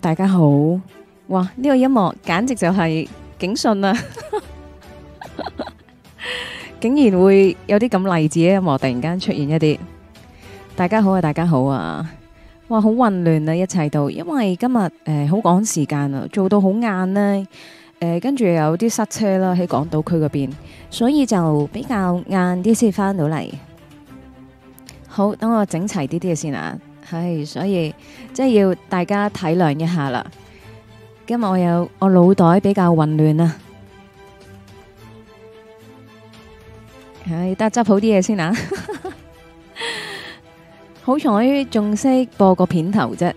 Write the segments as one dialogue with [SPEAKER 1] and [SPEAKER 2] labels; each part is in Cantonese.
[SPEAKER 1] 大家好，哇！呢、這個音樂簡直就係警訊啊， 竟然會有啲咁勵志嘅音樂突然間出現一啲。大家好啊，大家好啊，哇，好混亂啊，一齊到，因為今日誒好趕時間啊，做到好晏咧，誒跟住有啲塞車啦喺港島區嗰邊，所以就比較晏啲先翻到嚟。好，等我整齊啲啲嘢先啊。係，所以即係要大家體諒一下啦。今日我有我腦袋比較混亂啊，係得執好啲嘢先啦。好彩仲識播個片頭啫。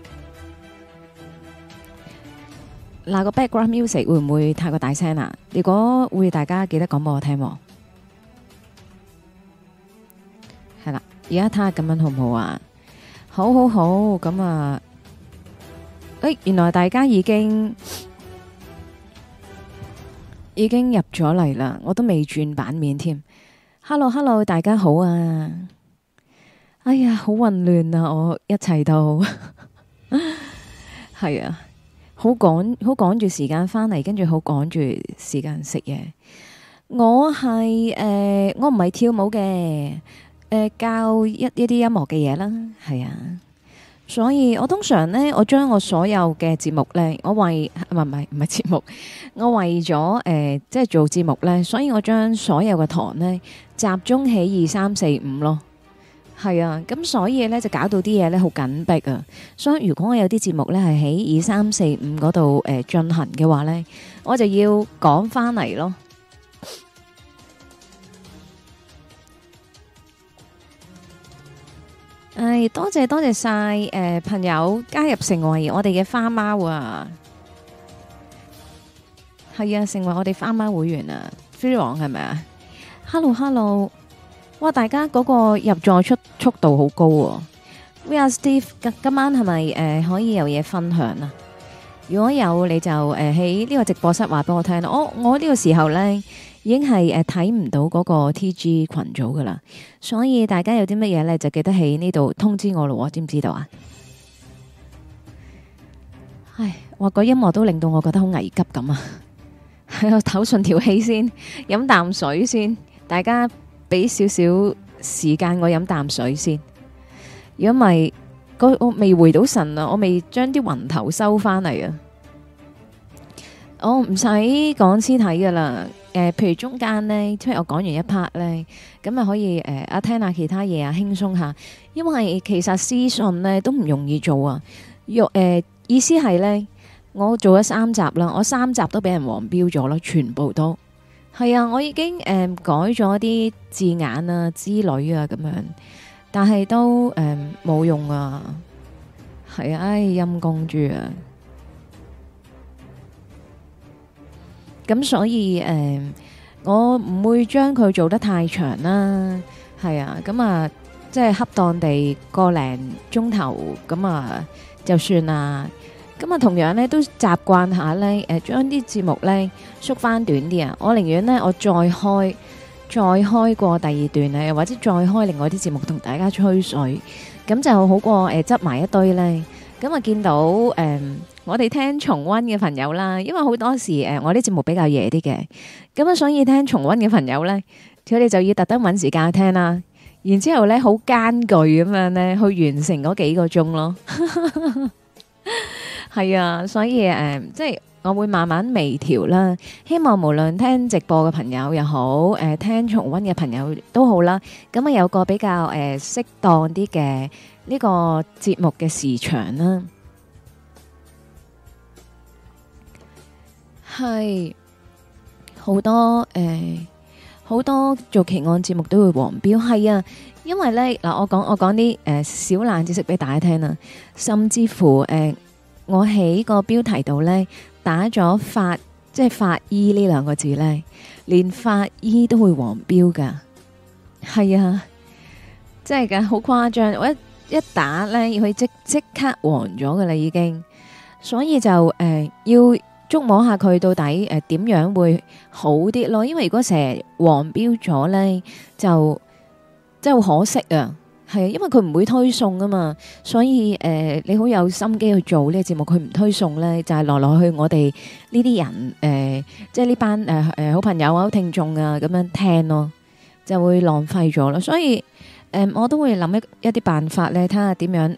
[SPEAKER 1] 嗱個 background music 會唔會太過大聲啊？如果會，大家記得講俾我聽。係啦，而家睇下咁樣好唔好啊？好好好，咁啊！誒，原來大家已經已經入咗嚟啦，我都未轉版面添。Hello，Hello，Hello, 大家好啊！哎呀，好混亂啊！我一齊到，係 啊，好趕，好趕住時間翻嚟，跟住好趕住時間食嘢。我係誒、呃，我唔係跳舞嘅。誒，教一一啲音樂嘅嘢啦，係啊，所以我通常呢，我將我所有嘅節目呢，我為唔係唔係唔係節目，我為咗誒、呃，即係做節目呢，所以我將所有嘅堂呢，集中喺二三四五咯，係啊，咁所以呢，就搞到啲嘢呢好緊迫啊，所以如果我有啲節目呢，係喺二三四五嗰度誒進行嘅話呢，我就要趕翻嚟咯。唉、哎，多謝多謝晒，誒、呃，朋友加入成為我哋嘅花貓啊，係啊，成為我哋花貓會員啊，Free 王係咪啊？Hello，Hello，哇，大家嗰個入座速速度好高，啊，We are Steve，今晚係咪誒可以有嘢分享啊？如果有，你就誒喺呢個直播室話俾我聽，我我呢個時候咧。已經係誒睇唔到嗰個 T G 群組噶啦，所以大家有啲乜嘢呢，就記得喺呢度通知我咯，知唔知道啊？唉，哇，嗰個音樂都令到我覺得好危急咁啊！喺度唞順條氣先，飲啖水先。大家俾少少時間我飲啖水先。如果唔係，我未回到神啊，我未將啲魂頭收翻嚟啊！我唔使講屍體噶啦。誒、呃，譬如中間呢，即係我講完一 part 呢，咁啊可以誒，阿、呃、聽下其他嘢啊，輕鬆下。因為其實屍訊呢都唔容易做啊。誒、呃、意思係呢，我做咗三集啦，我三集都俾人黃標咗咯，全部都係啊。我已經誒、呃、改咗啲字眼啊之類啊咁樣，但係都誒冇、呃、用啊。係啊，唉，陰公豬啊！咁所以誒，我唔會將佢做得太長啦，係啊，咁啊，即係恰當地個零鐘頭咁啊就算啦。咁啊，同樣咧都習慣下咧，誒，將啲節目咧縮翻短啲啊。我寧願咧，我再開再開過第二段咧，或者再開另外啲節目同大家吹水，咁就好過誒，執埋一堆咧。咁啊，見到誒。我哋聽重溫嘅朋友啦，因為好多時誒、呃，我啲節目比較夜啲嘅，咁啊，所以聽重溫嘅朋友呢，佢哋就要特登搵時間聽啦。然之後呢，好艱巨咁樣呢，去完成嗰幾個鐘咯。係 啊，所以誒、呃，即係我會慢慢微調啦。希望無論聽直播嘅朋友又好，誒、呃，聽重溫嘅朋友都好啦。咁啊，有個比較誒、呃、適當啲嘅呢個節目嘅時長啦。係好多誒，好、呃、多做奇案節目都會黃標，係啊，因為咧嗱，我講我講啲誒小冷知識俾大家聽啊，甚至乎誒、呃，我喺個標題度咧打咗法，即係法醫呢兩個字咧，連法醫都會黃標噶，係啊，真係噶，好誇張，我一一打咧，佢即即刻黃咗噶啦，已經，所以就誒、呃、要。捉摸下佢到底誒點、呃、樣會好啲咯？因為如果成日黃標咗咧，就真係好可惜啊！係啊，因為佢唔會推送啊嘛，所以誒、呃、你好有心機去做呢個節目，佢唔推送咧，就係來來去我哋呢啲人誒、呃，即係呢班誒誒好朋友眾啊、好聽眾啊咁樣聽咯，就會浪費咗咯。所以誒、呃，我都會諗一一啲辦法咧，睇下點樣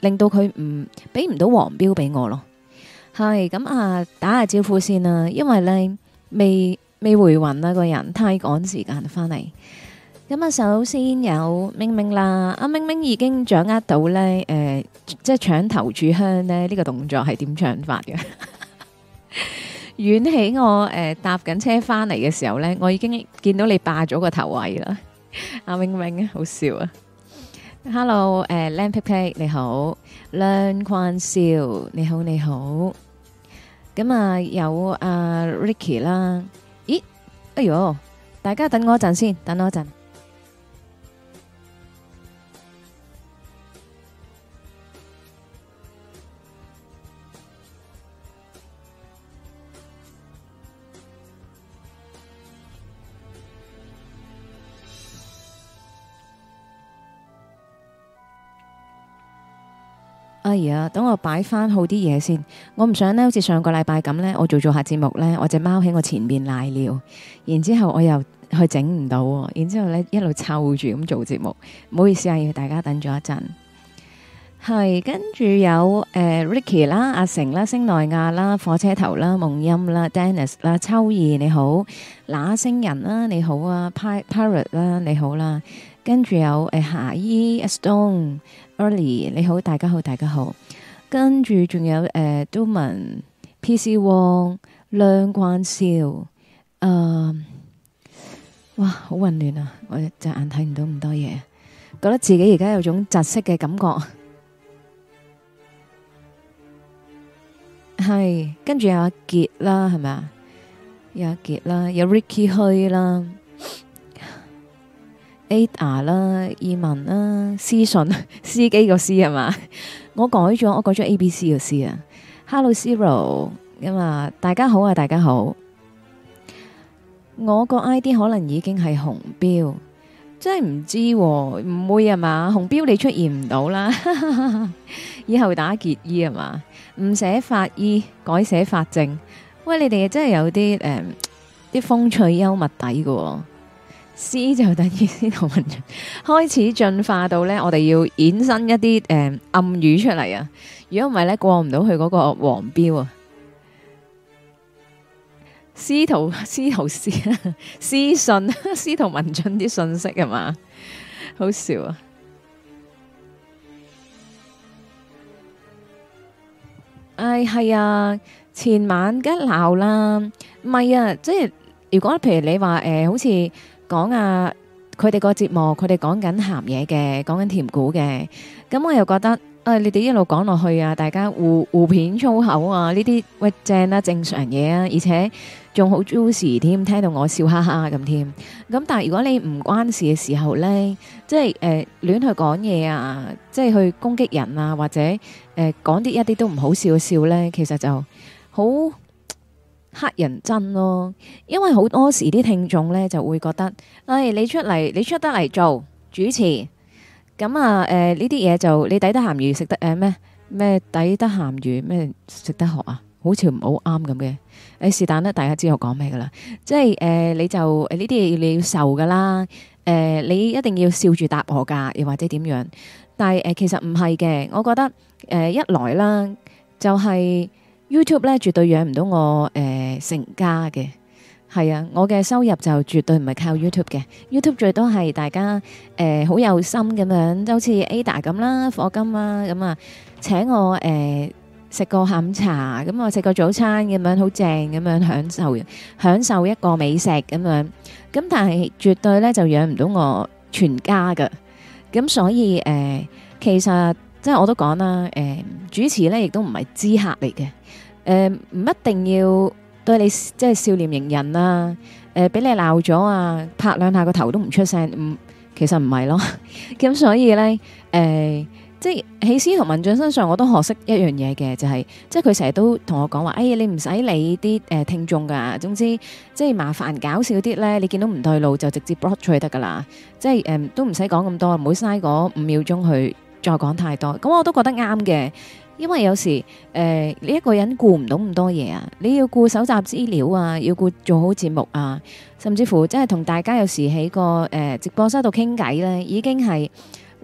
[SPEAKER 1] 令到佢唔俾唔到黃標俾我咯。係咁啊！打下招呼先啦，因為咧未未回魂啦，個人太趕時間翻嚟。咁啊，首先有明明啦，阿明明已經掌握到咧，誒、呃，即係搶頭柱香咧，呢、這個動作係點搶法嘅。遠 喺我誒、呃、搭緊車翻嚟嘅時候咧，我已經見到你霸咗個頭位啦。阿明明，好笑啊！Hello，誒、呃，靚皮皮你好，onesell 你，你好，你好。你好咁啊，有阿 Ricky 啦，咦，哎喲，大家等我一陣先，等我一陣。哎呀，等我擺翻好啲嘢先。我唔想咧，好似上個禮拜咁咧，我做做下節目咧，我隻貓喺我前邊瀨尿，然之後我又去整唔到，然之後咧一路湊住咁做節目。唔好意思啊，要大家等咗一陣。係跟住有誒、呃、Ricky 啦、阿成啦、星奈亞啦、火車頭啦、夢音啦、Dennis 啦、秋意你好、那星人啦你好啊、Parrot 啦你好啦，跟住有誒霞衣 a Stone。Early 你好，大家好，大家好。跟住仲有誒，Doman、PC Wong、梁冠少，誒，哇，好混亂啊！我隻眼睇唔到咁多嘢，覺得自己而家有種窒息嘅感覺。係跟住有阿杰啦，係咪啊？有阿杰啦，有 Ricky 去啦。data 啦，移民啦，私信司機個私啊嘛？我改咗，我改咗 A、B、C 個 C 啊。Hello Cero 咁，啊，大家好啊，大家好。我個 ID 可能已經係紅標，真係唔知，唔會啊嘛？紅標你出現唔到啦，以後打結衣啊嘛？唔寫法醫改寫法證，喂，你哋真係有啲誒，啲、嗯、風趣幽默底噶詩就等於司徒文進開始進化到咧，我哋要衍生一啲誒、呃、暗語出嚟啊！如果唔係咧，過唔到去嗰個黃標啊！司徒司徒詩、私信、司徒文進啲訊息係嘛？好笑啊！唉、哎，係啊，前晚梗係鬧啦，唔係啊，即係如果譬如你話誒、呃，好似。講啊，佢哋個節目，佢哋講緊鹹嘢嘅，講緊甜古嘅，咁我又覺得，誒，你哋一路講落去啊，大家互互片粗口啊，呢啲喂正啦，正常嘢啊，而且仲好 juicy 添，聽到我笑哈哈咁添。咁但係如果你唔關事嘅時候呢，即係誒亂去講嘢啊，即係去攻擊人啊，或者誒講啲一啲都唔好笑嘅笑呢，其實就好。黑人憎咯，因為好多時啲聽眾咧就會覺得，哎，你出嚟，你出得嚟做主持，咁啊，誒，呢啲嘢就你抵得鹹魚食得誒咩咩抵得鹹魚咩食得學啊，好似唔好啱咁嘅。誒是但啦，大家知道我講咩噶啦，即係誒你就誒呢啲嘢你要受噶啦，誒你一定要笑住答我噶，又或者點樣？但係誒、呃、其實唔係嘅，我覺得誒、呃、一來啦就係、是。YouTube 咧絕對養唔到我誒、呃、成家嘅，係啊，我嘅收入就絕對唔係靠 YouTube 嘅。YouTube 最多係大家誒好、呃、有心咁樣，就好似 Ada 咁啦，霍金啦、啊、咁啊，請我誒食、呃、個下午茶，咁啊食個早餐咁樣好正咁樣，咁樣享受享受一個美食咁樣。咁但係絕對咧就養唔到我全家噶。咁所以誒、呃、其實。即係我都講啦，誒主持咧亦都唔係知客嚟嘅，誒唔一定要對你即係笑臉迎人啦，誒俾你鬧咗啊，拍兩下個頭都唔出聲，唔其實唔係咯，咁所以咧，誒即係喺司徒文進身上，我都學識一樣嘢嘅，就係即係佢成日都同我講話，哎呀你唔使理啲誒聽眾噶，總之即係麻煩搞笑啲咧，你見到唔對路就直接 block 出去得噶啦，即係誒都唔使講咁多，唔好嘥嗰五秒鐘去。再講太多，咁我都覺得啱嘅，因為有時誒、呃，你一個人顧唔到咁多嘢啊，你要顧搜集資料啊，要顧做好節目啊，甚至乎即係同大家有時喺個誒、呃、直播室度傾偈咧，已經係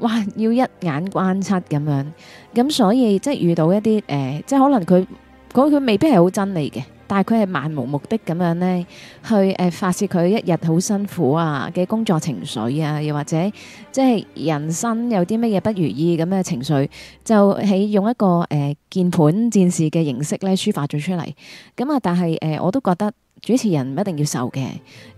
[SPEAKER 1] 哇要一眼關七咁樣，咁所以即係遇到一啲誒、呃，即係可能佢佢未必係好真你嘅。但係佢係漫無目的咁樣咧，去誒發泄佢一日好辛苦啊嘅工作情緒啊，又或者即係人生有啲乜嘢不如意咁嘅情緒，就喺用一個誒鍵盤戰士嘅形式咧抒發咗出嚟。咁啊，但係誒、呃、我都覺得。主持人唔一定要受嘅，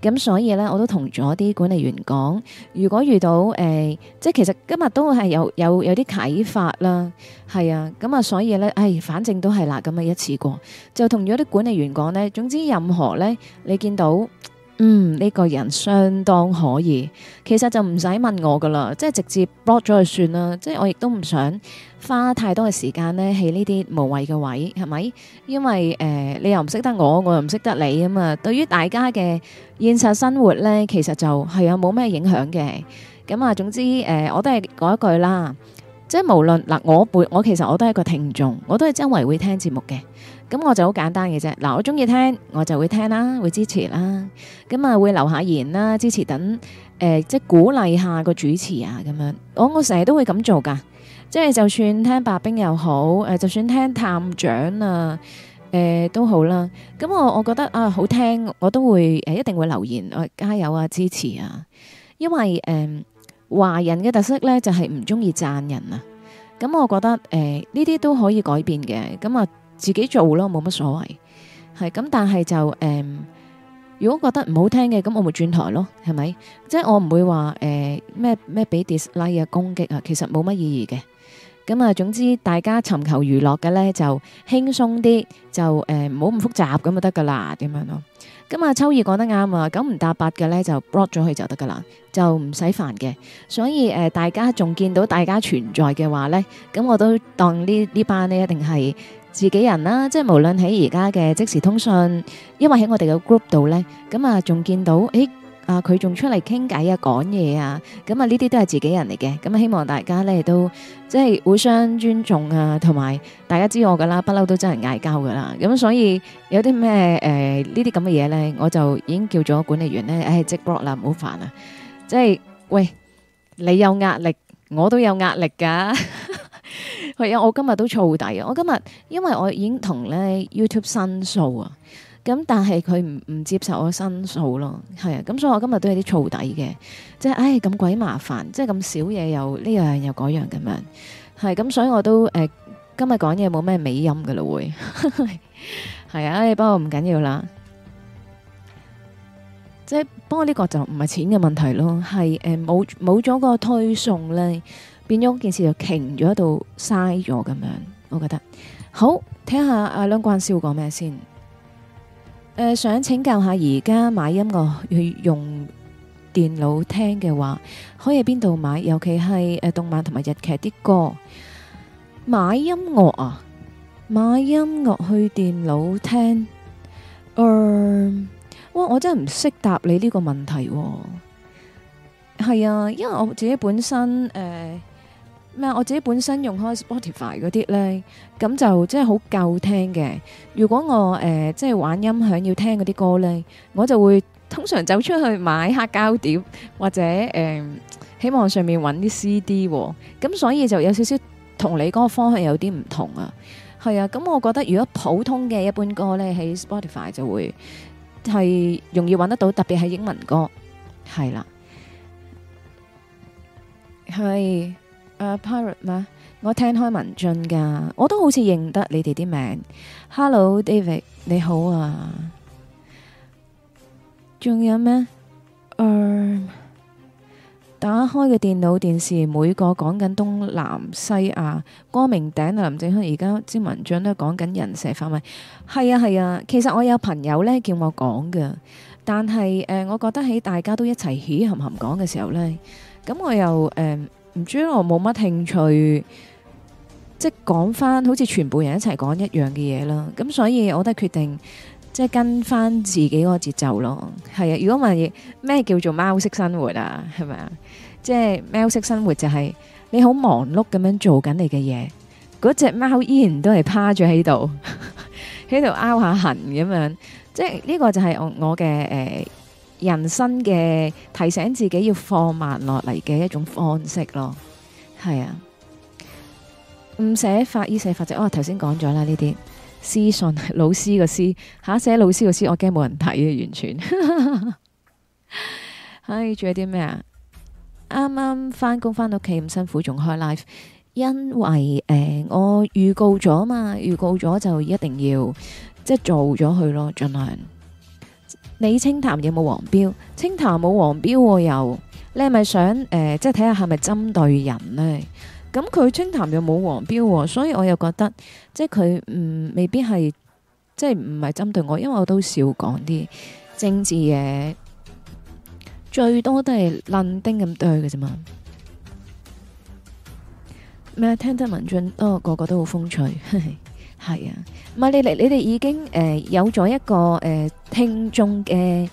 [SPEAKER 1] 咁所以呢，我都同咗啲管理員講，如果遇到誒、呃，即係其實今日都係有有有啲啟發啦，係啊，咁啊所以呢，唉、哎，反正都係喇咁啊一次過，就同咗啲管理員講呢。總之任何呢，你見到。嗯，呢、這個人相當可以，其實就唔使問我噶啦，即係直接 block 咗就算啦，即係我亦都唔想花太多嘅時間呢，喺呢啲無謂嘅位，係咪？因為誒、呃，你又唔識得我，我又唔識得你，咁、嗯、嘛。對於大家嘅現實生活呢，其實就係啊冇咩影響嘅，咁、嗯、啊，總之誒、呃，我都係講一句啦。即係無論嗱，我會我其實我都係一個聽眾，我都係周圍會聽節目嘅。咁我就好簡單嘅啫。嗱，我中意聽，我就會聽啦，會支持啦，咁、嗯、啊會留下言啦，支持等誒、呃，即係鼓勵下個主持啊咁樣。我我成日都會咁做噶，即係就算聽白冰又好，誒、呃，就算聽探長啊，誒、呃、都好啦。咁、嗯、我我覺得啊，好聽，我都會誒，一定會留言，加油啊，支持啊，因為誒。呃華人嘅特色咧就係唔中意讚人啊，咁我覺得誒呢啲都可以改變嘅，咁啊自己做咯，冇乜所謂，係咁但係就誒如果覺得唔好聽嘅，咁我咪轉台咯，係咪？即係我唔會話誒咩咩俾 dislike 攻擊啊，其實冇乜意義嘅，咁啊總之大家尋求娛樂嘅咧就輕鬆啲，就誒唔好咁複雜咁就得噶啦，點樣咯？咁啊，秋意講得啱啊！九唔搭八嘅咧，就 block 咗佢就得㗎喇，就唔使煩嘅。所以，呃，大家仲見到大家存在嘅話呢，咁我都當呢呢班呢班咧一定係自己人啦。即、就、係、是、無論喺而家嘅即時通訊，因為喺我哋嘅 group 度呢，咁啊仲見到誒。欸啊！佢仲出嚟傾偈啊，講嘢啊，咁啊呢啲都係自己人嚟嘅。咁、啊、希望大家咧都即係互相尊重啊，同埋大家知我噶啦，不嬲都真係嗌交噶啦。咁、啊、所以有啲咩誒呢啲咁嘅嘢咧，我就已經叫咗管理員咧，誒即 block 啦，唔好煩啊。即係喂，你有壓力，我都有壓力㗎、啊。係啊，我今日都燥底啊！我今日因為我已經同咧 YouTube 申訴啊。咁但係佢唔唔接受我申訴咯，係啊，咁所以我今日都有啲燥底嘅，即係唉咁鬼麻煩，即係咁少嘢又呢樣又嗰樣咁樣，係咁、啊，所以我都誒、呃、今日講嘢冇咩美音嘅咯，會係 啊，唉不過唔緊要啦，即係不過呢個就唔係錢嘅問題咯，係誒冇冇咗個推送咧，變咗件事就停咗喺度嘥咗咁樣，我覺得好睇下阿梁冠少講咩先。呃、想請教下而家買音樂去用電腦聽嘅話，可以喺邊度買？尤其係誒、呃，動漫同埋日劇啲歌，買音樂啊，買音樂去電腦聽。Uh, 哇，我真係唔識答你呢個問題，啊。係啊，因為我自己本身、uh, 咩？我自己本身用開 Spotify 嗰啲呢，咁就真係好夠聽嘅。如果我誒即係玩音響要聽嗰啲歌呢，我就會通常走出去買黑膠碟或者誒，喺網上面揾啲 CD。咁所以就有少少同你嗰個方向有啲唔同啊。係啊，咁我覺得如果普通嘅一般歌呢，喺 Spotify 就會係容易揾得到，特別係英文歌係啦，係。誒，pirate 嘛，我聽開文進噶，我都好似認得你哋啲名。Hello，David，你好啊。仲有咩？嗯，打開嘅電腦電視，每個講緊東南西亞、光明頂啊，林正香而家支文進都係講緊人蛇發密。係啊係啊，其實我有朋友咧叫我講噶，但係誒，我覺得喺大家都一齊起含含講嘅時候咧，咁我又誒。唔知我冇乜興趣，即係講翻好似全部人一齊講一樣嘅嘢啦。咁所以我都係決定，即係跟翻自己個節奏咯。係啊，如果問咩叫做貓式生活啊，係咪啊？即係貓式生活就係你好忙碌咁樣做緊你嘅嘢，嗰隻貓依然都係趴住喺度，喺度拗下痕咁樣。即係呢個就係我我嘅誒。呃人生嘅提醒自己要放慢落嚟嘅一種方式咯，係啊，唔寫法醫寫法。就哦，頭先講咗啦呢啲私信老師個私，吓寫老師個私，我驚冇人睇啊，完全。唉、 哎，仲有啲咩啊？啱啱翻工翻到屋企咁辛苦，仲開 live，因為誒、呃、我預告咗嘛，預告咗就一定要即係做咗佢咯，盡量。你清談有冇黃標？清談冇黃標、啊、又，你係咪想誒、呃，即係睇下係咪針對人呢？咁佢清談又冇黃標、啊，所以我又覺得即係佢嗯，未必係即係唔係針對我，因為我都少講啲政治嘢，最多都係論丁咁對嘅啫嘛。咩？聽得文進？多、哦、個個都好風趣。 係啊，咪你嚟，你哋已經誒有咗一個誒聽眾嘅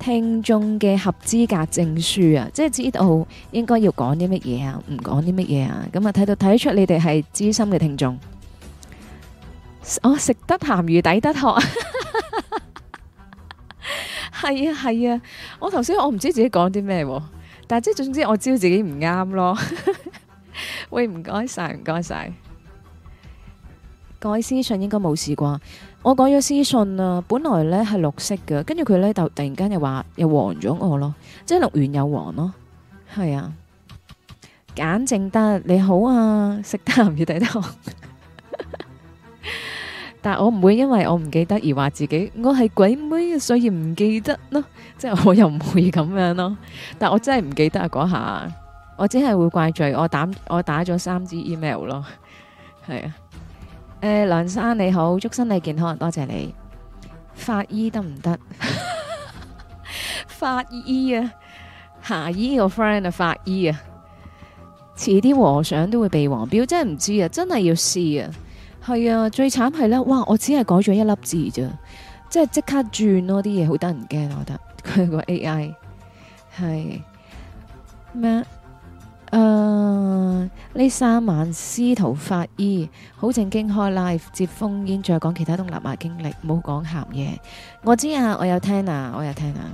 [SPEAKER 1] 聽眾嘅合資格證書啊，即係知道應該要講啲乜嘢啊，唔講啲乜嘢啊，咁啊睇到睇得出你哋係資深嘅聽眾。我食得鹹魚抵得渴，係啊係啊，我頭先我唔知自己講啲咩，但係即係總之我知道自己唔啱咯。喂，唔該晒，唔該晒。各位私信應該冇事啩？我改咗私信啊，本來咧，係綠色嘅，跟住佢咧就突然間又話又黃咗我咯，即係綠完又黃咯，係啊。簡正得，你好啊，識得唔要睇得 我？但係我唔會因為我唔記得而話自己我係鬼妹，所以唔記得咯，即係我又唔會咁樣咯。但係我真係唔記得啊嗰下，我真係會怪罪我打我打咗三支 email 咯，係啊。誒、呃，梁生你好，祝身體健康，多謝你。法醫得唔得？ 法醫啊，夏醫個 friend 啊，法醫啊，遲啲和尚都會被黃標，真係唔知啊，真係要試啊。係啊，最慘係啦，哇！我只係改咗一粒字啫，即係即刻轉咯，啲嘢好得人驚，我覺得佢個 AI 係咩？誒，呢、uh, 三晚司徒法醫好正經開 live 接風煙，再講其他東南亞經歷，冇講鹹嘢。我知啊，我有聽啊，我有聽啊，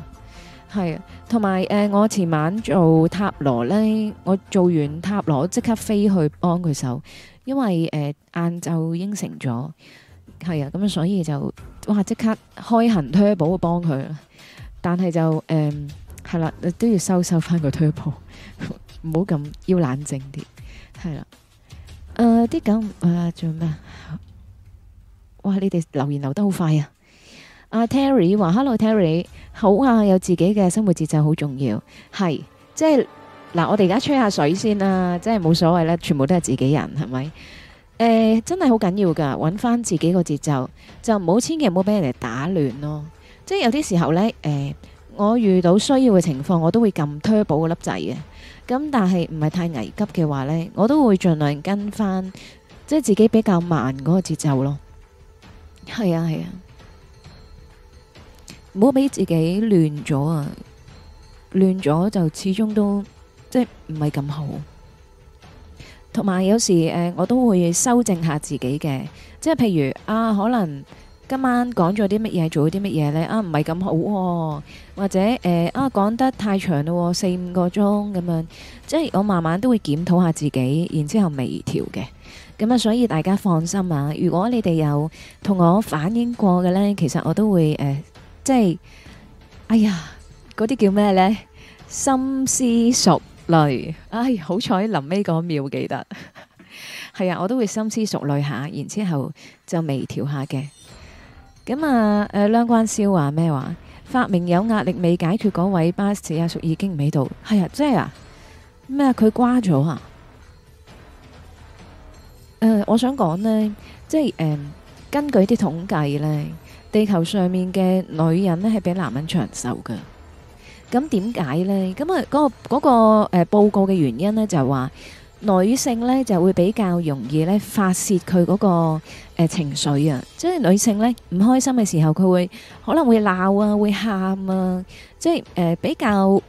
[SPEAKER 1] 係、啊。同埋誒，我前晚做塔羅咧，我做完塔羅即刻飛去幫佢手，因為誒晏晝應承咗，係啊，咁所以就哇即刻開行 turbo 幫佢。但係就誒係啦，都要收收翻個 turbo 唔好咁要冷靜啲，係啦。誒、uh,，啲咁誒做咩？哇！你哋留言留得好快啊！阿、uh, Terry 話：Hello，Terry 好啊，有自己嘅生活節奏好重要。係 即係嗱，我哋而家吹下水先啦，即係冇所謂咧，全部都係自己人，係咪？誒、uh,，真係好緊要噶，搵翻自己個節奏就唔好，千祈唔好俾人哋打亂咯。即係有啲時候咧，誒、呃，我遇到需要嘅情況，我都會撳推補嗰粒掣嘅。咁但係唔係太危急嘅話呢，我都會盡量跟翻，即係自己比較慢嗰個節奏咯。係啊，係啊，唔好俾自己亂咗啊！亂咗就始終都即係唔係咁好。同埋有，有時誒，我都會修正下自己嘅，即係譬如啊，可能今晚講咗啲乜嘢，做咗啲乜嘢呢？啊，唔係咁好啊。或者誒、呃、啊講得太長咯，四五個鐘咁樣，即係我慢慢都會檢討下自己，然之後微調嘅。咁啊，所以大家放心啊。如果你哋有同我反映過嘅呢，其實我都會誒、呃，即係哎呀，嗰啲叫咩呢？深思熟慮。哎，好彩臨尾嗰秒記得。係 啊，我都會深思熟慮下，然之後就微調下嘅。咁啊，誒、呃，梁關燒話咩話？發明有壓力未解決嗰位巴士阿叔已經唔喺度。係啊，即係啊，咩佢瓜咗啊？誒、呃，我想講呢，即係誒、呃，根據啲統計呢，地球上面嘅女人呢係比男人長壽嘅，咁點解呢？咁、那、啊、個，嗰、那、嗰個誒報告嘅原因呢，就話、是。女性呢就會比較容易咧發泄佢嗰個誒情緒啊，即係女性呢唔開心嘅時候，佢會可能會鬧啊，會喊啊，即係誒比較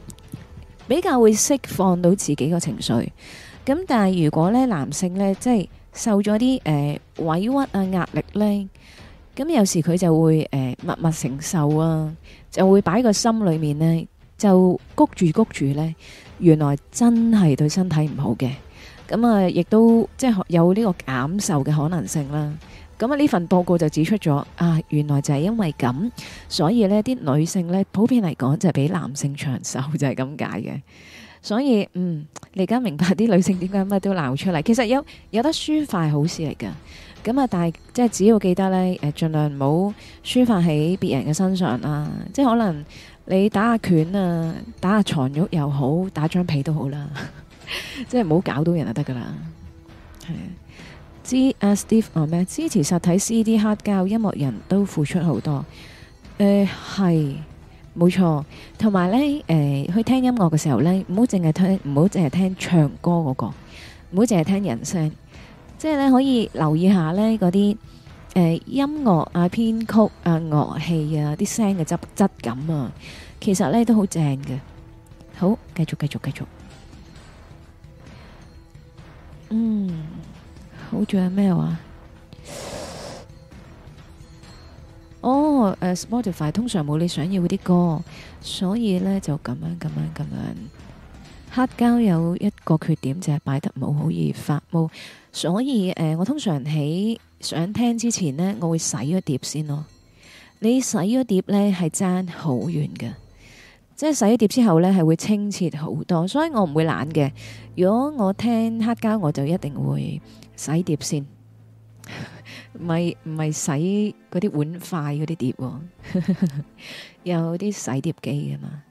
[SPEAKER 1] 比較會釋放到自己個情緒。咁但係如果呢男性呢，即係受咗啲誒委屈啊、壓力呢，咁有時佢就會誒默默承受啊，就會擺喺個心裏面呢就谷住谷住呢，原來真係對身體唔好嘅。咁啊，亦都即係有呢個減壽嘅可能性啦。咁啊，呢份報告就指出咗啊，原來就係因為咁，所以呢啲女性呢，普遍嚟講就係比男性長壽，就係咁解嘅。所以嗯，你而家明白啲女性點解乜都鬧出嚟？其實有有得抒發好事嚟噶。咁啊，但係即係只要記得呢，誒，盡量唔好抒發喺別人嘅身上啦。即係可能你打下拳啊，打下床褥又好，打張被都好啦。 即係唔好搞到人就得噶啦。係支持 Steve 啊咩？支持實體 CD 黑膠音樂人都付出好多。誒、呃，係冇錯。同埋呢，誒、呃，去聽音樂嘅時候呢，唔好淨係聽，唔好淨係聽唱歌嗰、嗰個，唔好淨係聽人聲。即係咧，可以留意一下呢嗰啲誒音樂啊、編曲啊、樂器啊啲聲嘅質質感啊，其實呢，都好正嘅。好，繼續，繼續，繼續。仲有咩話？哦，誒，Spotify 通常冇你想要嗰啲歌，所以呢就咁樣咁樣咁樣。黑膠有一個缺點，就係擺得冇好易發毛，所以誒，uh, 我通常喺想聽之前呢，我會洗咗碟先咯。你洗咗碟呢係爭好遠嘅，即係洗咗碟之後呢係會清澈好多，所以我唔會懶嘅。如果我聽黑膠，我就一定會。洗碟先，唔係唔係洗嗰啲碗筷嗰啲碟，有啲洗碟機嘅嘛。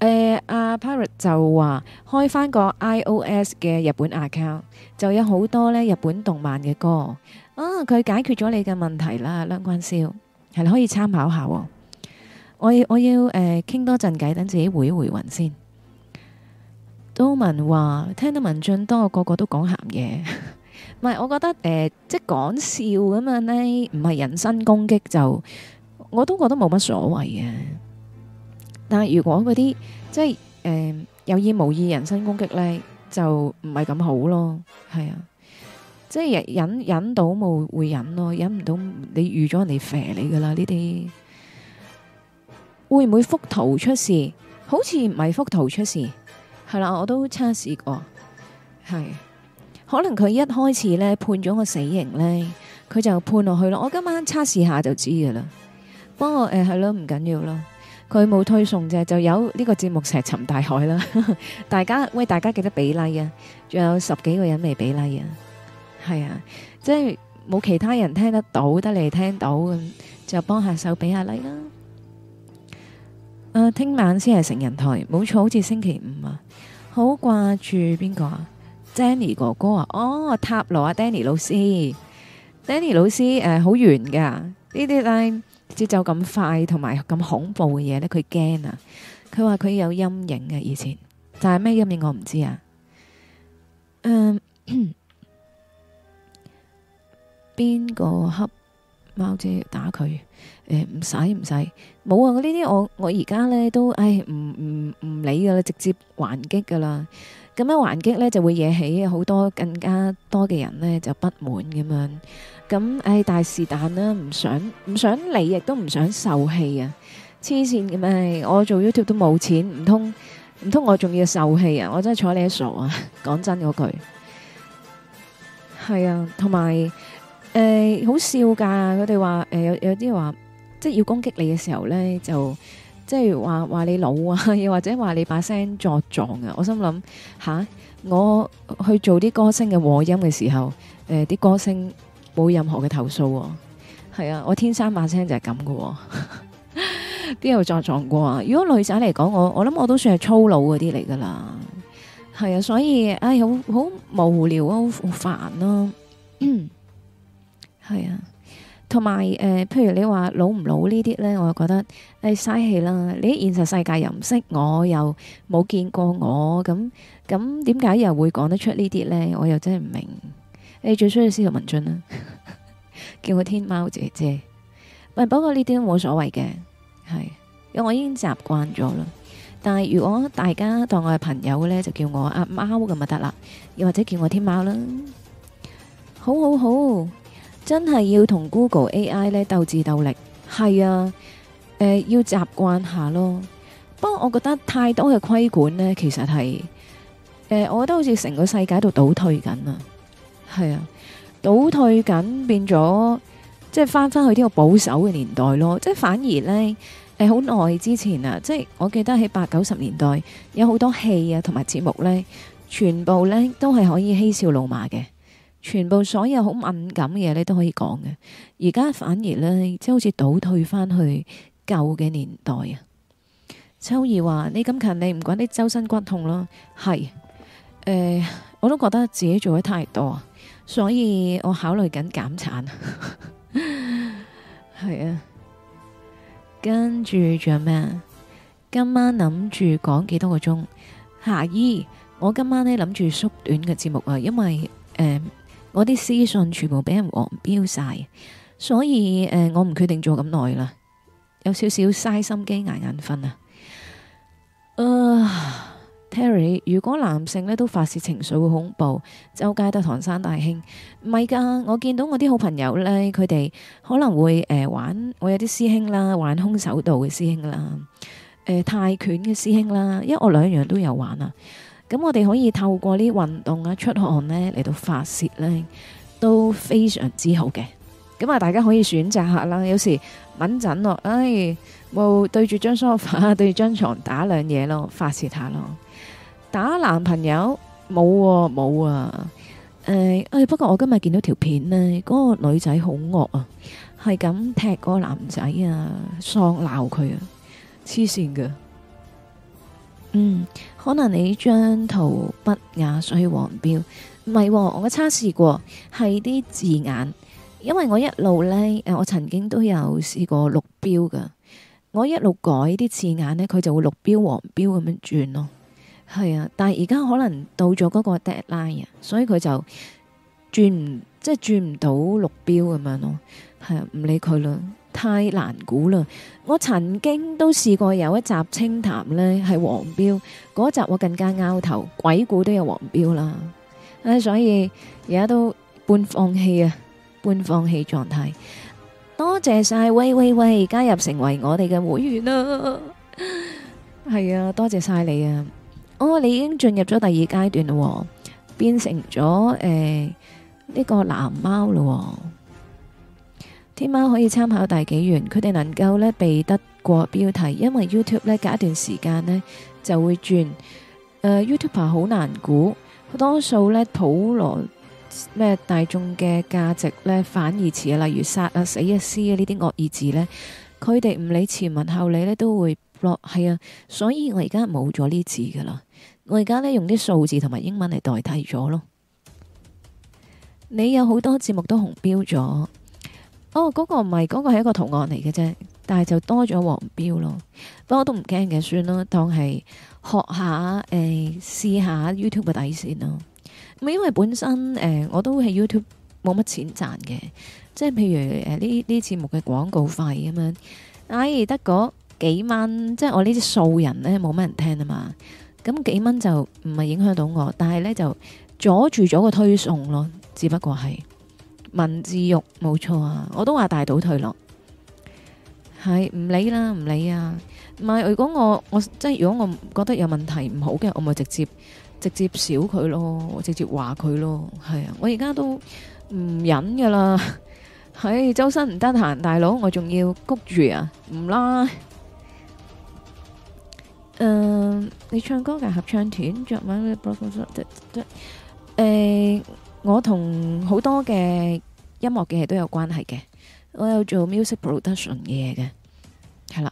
[SPEAKER 1] 誒阿 Parrot 就話開翻個 iOS 嘅日本 account，就有好多呢日本動漫嘅歌。啊，佢解決咗你嘅問題啦，梁君笑係可以參考下。我要我要誒傾多陣偈，等自己回一回魂先。都聞話聽得聞盡多，個個都講鹹嘢，唔係我覺得誒，即係講笑咁樣咧，唔係人身攻擊就我都覺得冇乜所謂嘅。但係如果嗰啲即係誒有意無意人身攻擊咧，就唔係咁好咯。係啊，即係忍忍到冇會忍咯，忍唔到你預咗人哋吠你噶啦呢啲。會唔會幅圖出事？好似唔係幅圖出事。係啦，我都測試過，係可能佢一開始咧判咗個死刑咧，佢就判落去咯。我今晚測試下就知噶啦。幫我誒係咯，唔緊要啦。佢冇推送啫，就有呢個節目《石沉大海》啦。 大家喂，大家記得俾 like 啊！仲有十幾個人未俾 like 啊，係啊，即係冇其他人聽得到得嚟聽到咁，就幫下手俾下 like 啦。誒，聽、呃、晚先係成人台，冇錯，好似星期五啊！好掛住邊個啊？Danny 哥哥啊？哦，塔羅啊，Danny 老師，Danny 老師誒，好圓噶！呢啲咧節奏咁快，同埋咁恐怖嘅嘢咧，佢驚啊！佢話佢有陰影啊，以前但係咩陰影我唔知啊。嗯，邊個黑貓姐打佢？誒，唔使唔使，冇啊！呢啲我我而家咧都，唉，唔唔唔理噶啦，直接還擊噶啦。咁樣還擊咧就會惹起好多更加多嘅人呢就不滿咁樣。咁唉，大是但啦，唔想唔想理，亦都唔想受氣啊！黐線嘅咩，我做 YouTube 都冇錢，唔通唔通我仲要受氣啊！我真係睬你都傻啊！講 真嗰句。係啊，同埋誒，好笑噶，佢哋話誒，有有啲話。即係要攻擊你嘅時候咧，就即係話話你老啊，又或者話你把聲作狀啊！我心諗吓、啊，我去做啲歌星嘅和音嘅時候，誒、呃，啲歌星冇任何嘅投訴喎、啊，係啊，我天生把聲就係咁噶，邊 有作狀過啊？如果女仔嚟講，我我諗我都算係粗魯嗰啲嚟噶啦，係啊，所以唉、哎，好好無聊好好煩啊，好煩咯，係 啊。同埋誒，譬如你話老唔老呢啲呢，我又覺得誒嘥氣啦！你現實世界又唔識我，我又冇見過我咁咁，點解又會講得出呢啲呢？我又真係唔明。你最需要司徒文進啦，啊， 叫我天貓姐姐。喂，不過呢啲都冇所謂嘅，係因為我已經習慣咗啦。但係如果大家當我係朋友呢，就叫我阿貓咁咪得啦，又，啊、或者叫我天貓啦。好好好。真係要同 Google AI 咧，鬥智鬥力。係啊，誒、呃、要習慣下咯。不過我覺得太多嘅規管呢，其實係誒、呃，我覺得好似成個世界都倒退緊啊，係啊，倒退緊變咗即係返返去呢個保守嘅年代咯。即係反而呢，誒好耐之前啊，即係我記得喺八九十年代有好多戲啊，同埋節目呢，全部呢都係可以嬉笑怒罵嘅。全部所有好敏感嘅嘢你都可以講嘅，而家反而呢，即係好似倒退翻去舊嘅年代啊！秋兒話，你咁勤力，不你唔講啲周身骨痛咯？係、呃，我都覺得自己做得太多啊，所以我考慮緊減產。係 啊，跟住仲有咩啊？今晚諗住講幾多個鐘？夏姨，我今晚咧諗住縮短嘅節目啊，因為、呃我啲屍訊全部俾人黃標晒，所以誒、呃，我唔決定做咁耐啦，有少少嘥心機、捱眼瞓啊。Uh, Terry 如果男性咧都發洩情緒會很恐怖，周街都唐山大兄，唔係噶，我見到我啲好朋友呢，佢哋可能會誒、呃、玩，我有啲師兄啦，玩空手道嘅師兄啦，誒、呃、泰拳嘅師兄啦，因為我兩樣都有玩啊。咁我哋可以透過啲運動啊、出汗呢嚟到發泄呢都非常之好嘅。咁啊，大家可以選擇下啦。有時穩陣咯，唉、哎，冇對住張梳化、對住張床打兩嘢咯，發泄下咯。打男朋友冇冇啊？誒誒、啊哎，不過我今日見到條片呢，嗰個女仔好惡啊，係咁踢嗰個男仔啊，喪鬧佢啊，黐線噶！嗯，可能你張圖不雅，所以黃標。唔係，我嘅測試過係啲字眼，因為我一路呢，誒，我曾經都有試過綠標噶，我一路改啲字眼呢，佢就會綠標黃標咁樣轉咯。係啊，但係而家可能到咗嗰個 deadline 啊，所以佢就轉唔即係轉唔到綠標咁樣咯。係啊，唔理佢啦。太難估啦！我曾經都試過有一集清談呢，係黃標嗰集我更加拗頭，鬼故都有黃標啦。啊，所以而家都半放棄啊，半放棄狀態。多謝晒，喂喂喂，加入成為我哋嘅會員啦。係啊，多謝晒你啊！哦，你已經進入咗第二階段咯，變成咗誒呢個藍貓咯。天貓可以參考大紀元，佢哋能夠咧避得過標題，因為 YouTube 咧隔一段時間咧就會轉。YouTube、呃、啊，好難估，多數呢，普羅咩大眾嘅價值呢？反義詞啊，例如殺啊、死啊、屍啊呢啲惡意字呢，佢哋唔理前文後理呢都會 block。係啊，所以我而家冇咗呢字噶啦，我而家呢，用啲數字同埋英文嚟代替咗咯。你有好多節目都紅標咗。哦，嗰個唔係，嗰個係一個圖案嚟嘅啫，但係就多咗黃標咯。不過我都唔驚嘅，算啦，當係學下誒試下 YouTube 嘅底線咯。咪因為本身誒、呃、我都係 YouTube 冇乜錢賺嘅，即係譬如誒呢呢啲節目嘅廣告費咁樣，誒得嗰幾蚊，即係我呢啲素人咧冇乜人聽啊嘛，咁幾蚊就唔係影響到我，但係咧就阻住咗個推送咯，只不過係。文字獄冇錯啊，我都話大倒退囉，係唔理啦，唔理啊。唔係，如果我我即係如果我覺得有問題唔好嘅，我咪直接直接少佢咯，我直接話佢咯。係啊，我而家都唔忍噶啦，係周身唔得閒，大佬我仲要谷住啊，唔啦。嗯、uh,，你唱歌嘅合唱團，昨晚嘅 Broadcast 誒。呃我同好多嘅音樂嘅嘢都有關係嘅，我有做 music production 嘅嘢嘅，係啦，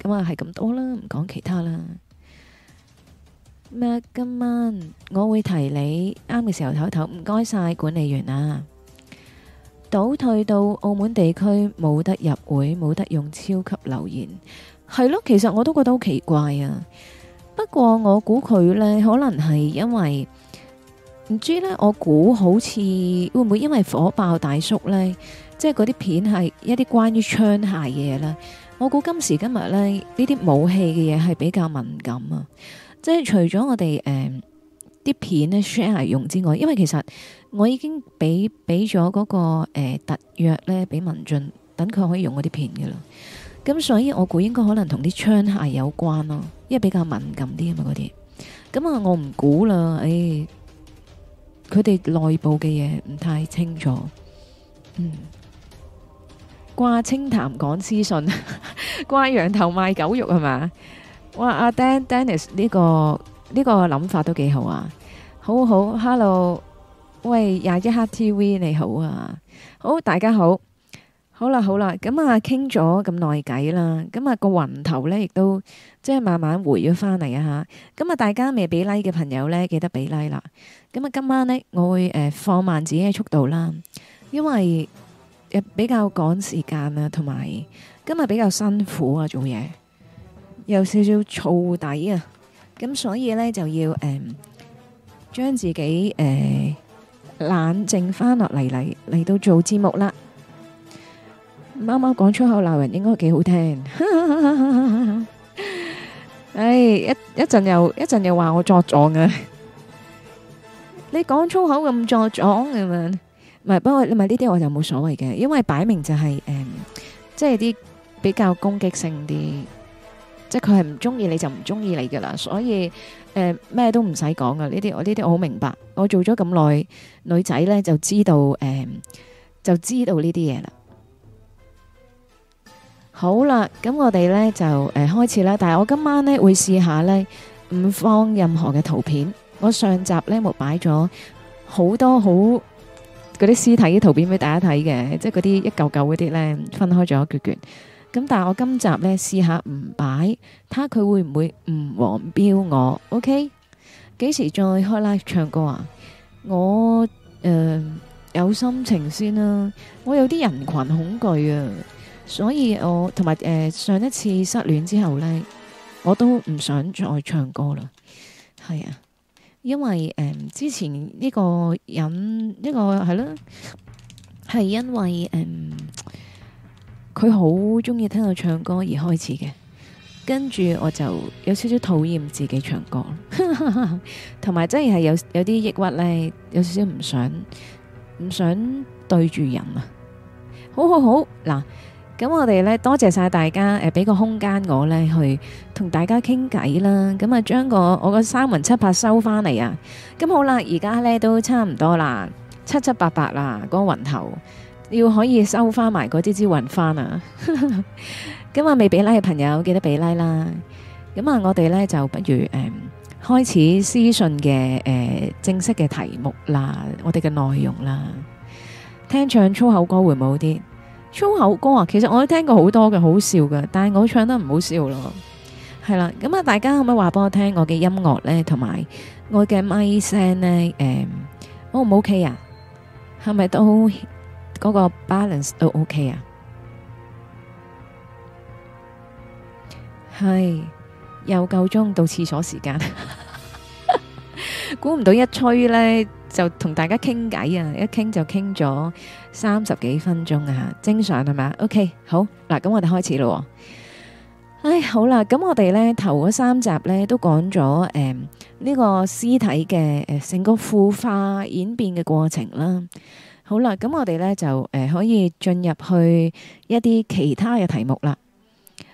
[SPEAKER 1] 咁啊係咁多啦，唔講其他啦。咩？今晚我會提你啱嘅時候唞唞，唔該晒管理員啊！倒退到澳門地區冇得入會，冇得用超級留言，係咯，其實我都覺得好奇怪啊。不過我估佢呢，可能係因為。唔知咧，我估好似會唔會因為火爆大叔呢？即係嗰啲片係一啲關於槍械嘢呢？我估今時今日呢，呢啲武器嘅嘢係比較敏感啊，即係除咗我哋誒啲片呢 share 用之外，因為其實我已經俾俾咗嗰個特約、呃、呢俾文俊，等佢可以用嗰啲片嘅啦。咁所以我估應該可能同啲槍械有關咯，因為比較敏感啲啊嘛嗰啲。咁啊，我唔估啦，誒、哎。佢哋內部嘅嘢唔太清楚，嗯，掛清談講屍訊，掛羊頭賣狗肉係嘛？哇！阿 Dan Dennis 呢個呢個諗法都幾好啊！好，好，Hello，喂，廿一刻 TV 你好啊，好，大家好。好啦，好啦，咁啊，傾咗咁耐偈啦，咁啊個雲頭呢亦都即係慢慢回咗翻嚟啊，吓，咁啊大家未俾 like 嘅朋友呢記得俾 like 啦。咁啊今晚呢我會誒放慢自己嘅速度啦，因為比較趕時間啊，同埋今日比較辛苦啊做嘢，有少少燥底啊，咁所以呢就要誒將自己誒冷靜翻落嚟嚟嚟到做節目啦。貓貓講粗口鬧人應該幾好聽，哎一一陣又一陣又話我作狀啊！你講粗口咁作狀咁樣，唔係，不過唔係呢啲我就冇所謂嘅，因為擺明就係誒，即係啲比較攻擊性啲，即係佢係唔中意你就唔中意你噶啦，所以誒咩都唔使講噶呢啲，我呢啲我好明白，我做咗咁耐女仔咧就知道誒，就知道呢啲嘢啦。好啦，咁我哋呢就誒開始啦。但係我今晚呢會試下呢唔放任何嘅圖片。我上集呢冇擺咗好多好嗰啲屍體嘅圖片俾大家睇嘅，即係嗰啲一嚿嚿嗰啲呢分開咗一橛橛。咁但係我今集呢試下唔擺，睇下佢會唔會唔黃標我？OK？幾時再開 live 唱歌啊？我誒有心情先啦，我有啲人群恐懼啊。所以我同埋誒上一次失戀之後呢，我都唔想再唱歌啦。係啊，因為誒、嗯、之前呢個人呢、呢個係咯，係、啊、因為佢好中意聽到唱歌而開始嘅。跟住我就有少少討厭自己唱歌，同埋真係有有啲抑鬱呢，有少少唔想唔想對住人啊！好好好，嗱。咁我哋咧多謝晒大家，誒俾個空間我咧去同大家傾偈啦。咁啊，將個我個三文七拍收翻嚟啊。咁好啦，而家咧都差唔多啦，七七八八啦，嗰個雲頭要可以收翻埋嗰支支雲翻啊。咁啊未俾拉嘅朋友記得俾拉啦。咁啊我哋咧就不如誒開始屍訊嘅誒正式嘅題目啦，我哋嘅內容啦。聽唱粗口歌會唔會好啲？粗口歌啊，其實我都聽過好多嘅，好笑㗎，但係我唱得唔好笑咯，係啦，咁啊，大家可唔可以話俾我聽我嘅音樂呢，同埋我嘅咪聲呢，誒，O 唔 O K 啊？係咪都嗰個 balance 都 O K 啊？係又夠鐘到廁所時間，估唔到一吹呢就同大家傾偈啊，一傾就傾咗。三十幾分鐘啊，正常係嘛？OK，好嗱，咁我哋開始咯。唉，好啦，咁我哋呢頭嗰三集呢都講咗誒呢個屍體嘅誒成個腐化演變嘅過程啦。好啦，咁我哋呢就誒可以進入去一啲其他嘅題目啦。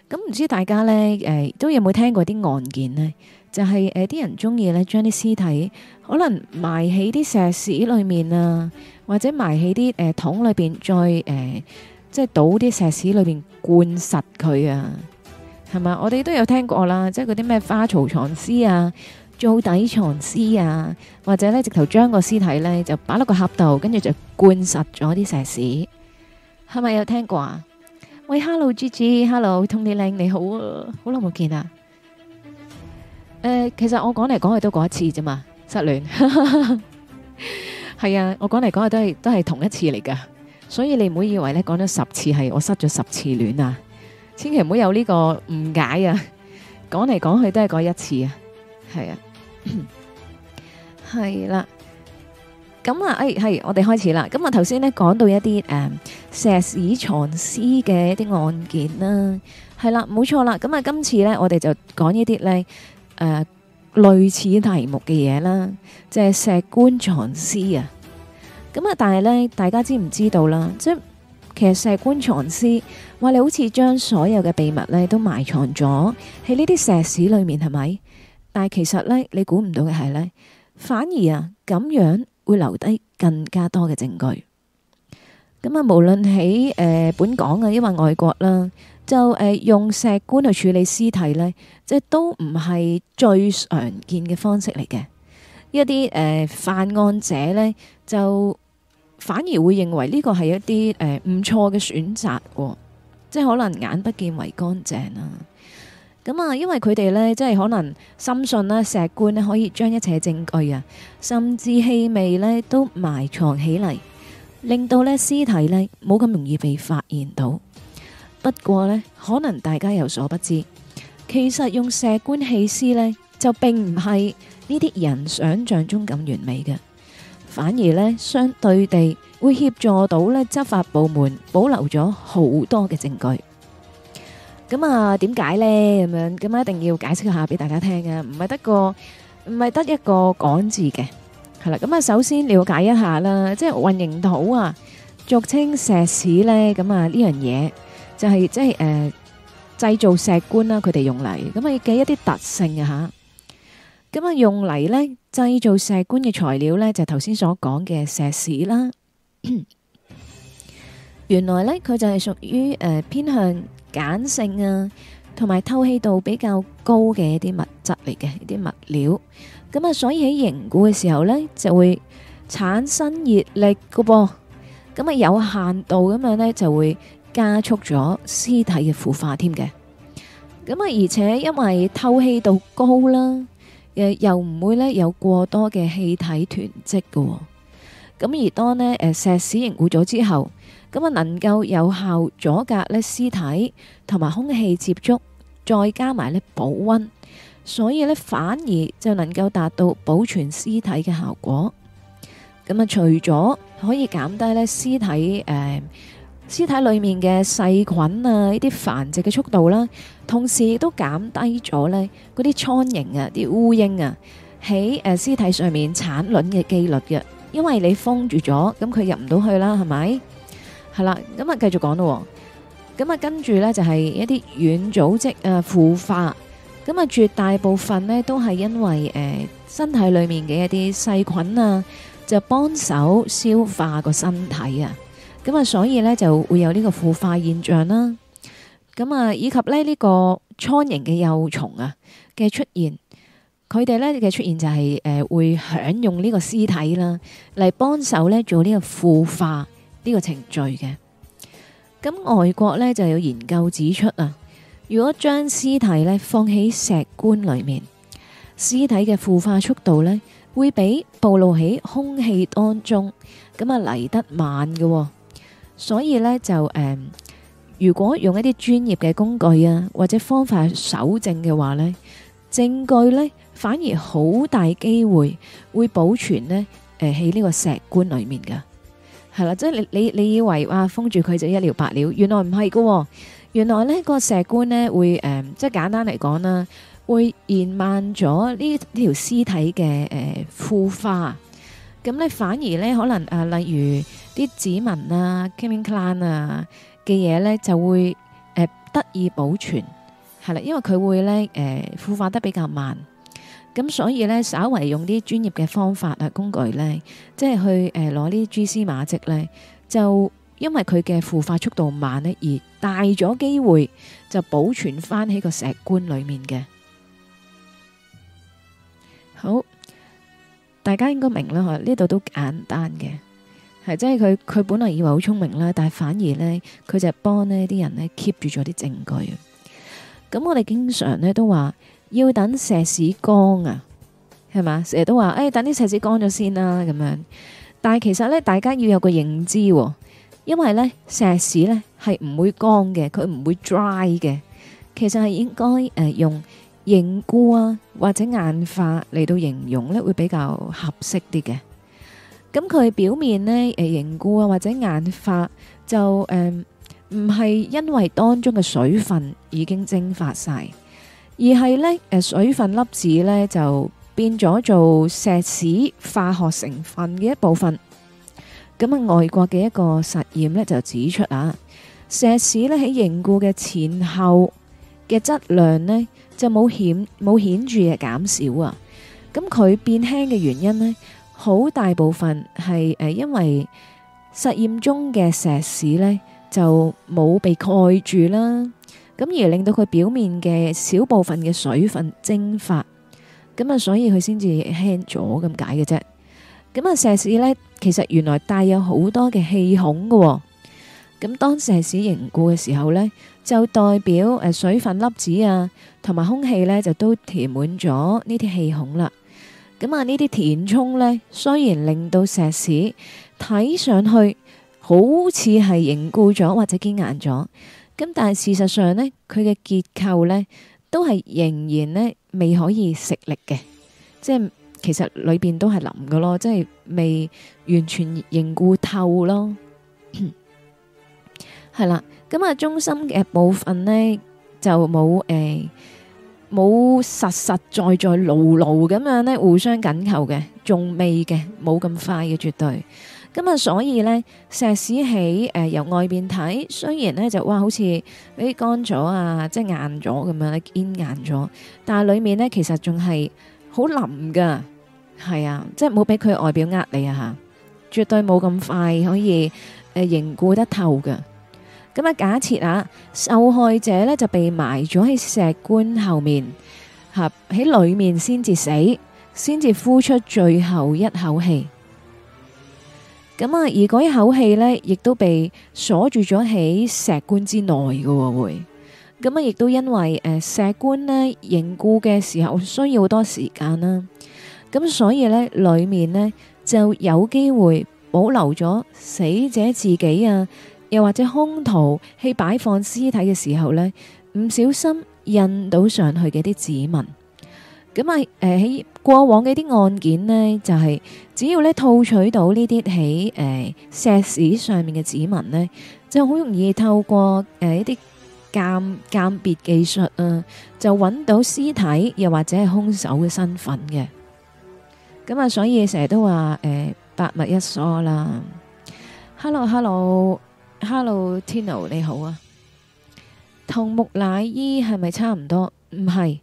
[SPEAKER 1] 咁唔知大家呢，誒、呃，都有冇聽過啲案件呢？就係、是、誒，啲、呃、人中意呢，將啲屍體可能埋喺啲石屎裏面啊，或者埋喺啲誒桶裏邊，再誒、呃，即係倒啲石屎裏邊灌實佢啊，係咪？我哋都有聽過啦，即係嗰啲咩花槽藏屍啊、做底藏屍啊，或者呢，直頭將個屍體呢就擺落個盒度，跟住就灌實咗啲石屎，係咪有聽過啊？喂 Hello，Gigi，Hello，Tony 你好啊，好耐冇見啦。誒、呃，其實我講嚟講去都嗰一次啫嘛，失戀。係 啊，我講嚟講去都係都係同一次嚟噶，所以你唔好以為咧講咗十次係我失咗十次戀啊，千祈唔好有呢個誤解啊。講嚟講去都係嗰一次啊，係啊，係 啦、啊。咁啊，誒，係我哋開始啦。咁啊，頭先咧講到一啲誒石屎藏屍嘅一啲案件啦，係啦，冇錯啦。咁啊，今次咧我哋就講一啲咧誒類似題目嘅嘢啦，即係石棺藏屍啊。咁啊，但係咧，大家知唔知道啦？即係其實石棺藏屍話你好似將所有嘅秘密咧都埋藏咗喺呢啲石屎裏面，係咪？但係其實咧，你估唔到嘅係咧，反而啊咁樣。會留低更加多嘅證據，咁啊，無論喺誒本港啊，抑或外國啦，就誒用石棺去處理屍體呢，即係都唔係最常見嘅方式嚟嘅。一啲誒犯案者呢，就反而會認為呢個係一啲誒唔錯嘅選擇，即係可能眼不見為乾淨啊。咁啊，因為佢哋咧，即係可能深信咧，石棺咧可以將一切證據啊，甚至氣味咧都埋藏起嚟，令到咧屍體咧冇咁容易被發現到。不過咧，可能大家有所不知，其實用石棺棄屍咧，就並唔係呢啲人想象中咁完美嘅，反而咧相對地會協助到咧執法部門保留咗好多嘅證據。咁啊，點解咧？咁樣咁啊，一定要解釋下俾大家聽啊！唔係得個唔係得一個講字嘅，係啦。咁啊，首先了解一下啦，即係混凝土啊，俗稱石屎咧。咁啊，呢樣嘢就係即係誒製造石棺啦，佢哋用嚟咁啊嘅一啲特性啊吓。咁啊，用嚟咧製造石棺嘅材料咧，就係頭先所講嘅石屎啦。原來咧，佢就係屬於誒偏向。鹼性啊，同埋透氣度比較高嘅一啲物質嚟嘅一啲物料，咁啊，所以喺凝固嘅時候呢，就會產生熱力嘅噃，咁啊，有限度咁樣呢，就會加速咗屍體嘅腐化添嘅。咁啊，而且因為透氣度高啦，誒，又唔會呢有過多嘅氣體囤積嘅，咁而當呢，誒石屎凝固咗之後。咁啊，能夠有效阻隔呢屍體同埋空氣接觸，再加埋呢保溫，所以呢反而就能夠達到保存屍體嘅效果。咁啊，除咗可以減低呢屍體誒屍體裏面嘅細菌啊，呢啲繁殖嘅速度啦，同時亦都減低咗呢嗰啲蒼蠅啊、啲烏蠅啊喺誒屍體上面產卵嘅幾率嘅，因為你封住咗，咁佢入唔到去啦，係咪？係啦，咁啊繼續講咯，咁啊跟住咧，就係一啲軟組織誒腐化，咁啊絕大部分呢，都係因為誒身體裏面嘅一啲細菌啊，就幫手消化個身體啊，咁啊所以咧就會有呢個腐化現象啦，咁啊以及咧呢個蒼蠅嘅幼蟲啊嘅出現，佢哋咧嘅出現就係誒會享用呢個屍體啦，嚟幫手咧做呢個腐化。呢個程序嘅，咁外國呢就有研究指出啊，如果將屍體呢放喺石棺裏面，屍體嘅腐化速度呢會比暴露喺空氣當中咁啊嚟得慢嘅，所以呢，就誒，如果用一啲專業嘅工具啊或者方法搜證嘅話呢，證據呢反而好大機會會保存呢誒喺呢個石棺裏面嘅。係啦，即係你你你以為哇封住佢就一了百了，原來唔係噶，原來咧個石棺咧會誒、嗯，即係簡單嚟講啦，會延慢咗呢呢條屍體嘅誒、呃、腐化，咁咧、嗯嗯嗯、反而咧可能誒、呃、例如啲指紋啦、DNA 啊嘅嘢咧就會誒、呃、得以保存，係、嗯、啦、嗯嗯嗯，因為佢會咧誒、呃、腐化得比較慢。咁所以咧，稍為用啲專業嘅方法啊、工具咧，即係去誒攞啲蛛絲馬跡咧，就因為佢嘅腐化速度慢咧，而大咗機會就保存翻喺個石棺裏面嘅。好，大家應該明啦，嗬？呢度都簡單嘅，係即係佢佢本來以為好聰明啦，但係反而咧，佢就係幫呢啲人咧 keep 住咗啲證據。咁我哋經常咧都話。要等石屎乾啊，係嘛？成日都話，誒，等啲石屎乾咗先啦，咁樣。但係其實咧，大家要有個認知，因為咧石屎咧係唔會乾嘅，佢唔會 dry 嘅。其實係應該誒用凝固啊或者硬化嚟到形容咧，會比較合適啲嘅。咁佢表面咧誒凝固啊或者硬化就誒唔係因為當中嘅水分已經蒸發晒。而係呢誒，水分粒子呢，就變咗做石屎化學成分嘅一部分。咁啊，外國嘅一個實驗呢，就指出啊，石屎呢喺凝固嘅前後嘅質量呢，就冇顯冇顯著嘅減少啊。咁佢變輕嘅原因呢，好大部分係誒因為實驗中嘅石屎呢，就冇被蓋住啦。咁而令到佢表面嘅小部分嘅水分蒸發，咁啊，所以佢先至輕咗咁解嘅啫。咁啊，石屎咧，其實原來帶有好多嘅氣孔嘅㗎。咁當石屎凝固嘅時候咧，就代表誒水分粒子啊，同埋空氣咧，就都填滿咗呢啲氣孔啦。咁啊，呢啲填充咧，雖然令到石屎睇上去好似係凝固咗或者堅硬咗。咁但係事實上呢，佢嘅結構呢都係仍然呢未可以食力嘅，即係其實裏邊都係腍㗎咯，即係未完全凝固透咯。係啦，咁啊，中心嘅部分呢就冇誒冇實實在在牢牢咁樣呢互相緊扣嘅，仲未嘅，冇咁快嘅絕對。咁啊，所以呢，石屎喺誒由外邊睇，雖然呢就哇好似你乾咗啊，即係硬咗咁樣咧，堅硬咗，但係裏面呢其實仲係好淋噶，係啊，即係冇俾佢外表壓你啊吓，絕對冇咁快可以誒凝固得透噶。咁啊，假設啊，受害者咧就被埋咗喺石棺後面吓，喺裏面先至死，先至呼出最後一口氣。咁啊，而嗰一口氣咧，亦都被鎖住咗喺石棺之內嘅會，咁啊，亦都因為誒石棺咧凝固嘅時候需要好多時間啦，咁所以咧裏面咧就有機會保留咗死者自己啊，又或者凶徒去擺放屍體嘅時候咧唔小心印到上去嘅啲指紋。咁啊，誒喺過往嘅啲案件咧，就係只要咧套取到呢啲喺誒石屎上面嘅指紋咧，就好容易透過誒一啲鑑鑑別技術啊，就揾到屍體又或者係兇手嘅身份嘅。咁啊，所以成日都話誒百物一疏啦。Hello，Hello，Hello，Tino，你好啊。同木乃伊係咪差唔多？唔係。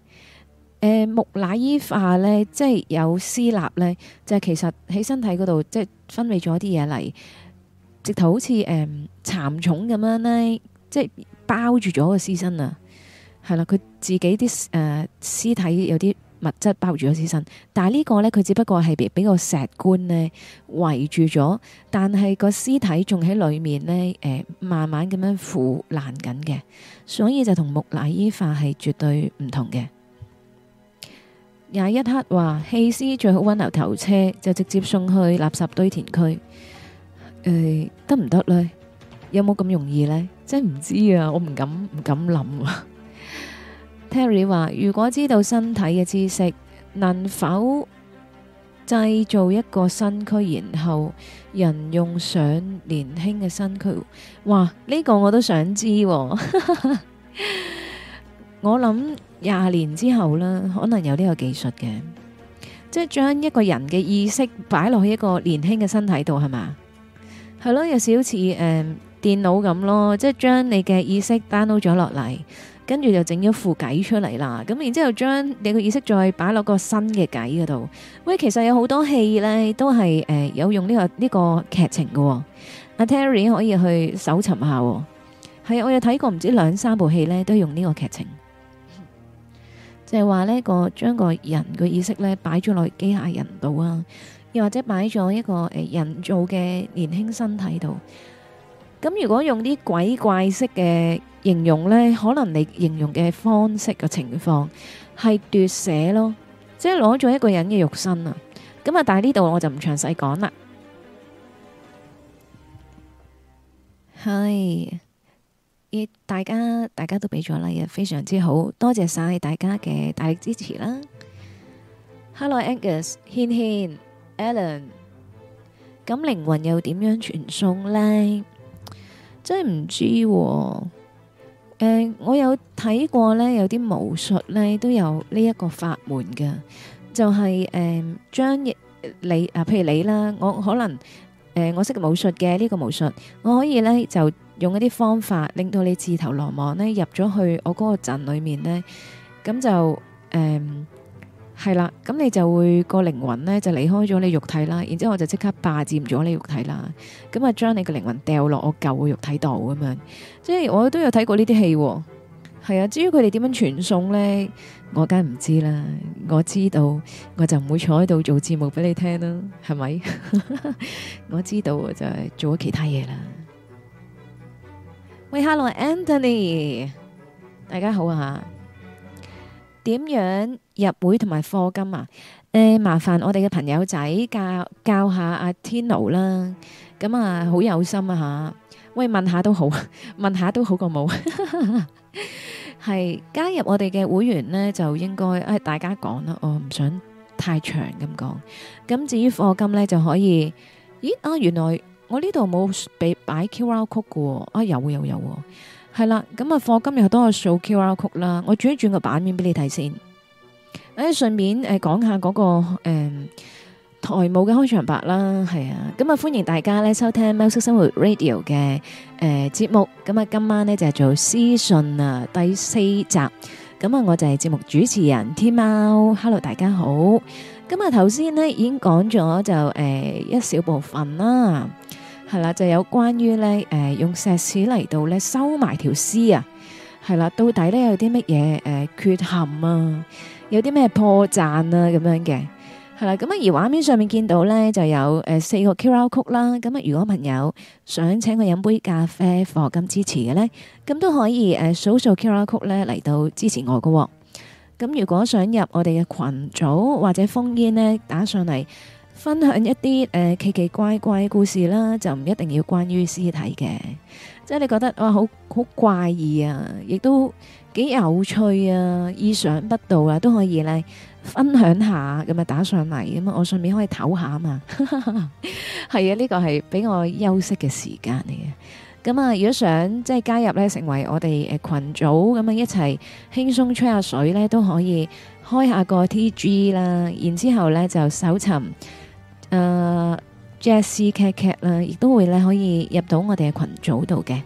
[SPEAKER 1] 誒、呃，木乃伊化咧，即係有屍蠟咧，就係、是、其實喺身體嗰度即係分泌咗啲嘢嚟，直頭好似誒、嗯、蠶蟲咁樣咧，即係包住咗個屍身啊，係啦，佢自己啲誒、呃、屍體有啲物質包住咗屍身，但係呢個咧佢只不過係俾個石棺咧圍住咗，但係個屍體仲喺裏面咧，誒、呃、慢慢咁樣腐爛緊嘅，所以就同木乃伊化係絕對唔同嘅。廿一刻話棄屍最好揾牛頭車，就直接送去垃圾堆填區。誒，得唔得呢？有冇咁容易呢？真係唔知啊！我唔敢唔敢諗啊。Terry 話：如果知道身體嘅知識，能否製造一個身軀，然後人用上年輕嘅身軀？哇！呢個我都想知。我諗。廿年之後啦，可能有呢個技術嘅，即係將一個人嘅意識擺落去一個年輕嘅身體度，係嘛？係咯，有少少似誒電腦咁咯，即係將你嘅意識 download 咗落嚟，跟住就整咗副機出嚟啦。咁然之後將你嘅意識再擺落個新嘅機嗰度。喂，其實有好多戲呢都係誒、呃、有用呢、這個呢、這個劇情嘅。阿、啊、Terry 可以去搜尋下。係啊，我有睇過唔知兩三部戲呢都用呢個劇情。就係話呢個將個人嘅意識呢擺咗落機械人度啊，又或者擺咗一個誒人造嘅年輕身體度。咁如果用啲鬼怪式嘅形容呢，可能你形容嘅方式嘅情況係奪舍咯，即係攞咗一個人嘅肉身啊。咁啊，但係呢度我就唔詳細講啦。係。咦，大家大家都俾咗力啊，非常之好，多謝晒大家嘅大力支持啦！Hello，Angus，軒軒，Alan，咁靈魂又點樣傳送呢？真係唔知喎。誒，我有睇過呢，有啲武術呢都有呢一個法門嘅，就係誒將你啊，譬如你啦，我可能誒，我識武術嘅呢個武術，我可以呢就。用一啲方法，令到你自投羅網呢入咗去我嗰個陣裏面呢，咁就誒係啦，咁、嗯、你就會、個靈魂呢，就離開咗你肉體啦，然之後我就即刻霸佔咗你肉體啦，咁啊將你嘅靈魂掉落我舊嘅肉體度咁樣，即係我都有睇過呢啲戲，係啊，至於佢哋點樣傳送呢，我梗係唔知啦，我知道我就唔會坐喺度做節目俾你聽啦，係咪？ 我知道就係、是、做咗其他嘢啦。喂，Hello，Anthony，大家好啊，點樣入會同埋課金啊？誒，麻煩我哋嘅朋友仔教教下阿 Tino 啦，咁啊好有心啊吓，喂，問下都好，問下都好過冇，係加入我哋嘅會員咧就應該誒大家講啦，我唔想太長咁講，咁至於課金咧就可以，咦啊原來。我呢度冇俾擺 Q R 曲嘅。啊有有有係啦。咁啊，課今日多啊數 Q R 曲啦。我轉一轉個版面俾你睇先。誒、欸，順便誒講、呃、下嗰、那個誒、嗯、台務嘅開場白啦。係啊，咁、嗯、啊歡迎大家咧收聽貓式生活 Radio 嘅誒節目。咁、嗯、啊，今晚呢就係、是、做私信啊第四集。咁、嗯、啊，我就係節目主持人天貓。Hello，大家好。咁、嗯、啊，頭先呢已經講咗就誒、呃、一小部分啦。係啦，就有關於咧，誒、呃，用石屎嚟到咧收埋條屍啊，係啦，到底咧有啲乜嘢誒缺陷啊，有啲咩破綻啊咁樣嘅，係啦，咁啊而畫面上面見到咧就有誒四、呃、個 QR Code 啦，咁啊如果朋友想請我飲杯咖啡，課金支持嘅咧，咁都可以誒數數 QR Code 咧嚟到支持我噶、哦，咁如果想入我哋嘅群組或者烽煙咧，打上嚟。分享一啲誒、呃、奇奇怪怪故事啦，就唔一定要關於屍體嘅，即係你覺得哇好好怪異啊，亦都幾有趣啊，意想不到啊，都可以咧分享下咁啊打上嚟，咁啊，我順便可以唞下啊嘛，係 啊，呢、這個係俾我休息嘅時間嚟嘅，咁啊如果想即係加入咧成為我哋誒、呃、群組，咁啊一齊輕鬆吹下水咧都可以開下個 TG 啦，然之後咧就搜尋。誒，Jazzycatcat 啦，uh, Jessie, Kat Kat，亦都會咧可以入到我哋嘅群組度嘅，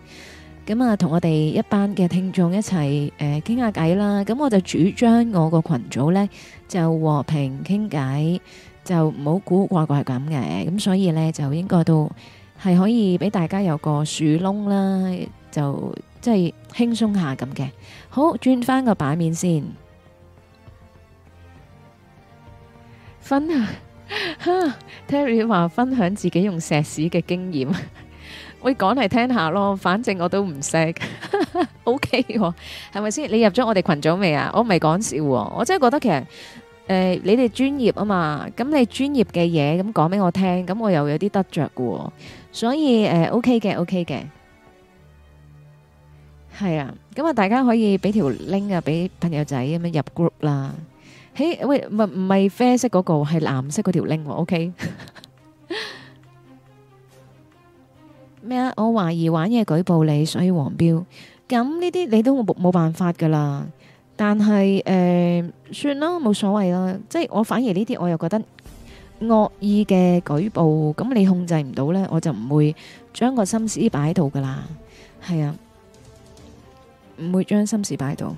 [SPEAKER 1] 咁啊同我哋一班嘅聽眾一齊誒傾下偈啦。咁我就主張我個群組呢就和平傾偈，就唔好古怪怪係咁嘅，咁所以呢，就應該都係可以俾大家有個樹窿啦，就即係輕鬆下咁嘅。好，轉翻個版面先，分啊！哈，Terry 話分享自己用石屎嘅經驗，我講嚟聽下咯，反正我都唔識，OK 喎，係咪先？你入咗我哋群組未啊？我唔係講笑，我真係覺得其實，誒，你哋專業啊嘛，咁你專業嘅嘢咁講俾我聽，咁我又有啲得着喎，所以誒，OK 嘅，OK 嘅，係啊，咁啊，大家可以俾條 link 啊，俾朋友仔咁樣入 group 啦。嘿喂，唔唔係啡色嗰個，係藍色嗰條 link，ok 咩啊？我懷疑玩嘢舉報你，所以黃標咁呢啲你都冇冇辦法噶啦。但係誒，算啦，冇所謂啦。即係我反而呢啲我又覺得惡意嘅舉報，咁你控制唔到咧，我就唔會將個心思擺喺度噶啦。係啊，唔會將心思擺喺度。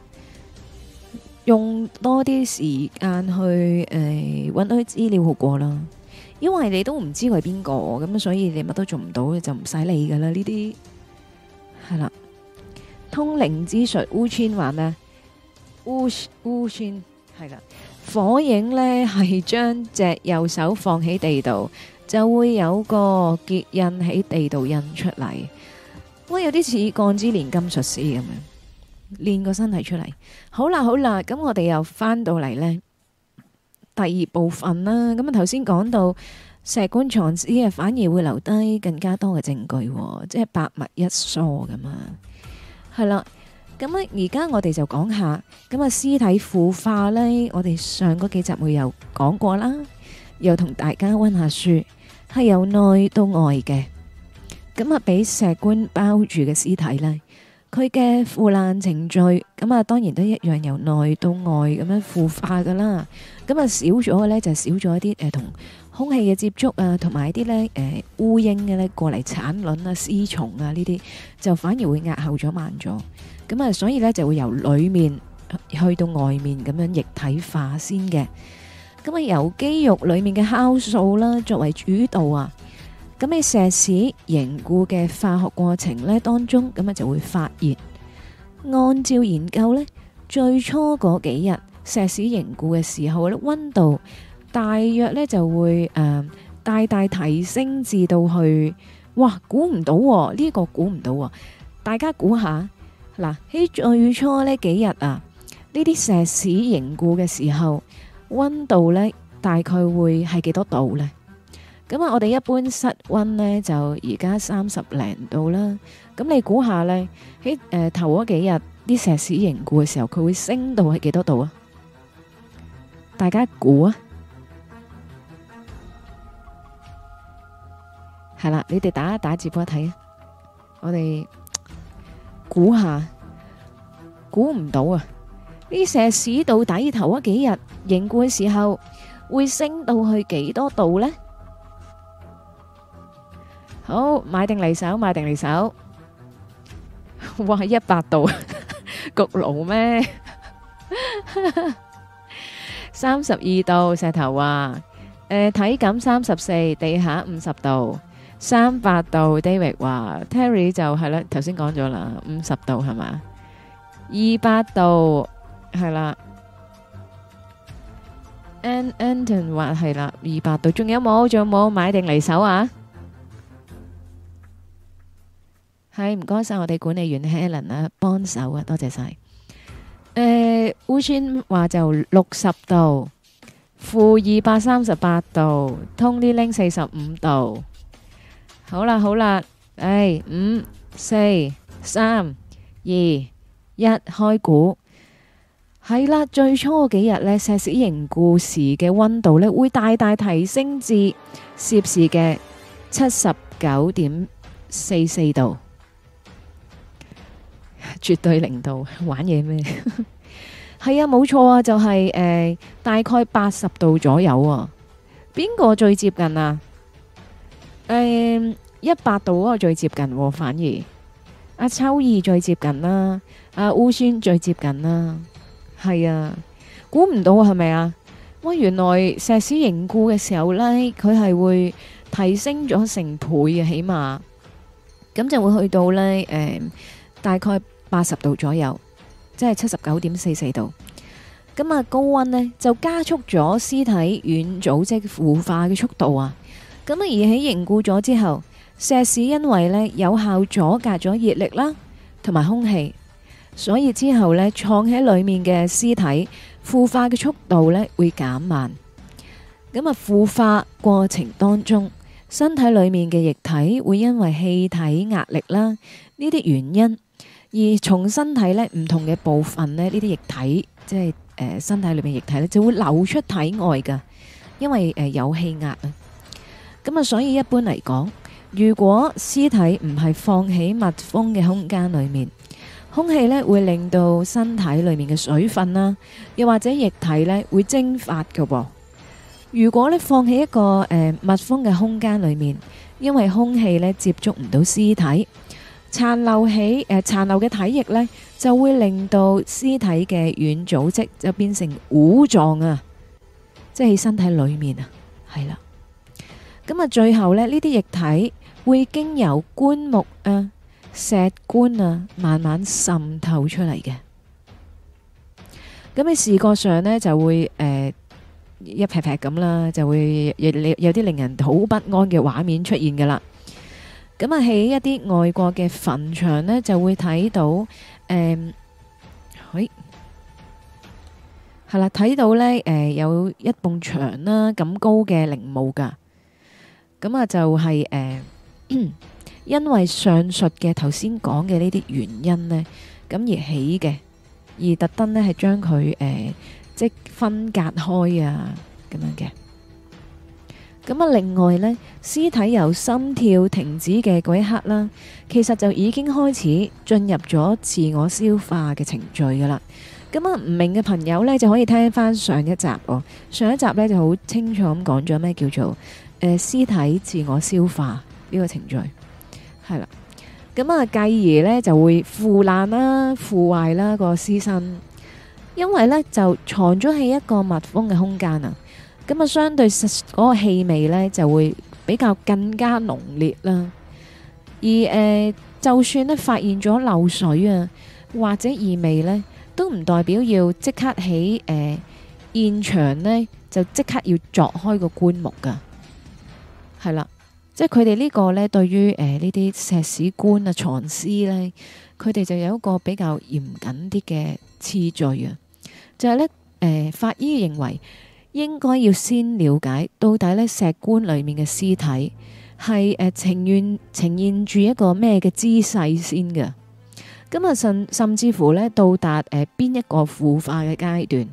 [SPEAKER 1] 用多啲時間去誒，搵啲資料好過啦，因為你都唔知佢係邊個，咁所以你乜都做唔到，就唔使理噶啦。呢啲係啦，通靈之術烏川話咩？烏烏川係啦，火影咧係將隻右手放喺地度，就會有個結印喺地度印出嚟，喂有啲似鋼之煉金術師咁樣。練個身體出嚟，好啦好啦，咁我哋又翻到嚟呢第二部分啦。咁啊頭先講到石棺藏屍啊，反而會留低更加多嘅證據，即係百物一疏㗎嘛，係啦。咁啊，而家我哋就講下，咁啊屍體腐化呢，我哋上嗰幾集會有講過啦，又同大家温下書，係由內到外嘅。咁啊，俾石棺包住嘅屍體呢。佢嘅腐爛程序，咁啊，當然都一樣由內到外咁樣腐化噶啦。咁啊，少咗嘅咧就少咗、就是、一啲誒同空氣嘅接觸啊，同埋一啲咧誒烏蠅嘅咧過嚟產卵啊、屍蟲啊呢啲，就反而會壓後咗、慢咗。咁啊，所以咧就會由裏面去到外面咁樣液體化先嘅。咁啊，由肌肉裡面嘅酵素啦作為主導啊。咁喺石屎凝固嘅化學過程咧當中，咁啊就會發熱。按照研究咧，最初嗰幾日石屎凝固嘅時候咧，溫度大約咧就會誒、呃、大大提升至到去，哇！估唔到呢、哦呢個估唔到、喎，大家估下。嗱喺最初呢幾日啊，呢啲石屎凝固嘅時候，溫度咧大概會係幾多度咧？咁啊！我哋一般室溫咧就而家三十零度啦。咁你估下咧？喺誒頭嗰幾日啲石屎凝固嘅時候，佢會升到去幾多度啊？大家估啊！係啦，你哋打一打字俾我睇啊！我哋估下，估唔到啊！啲石屎到底頭嗰幾日凝固嘅時候，會升到去幾多度咧？好，買定離手，買定離手。哇，一百度焗爐咩？三十二度，石頭話，誒，體感三十四，地下五十度，三百度，David 話，Terry 就係啦，頭先講咗啦，五十度係嘛？二百度係啦，N Anton 話係啦，二百度，仲有冇？仲有冇買定離手啊？係唔該晒，我哋管理員 Helen 啦，幫手啊，多謝晒。誒，烏川話就六十度，負二百三十八度，通啲拎四十五度。好啦，好啦，誒，五、四、三、二、一，開估係啦。最初嗰幾日咧，石屎凝固時嘅温度咧會大大提升至攝氏嘅七十九點四四度。絕對零度玩嘢咩？係 啊，冇錯啊，就係、是、誒、呃，大概八十度左右啊。邊個最接近啊？誒、呃，一百度嗰個最接近、啊，反而阿、啊、秋意最接近啦、啊。阿烏孫最接近啦。係啊，估唔、啊、到係咪啊？原來石屎凝固嘅時候呢，佢係會提升咗成倍嘅、啊，起碼咁就會去到呢，誒、呃，大概。八十度左右，即係七十九點四四度。咁啊，高溫呢就加速咗屍體軟組織腐化嘅速度啊。咁啊，而喺凝固咗之後，石屎因為呢有效阻隔咗熱力啦，同埋空氣，所以之後呢藏喺裏面嘅屍體腐化嘅速度呢會減慢。咁啊，腐化過程當中，身體裏面嘅液體會因為氣體壓力啦呢啲原因。而從身體呢唔同嘅部分呢，呢啲液體即係誒身體裏面液體呢，就會流出體外噶，因為誒有氣壓啊。咁啊，所以一般嚟講，如果屍體唔係放喺密封嘅空間裏面，空氣呢會令到身體裏面嘅水分啦，又或者液體呢會蒸發噶噃。如果呢放喺一個誒密封嘅空間裏面，因為空氣呢接觸唔到屍體。殘留喺誒，殘留嘅體液呢，就會令到屍體嘅軟組織就變成糊狀啊，即係喺身體裏面啊，係啦。咁啊，最後呢，呢啲液體會經由棺木啊、石棺啊，慢慢滲透出嚟嘅。咁你視覺上呢，就會誒、呃、一撇撇咁啦，就會有有啲令人好不安嘅畫面出現噶啦。咁啊，喺一啲外國嘅墳場咧，就會睇到，誒，喂，係啦，睇到咧，誒，有一埲牆啦咁高嘅陵墓噶，咁啊就係誒，因為上述嘅頭先講嘅呢啲原因咧，咁而起嘅，而特登咧係將佢誒，即係分隔開啊咁樣嘅。咁啊，另外呢，屍體由心跳停止嘅嗰一刻啦，其實就已經開始進入咗自我消化嘅程序噶啦。咁啊，唔明嘅朋友呢，就可以聽翻上一集哦。上一集呢，就好清楚咁講咗咩叫做誒、呃、屍體自我消化呢個程序，係啦。咁啊，繼而呢，就會腐爛啦、腐壞啦、個屍身，因為呢，就藏咗喺一個密封嘅空間啊。咁啊，相對嗰個氣味呢，就會比較更加濃烈啦。而誒、呃，就算呢發現咗漏水啊，或者異味呢，都唔代表要即刻喺誒、呃、現場咧就即刻要鑿開個棺木噶。係啦，即係佢哋呢個呢，對於誒呢啲石屎棺啊、藏屍呢，佢哋就有一個比較嚴謹啲嘅次序啊。就係、是、呢，誒、呃、法醫認為。應該要先了解到底咧石棺裏面嘅屍體係誒、呃、呈，呈現呈現住一個咩嘅姿勢先嘅，咁日甚甚至乎咧到達誒邊一個腐化嘅階段。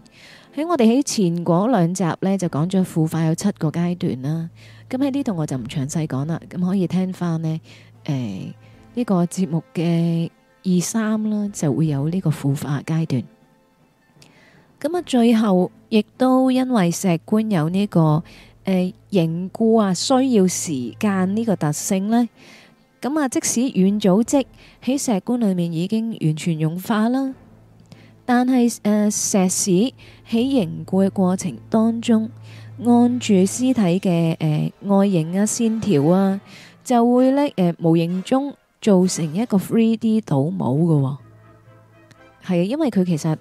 [SPEAKER 1] 喺我哋喺前嗰兩集咧就講咗腐化有七個階段啦，咁喺呢度我就唔詳細講啦，咁可以聽翻咧誒呢、呃呢個節目嘅二三啦，就會有呢個腐化階段。咁啊，最後亦都因為石棺有呢個誒凝固啊，需要時間呢個特性咧。咁啊，即使軟組織喺石棺裏面已經完全融化啦，但係誒石屎喺凝固嘅過程當中，按住屍體嘅誒外形啊線條啊，就會咧誒無形中造成一個 3D 倒模噶。係啊，因為佢其實。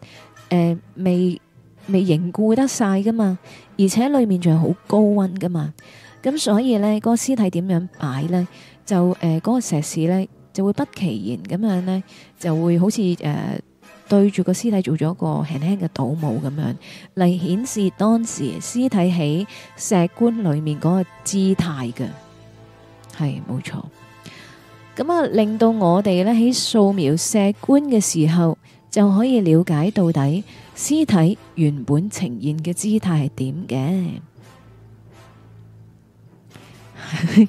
[SPEAKER 1] 誒，未未凝固得晒噶嘛？而且裏面仲係好高溫噶嘛？咁所以咧，個屍體點樣擺咧？就誒，嗰個石屎咧就會不其然咁樣咧，就會好似誒對住個屍體做咗個輕輕嘅倒模咁樣，嚟顯示當時屍體喺石棺裏面嗰個姿態嘅。係冇錯，咁啊，令到我哋咧喺掃描石棺嘅時候。就可以了解到底屍體原本呈現嘅姿態係點嘅。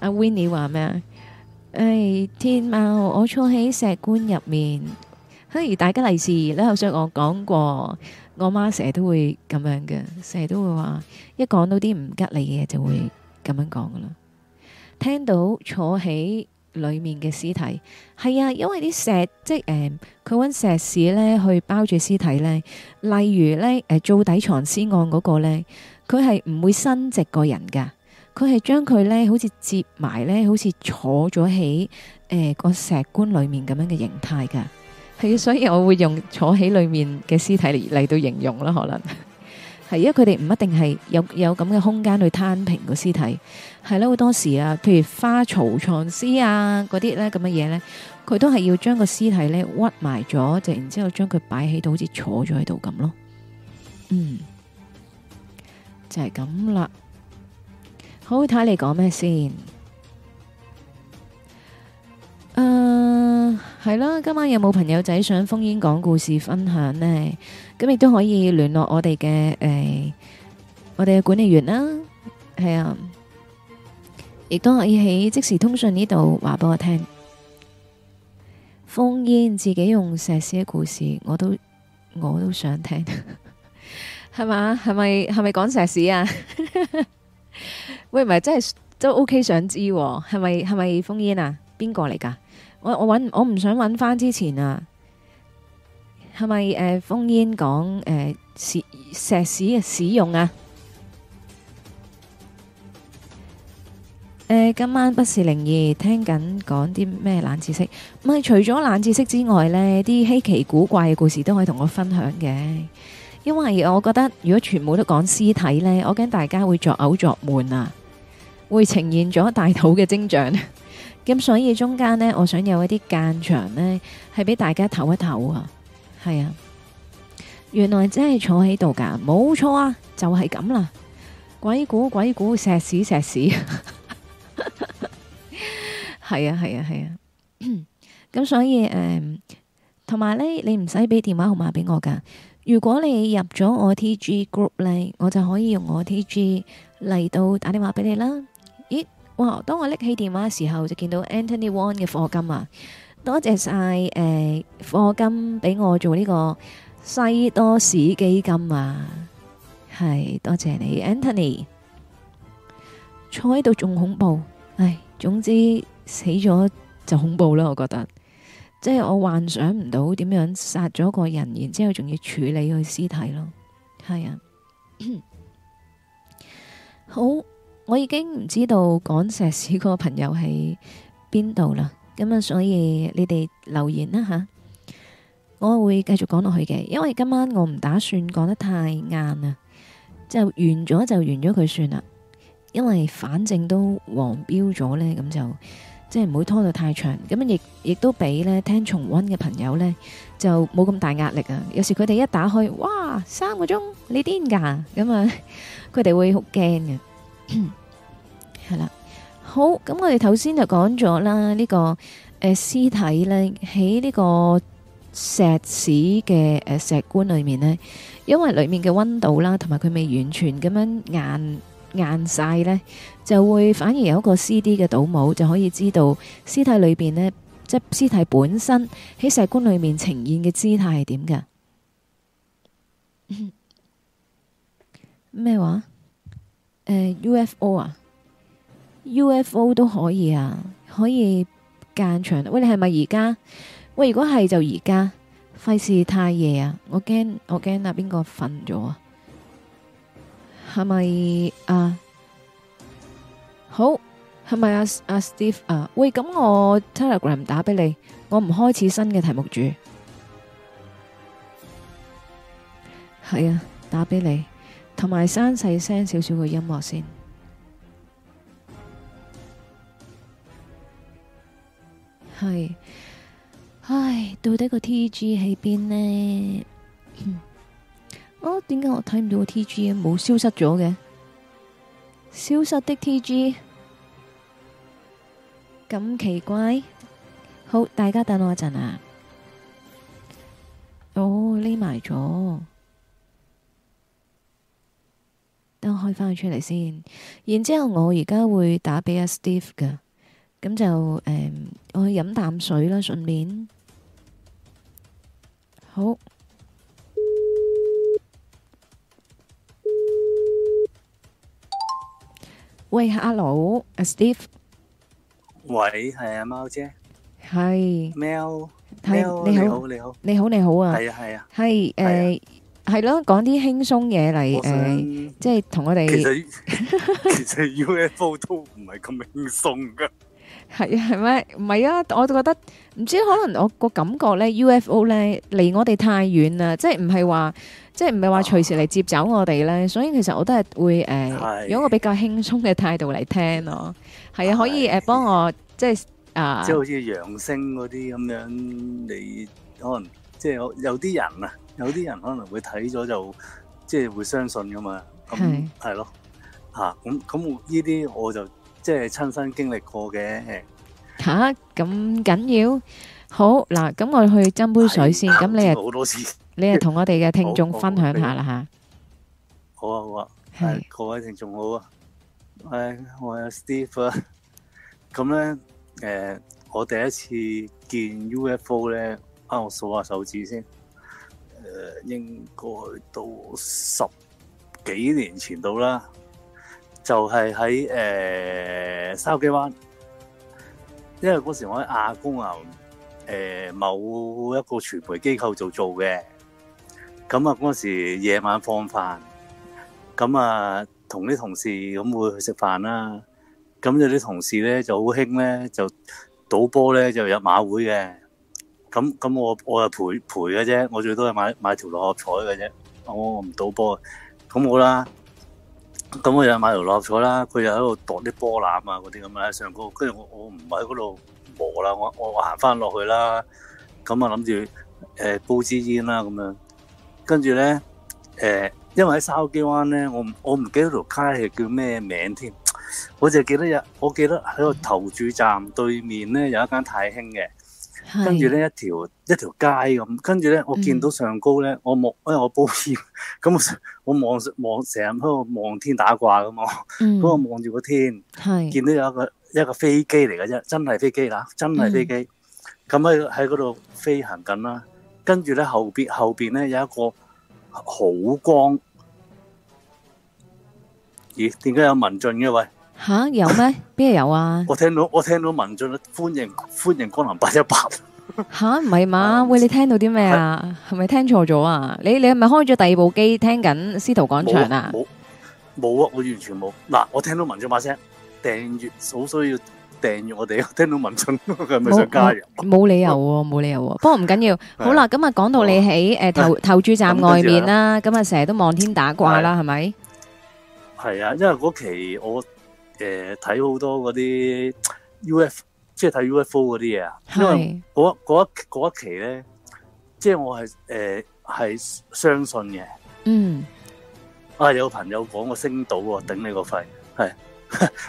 [SPEAKER 1] 阿 Winnie 話咩？誒，天喵，我坐喺石棺入面。而大吉利是咧，好似我講過，我媽成日都會咁樣嘅，成日都會話，一講到啲唔吉利嘅嘢就會咁樣講噶啦。聽到坐喺。裏面嘅屍體係啊，因為啲石即係誒，佢、嗯、揾石屎咧去包住屍體咧。例如咧，誒做底藏屍案嗰個咧，佢係唔會伸直個人噶，佢係將佢咧好似接埋咧，好似坐咗喺誒個、呃、石棺裏面咁樣嘅形態噶。係、啊、所以我會用坐喺裏面嘅屍體嚟嚟到形容啦，可能。係，因為佢哋唔一定係有有咁嘅空間去攤平個屍體，係啦，好多時啊，譬如花槽藏屍啊嗰啲咧咁嘅嘢咧，佢都係要將個屍體咧屈埋咗，就然之後將佢擺喺度，好似坐咗喺度咁咯。嗯，就係咁啦。好，睇你講咩先？誒，係啦，今晚有冇朋友仔想烽煙講故事分享咧？咁亦都可以聯絡我哋嘅誒，我哋嘅管理員啦，係啊，亦都可以喺即時通訊呢度話俾我聽。烽煙自己用石屎嘅故事，我都我都想聽，係 嘛？係咪係咪講石屎啊？ 喂，唔係真係都 OK，想知係咪係咪烽煙啊？邊個嚟噶？我我搵我唔想搵翻之前啊！係咪？誒，烽煙講誒石屎嘅使用啊？誒、呃，今晚不是靈異聽緊講啲咩冷知識？咪除咗冷知識之外呢，啲稀奇古怪嘅故事都可以同我分享嘅。因為我覺得如果全部都講屍體呢，我驚大家會作嘔作悶啊，會呈現咗大肚嘅徵象。咁 所以中間呢，我想有一啲間場呢，係俾大家唞一唞啊。係啊，原來真係坐喺度噶，冇錯啊，就係咁啦，鬼故鬼故，石屎石屎，係啊係啊係啊，咁、啊啊、 所以誒，同、嗯、埋呢，你唔使俾電話號碼俾我噶，如果你入咗我 T G group 咧，我就可以用我 T G 嚟到打電話俾你啦。咦，哇，當我拎起電話嘅時候，就見到 Anthony Wong 嘅課金啊！多謝晒誒，課金俾我做呢個西多士基金啊，係多謝你，Anthony。坐喺度仲恐怖，唉，總之死咗就恐怖啦，我覺得，即係我幻想唔到點樣殺咗個人，然之後仲要處理佢屍體咯，係啊
[SPEAKER 2] 。
[SPEAKER 1] 好，我已經唔知道趕石屎個朋友喺邊度啦。咁啊，所以你哋留言啦吓，啊，我會繼續講落去嘅。因為今晚我唔打算講得太晏啊，就完咗就完咗佢算啦，因為反正都黃標咗呢。咁就即係唔會拖到太長，咁亦亦都俾咧聽重溫嘅朋友呢，就冇咁大壓力啊，有時佢哋一打開，哇三個鐘你癲噶，咁啊佢哋會好驚嘅，係啦。 好，咁我哋頭先就講咗啦，呢個誒屍體咧喺呢個石屎嘅誒石棺裏面咧，因為裏面嘅溫度啦，同埋佢未完全咁樣硬硬晒咧，就會反而有一個 CD 嘅倒模就可以知道屍體裏邊咧，即係屍體本身喺石棺裏面呈現嘅姿態係點㗎。咩話？誒 UFO 啊？UFO 都可以啊，可以間長。喂，你係咪而家？喂，如果係就而家，費事太夜啊！我驚我驚啊，邊個瞓咗啊？係咪啊？好，係咪啊？啊，Steve 啊，喂，咁我 Telegram 打俾你，我唔開始新嘅題目住。係啊，打俾你，同埋刪細聲少少嘅音樂先。係，唉，到底個 T G 喺邊呢？嗯哦、為什麼我點解我睇唔到個 T G？冇消失咗嘅，消失的 T G，咁奇怪。好，大家等我一陣啊。哦，匿埋咗，等我開翻佢出嚟先。然之後我而家會打俾阿 Steve 噶。咁就誒，我去飲啖水啦，順便。好。喂，hello，阿 Steve。
[SPEAKER 3] 喂，係阿貓姐。
[SPEAKER 1] 係。貓。貓，你好，你好，你好，你好，你好啊。係啊，係啊。係誒，係咯，講啲輕鬆嘢嚟，誒，即係同我哋。其
[SPEAKER 3] 實其實 UFO 都唔係咁輕鬆噶。
[SPEAKER 1] 係啊，係咩？唔係啊，我就覺得唔知可能我個感覺咧，UFO 咧離我哋太遠啦，即係唔係話，即係唔係話隨時嚟接走我哋咧。所以其實我都係會誒，如果我比較輕鬆嘅態度嚟聽咯，係啊，可以誒幫我即係啊，即係好似
[SPEAKER 3] 揚聲嗰啲咁樣，你可能即係有有啲人啊，有啲人可能會睇咗就即係會相信噶嘛，咁係咯，吓咁咁呢啲我就。即係親身經歷過嘅
[SPEAKER 1] 吓，咁緊要好。嗱咁，我去斟杯水先。咁你又你又同我哋嘅聽眾分享下啦吓。
[SPEAKER 3] 好啊好啊，係各位聽眾好啊。誒，我係 Steve 啊。咁咧，誒，我第一次見 UFO 咧，啱，我數下手指先。誒，應該到十幾年前到啦。就係喺誒筲箕灣，因為嗰時我喺亞公牛誒某一個傳媒機構做做嘅，咁啊嗰時夜晚放飯，咁啊同啲同事咁會去食飯啦。咁有啲同事咧就好興咧，就賭波咧就入馬會嘅。咁咁我我係陪陪嘅啫，我最多係買買條六合彩嘅啫，我唔賭波，咁好啦。咁我又買條落咗啦，佢又喺度度啲波攬啊嗰啲咁喺上高。跟住我我唔喺嗰度磨啦，我我行翻落去啦，咁、呃、啊諗住誒煲支煙啦咁樣，跟住咧誒，因為喺筲箕灣咧，我我唔記得條街係叫咩名添，我就記得有，我記得喺個投注站對面咧有一間太興嘅。跟住咧一條一條街咁，跟住咧我見到上高咧，嗯、我望，因為我保險，咁我望望成日喺度望天打卦咁喎，咁、嗯、我望住個天，是見到有一個一個飛機嚟嘅啫，真係飛機啦，真係飛機，咁喺喺嗰度飛行緊啦，跟住咧後邊後邊咧有一個好光，咦？點解有文進嘅喂？
[SPEAKER 1] 吓有咩？邊度有啊？
[SPEAKER 3] 我聽到我聽到文進歡迎歡迎江南八一八。
[SPEAKER 1] 吓唔係嘛？喂，你聽到啲咩啊？係咪聽錯咗啊？你你係咪開咗第二部機聽緊司徒廣場啊？
[SPEAKER 3] 冇冇啊！我完全冇。嗱，我聽到文進把聲，訂閱好需要訂閱我哋。聽到文進，佢係咪想加油？
[SPEAKER 1] 冇理由喎，冇理由喎。不過唔緊要。好啦，咁啊講到你喺誒投投注站外面啦，咁啊成日都望天打怪啦，係咪？
[SPEAKER 3] 係啊，因為嗰期我。誒，睇好、呃、多嗰啲 U.F.，即係睇 U.F.O. 嗰啲嘢啊！是因為嗰一一期咧，即係我係誒係相信嘅。嗯。啊，有朋友講我升到、啊，頂你個肺，係。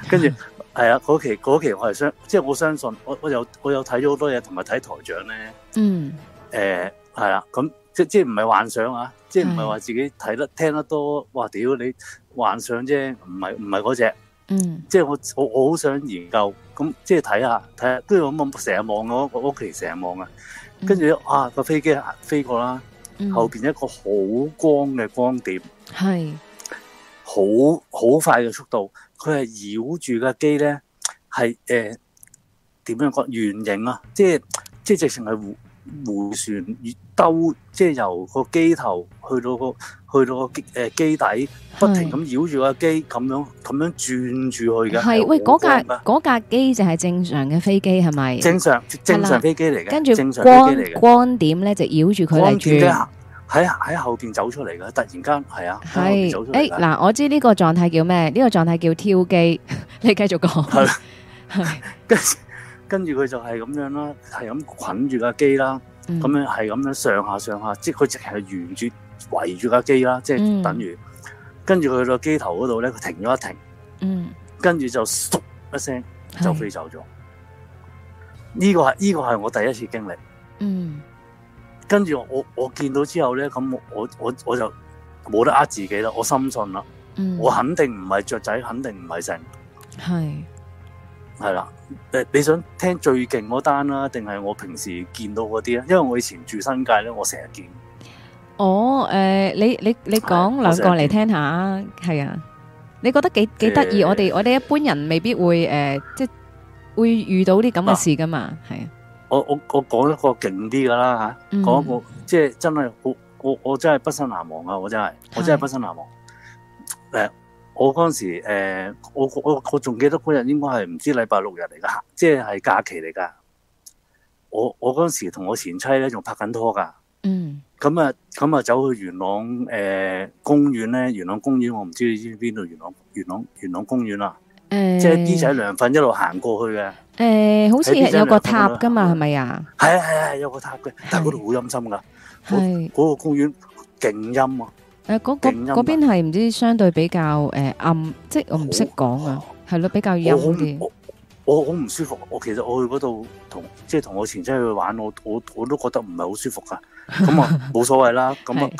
[SPEAKER 3] 跟住係啊，嗰期嗰期我係相，即係我相信我，我有我有我有睇咗好多嘢，同埋睇台長咧。嗯。誒、呃，係啦、啊，咁即即係唔係幻想啊？即係唔係話自己睇得聽得多？哇！屌你幻想啫，唔係唔係嗰隻。嗯，即係我我我好想研究，咁即係睇下睇下，跟住咁咁成日望我屋企成日望啊，跟住啊個飛機飛過啦，嗯、後邊一個好光嘅光點，係好好快嘅速度，佢係繞住個機咧，係誒點樣講圓形啊？即係即係直情係回回旋兜，即係、即係、由個機頭去到、個。去到個機誒機底，不停咁繞住個機，咁樣咁樣轉住去嘅。係，喂，嗰架
[SPEAKER 1] 嗰架機就係正常嘅飛機，係咪？正常正常飛機嚟嘅，跟住正常飛機嚟嘅。光點咧就繞住佢嚟轉，光點
[SPEAKER 3] 喺喺後邊走出嚟嘅，突然間係啊，走出嚟。誒，嗱，
[SPEAKER 1] 我知呢個狀態叫咩？呢個狀態叫挑機。你繼續講。係啦，跟
[SPEAKER 3] 跟住佢就係咁樣啦，係咁捆住個機啦。咁、嗯、樣係咁樣上下上下，即係佢淨係沿住圍住架機啦，即係等於，嗯、跟住佢到機頭嗰度咧，佢停咗一停，嗯、跟住就嗖一聲就飛走咗。呢是個係呢、呢個係我第一次經歷。嗯、跟住我我見到之後咧，咁我我我就冇得呃自己啦，我深信啦，嗯、我肯定唔係雀仔，肯定唔係成。係啦，誒，你想聽最勁嗰單啦，定係我平時見到嗰啲咧？因為我以前住新界咧，我成日見。
[SPEAKER 1] 哦，誒、呃，你你你講兩的個嚟聽下，係啊，你覺得幾幾得意、呃？我哋我哋一般人未必會誒、呃，即係會遇到啲咁嘅事噶嘛，係啊。
[SPEAKER 3] 我我我講一個勁啲噶啦吓，講一個即係、嗯、真係好，我我真係畢生難忘啊。我真係，我真係的畢生難忘。誒、呃。我嗰陣時，呃、我我我仲記得嗰日應該係唔知禮拜六日嚟噶，即係假期嚟噶。我我嗰陣時同我前妻咧仲拍緊拖噶。嗯。咁啊咁啊，就走去元朗誒、呃、公園咧。元朗公園，我唔知你知邊度，元朗元朗元朗公園啦、啊。
[SPEAKER 1] 欸、即係啲仔
[SPEAKER 3] 涼粉一路行過去嘅。
[SPEAKER 1] 誒、欸，好似有個塔噶嘛，係咪對啊？
[SPEAKER 3] 係係係，有個塔嘅，但係嗰度好陰森噶。係。嗰個公園勁陰啊！
[SPEAKER 1] 誒，嗰嗰嗰邊係唔知相對比較誒、呃、暗，即係我唔識講啊，係咯很，比較陰嘅。
[SPEAKER 3] 我好唔舒服。我其實我去嗰度同即係同我前妻去玩，我我我都覺得唔係好舒服噶。咁啊，冇所謂啦。咁啊，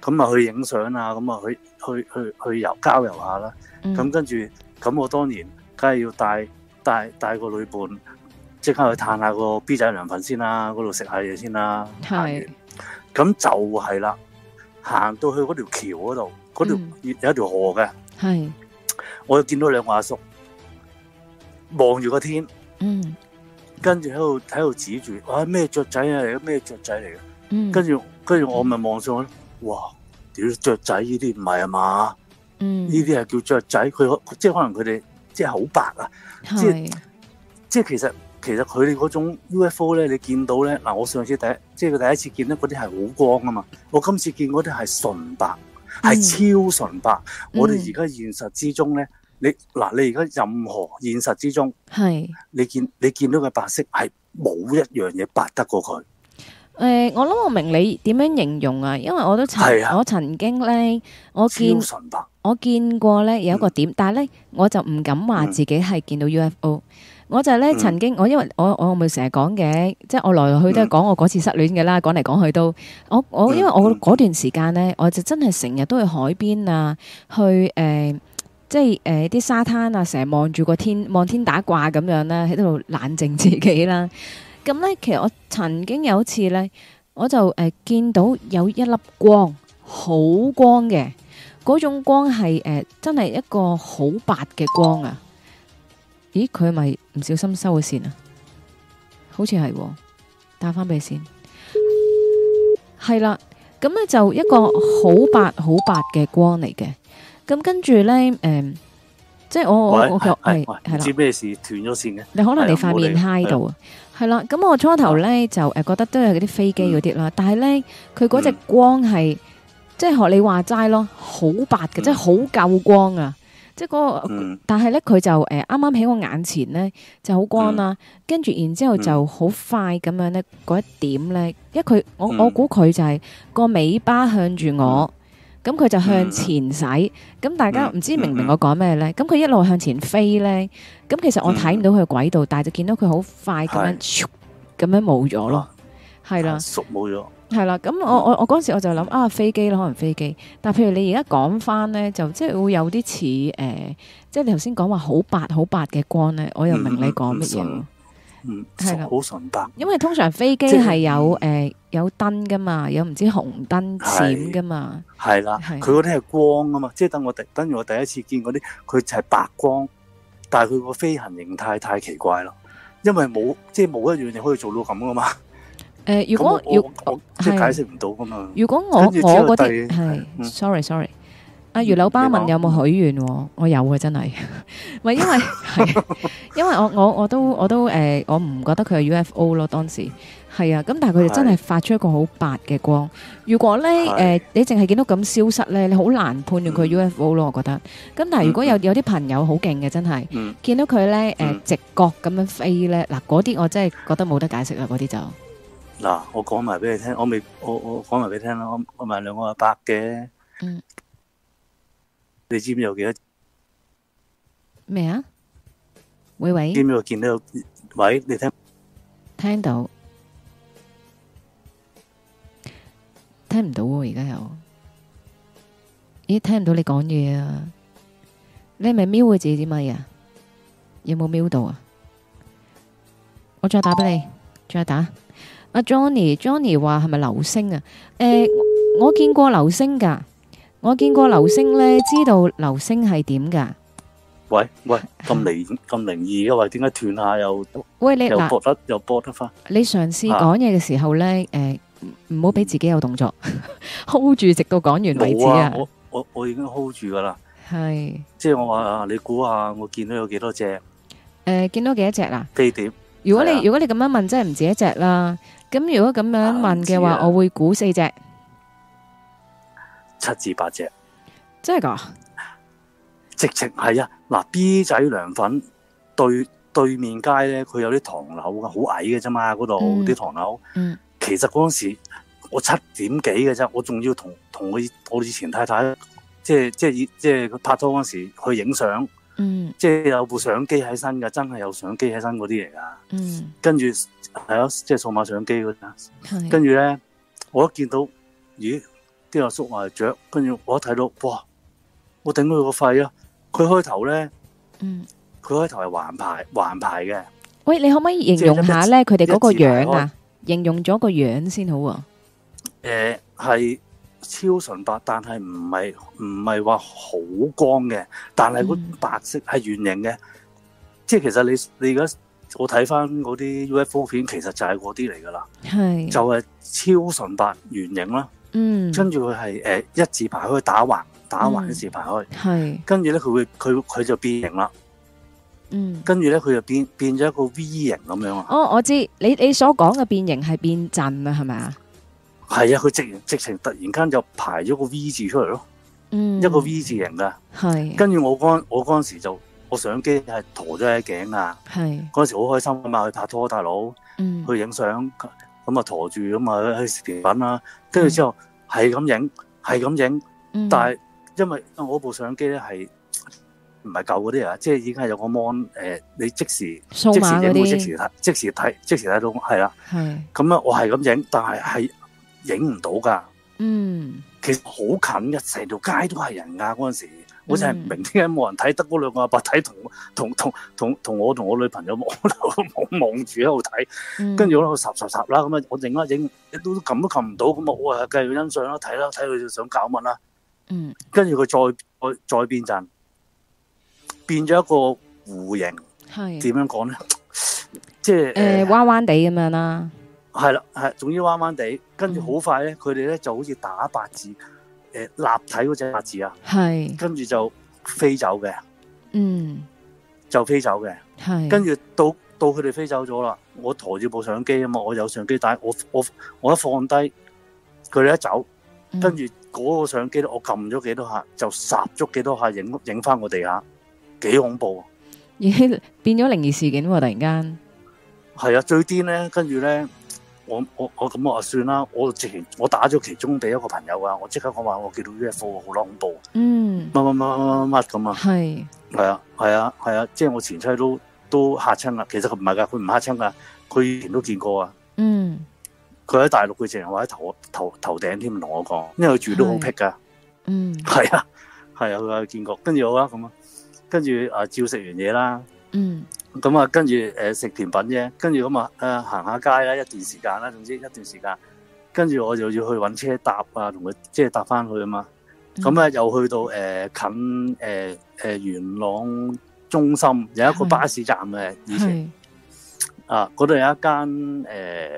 [SPEAKER 3] 咁啊去影相啊，咁啊去去去去遊郊遊下啦。咁跟住，咁我當年梗係要帶帶帶個女伴，即刻去嘆下個 B 仔涼粉先啦，嗰度食下嘢先啦。
[SPEAKER 2] 係是。
[SPEAKER 3] 咁就係啦。行到去嗰條橋嗰度，嗰條、嗯、有條河嘅，我就見到兩個阿叔望住個天，跟住喺度喺度指住，哇咩雀仔啊嚟？咩雀仔嚟？跟住跟住我咪望上去，嗯、哇屌雀仔呢啲唔係啊嘛，
[SPEAKER 2] 呢
[SPEAKER 3] 啲係叫雀仔，佢即係可能佢哋即係好白啊，是即係即係其實。其實佢哋嗰種 UFO 咧，你見到咧嗱、啊，我上次第一，即係佢第一次見到嗰啲係好光㗎嘛。我今次見嗰啲係純白，係、嗯、超純白。嗯、我哋而家現實之中咧，你嗱、啊，你而家任何現實之中，係是你見你見到嘅白色係冇一樣嘢白得過佢。誒、
[SPEAKER 1] 呃，我諗我明你點樣形容啊，因為我都曾、啊、我曾經咧，我見純白，我見過咧有一個點，嗯、但係咧我就唔敢話自己係見到 UFO、嗯。嗯我就係咧，嗯、曾經我因為我我咪成日講嘅，即係我來來去都係講我嗰次失戀嘅啦。講嚟講去都，我我因為我嗰段時間咧，我就真係成日都去海邊啊，去誒、呃，即係誒啲沙灘啊，成日望住個天，望天打卦咁樣啦、啊，喺度冷靜自己啦。咁咧，其實我曾經有一次咧，我就誒、呃、見到有一粒光，好光嘅，嗰種光係誒、呃、真係一個好白嘅光啊！咦，佢咪唔小心收咗綫啊？好似係，打翻俾你先。係啦，咁咧就一個好白好白嘅光嚟嘅。咁跟住咧，誒，即係我我我我係唔知
[SPEAKER 3] 咩事斷咗綫嘅。你可能你塊面嗨到啊？
[SPEAKER 1] 係啦，咁我初頭咧就誒覺得都有啲飛機嗰啲啦，但係咧佢嗰隻光係即係學你話齋咯，好白嘅，即係好夠光啊！
[SPEAKER 3] 即係、嗰個，
[SPEAKER 1] 但係咧佢就誒，啱啱喺我眼前咧就好光啦，跟住、嗯、然之後就好快咁樣咧，嗰一點咧，因為佢我、嗯、我估佢就係個尾巴向住我，咁佢、嗯、就向前使，咁、嗯、大家唔知明唔明我講咩咧？咁佢、嗯、一路向前飛咧，咁其實我睇唔到佢嘅軌道，嗯、但係就見到佢好快咁是樣咁樣冇咗咯，係啦，熟冇咗。係啦，咁我我我嗰時我就諗啊，飛機咯，可能飛機。但譬如你而家講翻咧，就即係會有啲似誒，即係你頭先講話好白好白嘅光咧，我又明你講乜嘢。嗯，
[SPEAKER 3] 係啦，好純白。
[SPEAKER 1] 因為通常飛機係有誒、嗯呃、有燈噶嘛，有唔知紅燈閃噶嘛。
[SPEAKER 3] 係啦，佢嗰啲係光啊嘛，即係等我第等於我第一次見嗰啲，佢就係白光，但係佢個飛行形態太奇怪啦，因為冇即係冇一樣嘢可以做到咁噶嘛。
[SPEAKER 1] 誒，如果要即係解釋
[SPEAKER 3] 唔到噶嘛？如果我我嗰啲
[SPEAKER 1] 係，sorry sorry，阿魚柳巴問有冇許願，我有嘅真係，唔係因為係，因為我我我都我都誒，我唔覺得佢係 UFO 咯，當時係啊，咁但係佢哋真係發出一個好白嘅光。如果咧誒，你淨係見到咁消失咧，你好難判斷佢 UFO 咯，我覺得。咁但係如果有有啲朋友好勁嘅真係，見到佢咧誒直角咁樣飛咧，嗱嗰啲我真係覺得冇得解釋啦，嗰啲就。
[SPEAKER 3] 嗱，我講埋俾你聽，我未，我我講埋俾你聽啦，我我埋兩個阿伯嘅。
[SPEAKER 1] 嗯。
[SPEAKER 3] 你知唔知有幾多？
[SPEAKER 1] 咩啊？
[SPEAKER 3] 喂喂。知唔知我見到？喂，你聽。
[SPEAKER 1] 聽到。聽唔到喎，而家又。咦？聽唔到你講嘢啊？你係咪瞄佢自己啲咪啊？有冇瞄到啊？我再打俾你，再打。阿 Johnny，Johnny 話係咪流星啊？誒、欸，我見過流星噶，我見過流星咧，知道流星係點噶？
[SPEAKER 3] 喂喂，咁靈咁靈異嘅話，點解斷下又？喂，你嗱，又博得又博得翻？
[SPEAKER 1] 你嘗試講嘢嘅時候咧，誒、啊，唔好俾自己有動作、嗯、，hold 住直到講完為止啊！
[SPEAKER 3] 啊我我我已經 hold 住噶啦，係是，即係我話你估下，我見到有幾多隻？誒、
[SPEAKER 1] 欸，見到幾多隻啦、啊？飛碟點？如果你、啊、如果你咁樣問，真係唔止一隻啦。咁如果咁樣問嘅話，啊、我會估四隻，
[SPEAKER 3] 七至八隻，真係噶？直情係啊！嗱，B 仔涼粉對對面街咧，佢有啲唐樓嘅，好矮嘅啫嘛，嗰度啲唐樓。嗯，的嗯其實嗰時我七點幾嘅啫，我仲要同同我我以前太太，即係即係即係佢拍拖嗰時去影相。嗯，即係有部相機喺身嘅，真係有相機喺身嗰啲嚟噶。嗯，跟住。係咯，即係數碼相機嗰陣，跟住咧，我一見到，咦，啲阿叔話係雀，跟住我一睇到，哇，我頂到佢個肺啊！佢開頭咧，嗯，佢開頭係橫排，橫排嘅。
[SPEAKER 1] 喂，你可唔可以形容下咧佢哋嗰個樣啊？嗯、形容咗個樣先好啊。
[SPEAKER 3] 誒、呃，係超純白，但係唔係唔係話好光嘅，但係嗰白色係圓形嘅。嗯、即係其實你你而家。我睇翻嗰啲 UFO 片，其實就係嗰啲嚟噶啦，
[SPEAKER 2] 是就
[SPEAKER 3] 係超純白圓形啦，跟住佢係誒一字排開打橫，打橫一字排開，跟住咧佢會佢佢就變形啦，嗯，跟住咧佢就變變咗一個 V 形咁樣啊。
[SPEAKER 1] 哦，我知你你所講嘅變形係變陣是是啊，係咪啊？
[SPEAKER 3] 係啊，佢直直情突然間就排咗個 V 字出嚟咯，
[SPEAKER 2] 嗯，
[SPEAKER 3] 一個 V 字形噶，係是。跟住我嗰我嗰陣時就。我相機係陀咗喺頸啊！
[SPEAKER 2] 嗰
[SPEAKER 3] 陣是時好開心啊嘛，去拍拖大佬，嗯，去影相咁啊陀住咁啊，去食甜品啦，跟住之後係咁影，係咁影，但係因為我部相機咧係唔係舊嗰啲啊，嗯、即係已經係有個 mon 誒、呃，你即時數碼嗰啲即時睇，即時睇，即時睇到係啦。咁啊，是這樣我係咁影，但係係影唔到噶。嗯，其實好近嘅，成條街都係人噶嗰陣時。好似係唔明點解冇人睇，得嗰兩個阿伯睇，同同同同同我同我女朋友望住喺度睇，跟住、嗯、我咧就霎霎霎啦咁啊！我整啊影，都都都撳唔到咁啊！我啊繼續欣賞啦，睇啦，睇佢想搞乜啦，嗯，跟住佢再再再變陣，變咗一個弧形，係點是樣講咧？
[SPEAKER 1] 即係誒彎彎地咁樣啦，
[SPEAKER 3] 係啦，係總之彎彎地，跟住好快咧，佢哋咧就好似打八字。立體嗰隻八字啊，係跟住就飛走嘅，嗯，就飛走嘅，係跟住到到佢哋飛走咗啦。我抬住部相機啊嘛，我有相機帶，我我我一放低，佢哋一走，跟住嗰個相機咧，我撳咗幾多下，就刹足幾多下影影翻我哋啊，幾恐怖啊，而
[SPEAKER 1] 變咗靈異事件喎啊，突然間，
[SPEAKER 3] 係啊，最癲咧，跟住咧。我我我咁我話算啦，我直情我打咗其中第一個朋友啊，我即刻講話我見到 UFO 好多恐怖，嗯，乜乜乜乜乜乜咁啊，係，係啊，係啊，係啊，即係我前妻都都嚇親啊。其實佢唔係㗎，佢唔嚇親㗎，佢以前都見過啊，
[SPEAKER 2] 嗯，
[SPEAKER 3] 佢喺大陸佢直情話喺頭頭頭頂添同我講，因為佢住都好僻㗎，係啊、嗯，係啊，係啊，佢話見過，跟住我啦咁啊，跟住啊照食完嘢啦，嗯。咁啊，嗯，跟住誒食甜品啫，跟住咁啊誒行下街啦，一段時間啦，總之一段時間，跟住我就要去搵車搭啊，同佢即係搭翻去啊嘛。
[SPEAKER 2] 咁、嗯、啊，嗯、又
[SPEAKER 3] 去到誒、呃、近誒誒、呃呃呃呃、元朗中心有一個巴士站嘅以前啊，嗰度是、啊、有一間誒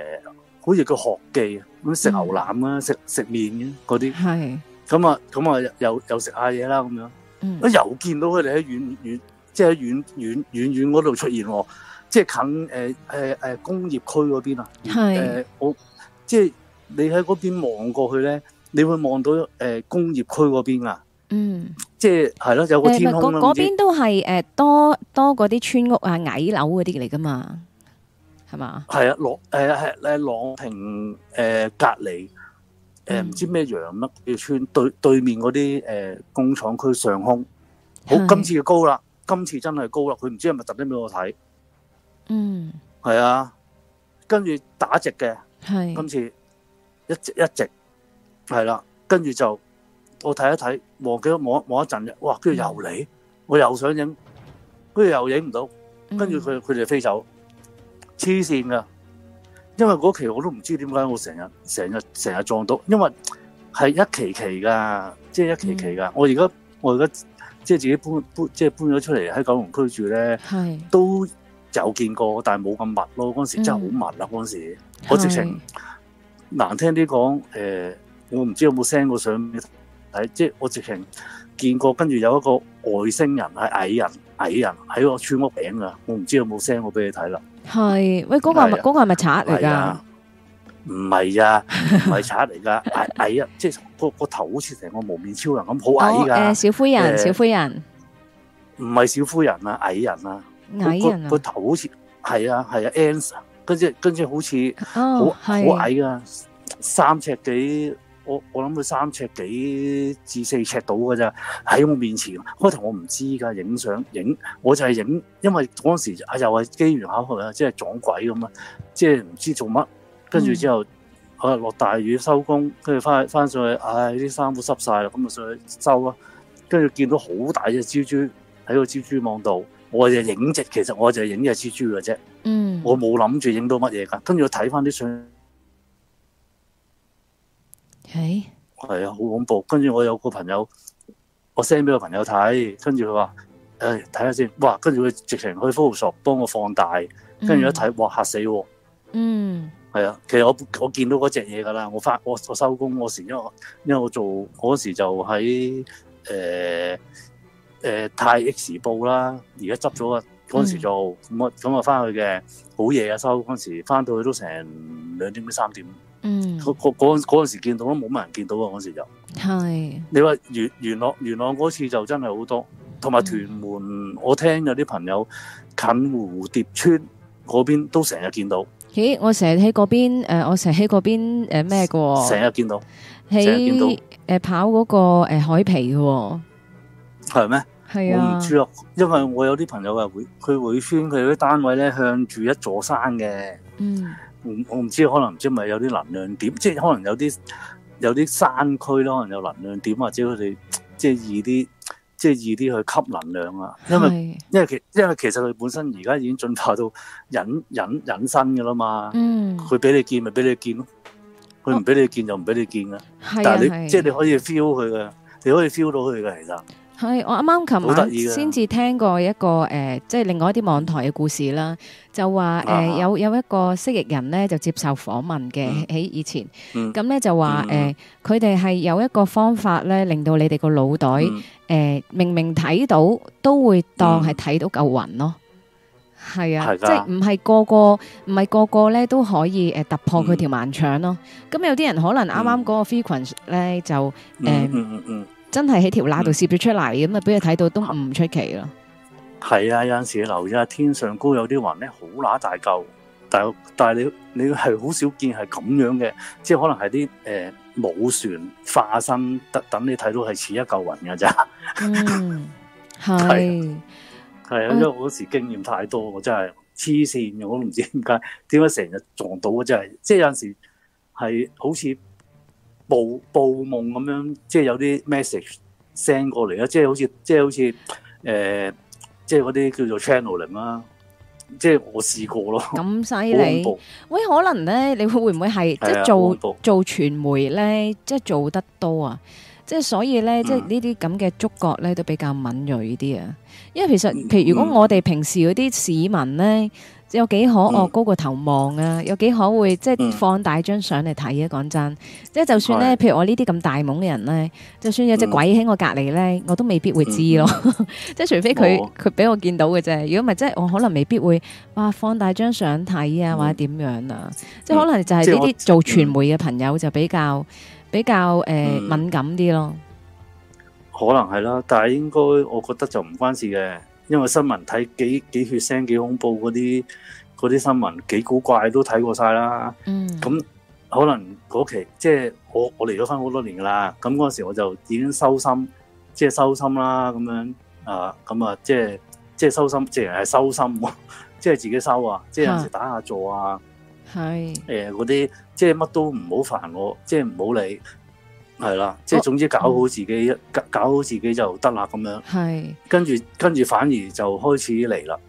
[SPEAKER 3] 好似個學記咁食牛腩啊，食食、嗯、麵嘅嗰啲。係。咁啊咁啊，又又食下嘢啦咁樣，啊又見到佢哋喺遠遠。遠即係遠遠，遠遠遠遠嗰度出現喎，即係近誒誒誒工業區嗰邊啊！誒是、呃、我即係你喺嗰邊望過去咧，你會望到誒、呃、工業區嗰邊啊！嗯，即係係咯，有個天空嗰、呃、邊
[SPEAKER 1] 都係多多嗰啲村屋啊、矮樓嗰啲嚟噶嘛，
[SPEAKER 3] 係嘛？係啊、呃，朗誒朗隔離唔知咩洋啦，嗯、村對，對面嗰啲、呃、工廠區上空，好是今次就高啦。今次真係高啦，佢唔知係咪特登俾我睇。
[SPEAKER 2] 嗯，
[SPEAKER 3] 係啊，跟住打直嘅，係今次一直一直，係啦，跟住就我睇一睇，望幾多望望一陣嘅，哇！跟住又嚟，我又想影，跟住又影唔到，跟住佢佢哋飛走，黐線噶。因為嗰期我都唔知點解我成日成日成日撞到，因為係一期期噶，即係一期期噶。我而家我而家。即係自己搬搬，即係搬咗出嚟喺九龍區住咧，是都有見過，但係冇咁密咯。嗰陣時真係好密啦，嗰陣、嗯、時我直情是難聽啲講，誒、呃、我唔知有冇 send 過相睇，即係我直情見過，跟住有一個外星人係矮人，矮人喺個村屋頂噶，我唔知有冇 send 過俾你睇啦。
[SPEAKER 1] 係，喂嗰、個係咪嗰、個係咪賊嚟㗎？
[SPEAKER 3] 唔係啊，唔係賊嚟噶， 矮矮啊，即係個個頭好似成個蒙面超人咁，好矮噶。Oh, uh, 小灰人，呃、小灰人，唔係小灰人啊，矮人啊，矮人個、啊、頭好似係啊係啊，ans 跟住跟住好似好好矮噶，三尺幾，我我諗佢三尺幾至四尺到噶咋。喺我面前，開頭我唔知噶，影相影我就係影，因為當時啊又係機緣巧合啊，即係撞鬼咁啊，即係唔知做乜。跟住、嗯、之後，啊落大雨收工，跟住翻翻上去，唉啲衫褲濕晒啦，咁就上去收啦。跟住見到好大隻蜘蛛喺個蜘蛛網度，我就影只隻，其實我就影只隻蜘蛛嘅啫。嗯，我冇諗住影到乜嘢噶。跟住我睇翻啲相，係係、哎、啊，好恐怖。跟住我有個朋友，我 send 俾個朋友睇，跟住佢話，誒，睇下先。哇！跟住佢直情去 Photoshop 幫我放大，跟住一睇，嗯、哇嚇死喎！嗯。係啊，其實我我見到嗰隻嘢㗎啦。我返我我收工嗰時，因為因為我做嗰時就喺誒誒《泰 X 時報》啦。而家執咗啊，嗰陣時做咁啊咁啊，翻、嗯嗯、去嘅好夜啊收工嗰時，翻到去都成兩點幾三點。嗯，嗰嗰嗰陣時見到都冇乜人見到啊，嗰時就係是你話元元朗元朗嗰次就真係好多，同埋屯門，嗯、我聽有啲朋友近蝴蝶村嗰邊都成日見到。
[SPEAKER 1] 咦，我成日喺嗰邊誒，我成日喺嗰邊誒咩嘅？成日見到，
[SPEAKER 3] 成日見到
[SPEAKER 1] 誒，跑嗰個誒海皮嘅，
[SPEAKER 3] 係咩？係啊，我唔知咯，因為我有啲朋友話會，佢會村佢啲單位咧向住一座山嘅，嗯，我我唔知，可能唔知咪有啲能量點，即係可能有啲有啲山區咯，可能有能量點，或者佢哋即係易啲。即係易啲去吸能量啊，因為因為其因為其實佢本身而家已經進化到隱隱隱身噶啦嘛。嗯，佢俾你見咪俾你見咯，佢唔俾你見就唔俾你見噶。但係你即係你可以 feel 佢噶，你可以 feel 到佢噶。其實
[SPEAKER 1] 係我啱啱琴日先至聽過一個誒，即係另外一啲網台嘅故事啦，就話誒有有一個蜥蜴人咧就接受訪問嘅，喺以前咁咧就話誒佢哋係有一個方法咧，令到你哋個腦袋。誒，明明睇到都會當係睇到嚿雲咯，係啊，即係唔係個個唔係個個咧都可以誒突破佢條盲腸咯。咁有啲人可能啱啱嗰個 frequency 咧就誒，真係喺條罅度攝咗出嚟咁啊，俾佢睇到都唔出奇咯。
[SPEAKER 3] 係啊，有陣時你留意下天上高有啲雲咧，好乸大嚿，但係但係你你係好少見係咁樣嘅，即係可能係啲誒。冇船化身，得等你睇到係似一嚿雲嘅咋。嗯，
[SPEAKER 2] 係
[SPEAKER 3] 係啊，因為我嗰時經驗太多，我、嗯、真係黐線嘅，我都唔知點解點解成日撞到啊？真係即係有時係好似報報夢咁樣，即係有啲 message send 過嚟、呃、啊，即係好似即係好似誒，即係嗰啲叫做 channel 嚟啊。即係我試過咯，咁犀利，
[SPEAKER 1] 喂，可能咧，你會唔會係的即係做做傳媒咧，即係做得多啊？即係所以咧，嗯、即係呢啲咁嘅觸覺咧，都比較敏銳啲啊。因為其實，譬如如果我哋平時嗰啲市民咧。嗯嗯有幾可哦，高過頭望啊！有幾可會即係放大張相嚟睇啊！講真，即係就算咧，譬如我呢啲咁大懵嘅人咧，就算有隻鬼喺我隔離咧，我都未必會知咯。即係除非佢佢俾我見到嘅啫。如果唔係，即係我可能未必會哇放大張相睇啊，或者點樣啊？即係可能就係呢啲做傳媒嘅朋友就比較比較誒敏感啲咯。
[SPEAKER 3] 可能係啦，但係應該我覺得就唔關事嘅。因為新聞睇幾幾血腥幾恐怖嗰啲啲新聞幾古怪都睇過晒啦，咁、嗯、可能嗰期即係、就是、我我離咗婚好多年噶啦，咁嗰陣時候我就已經收心，即係收心啦咁樣啊，咁啊即係即係收心，即係收心，即 係自己收啊，即係有時打下坐啊，
[SPEAKER 1] 係
[SPEAKER 3] 誒嗰啲即係乜都唔好煩我，即係唔好理。係啦，即係總之搞好自己，哦嗯、搞好自己就得啦咁樣。係是跟住跟住反而就開始嚟、哦、啦。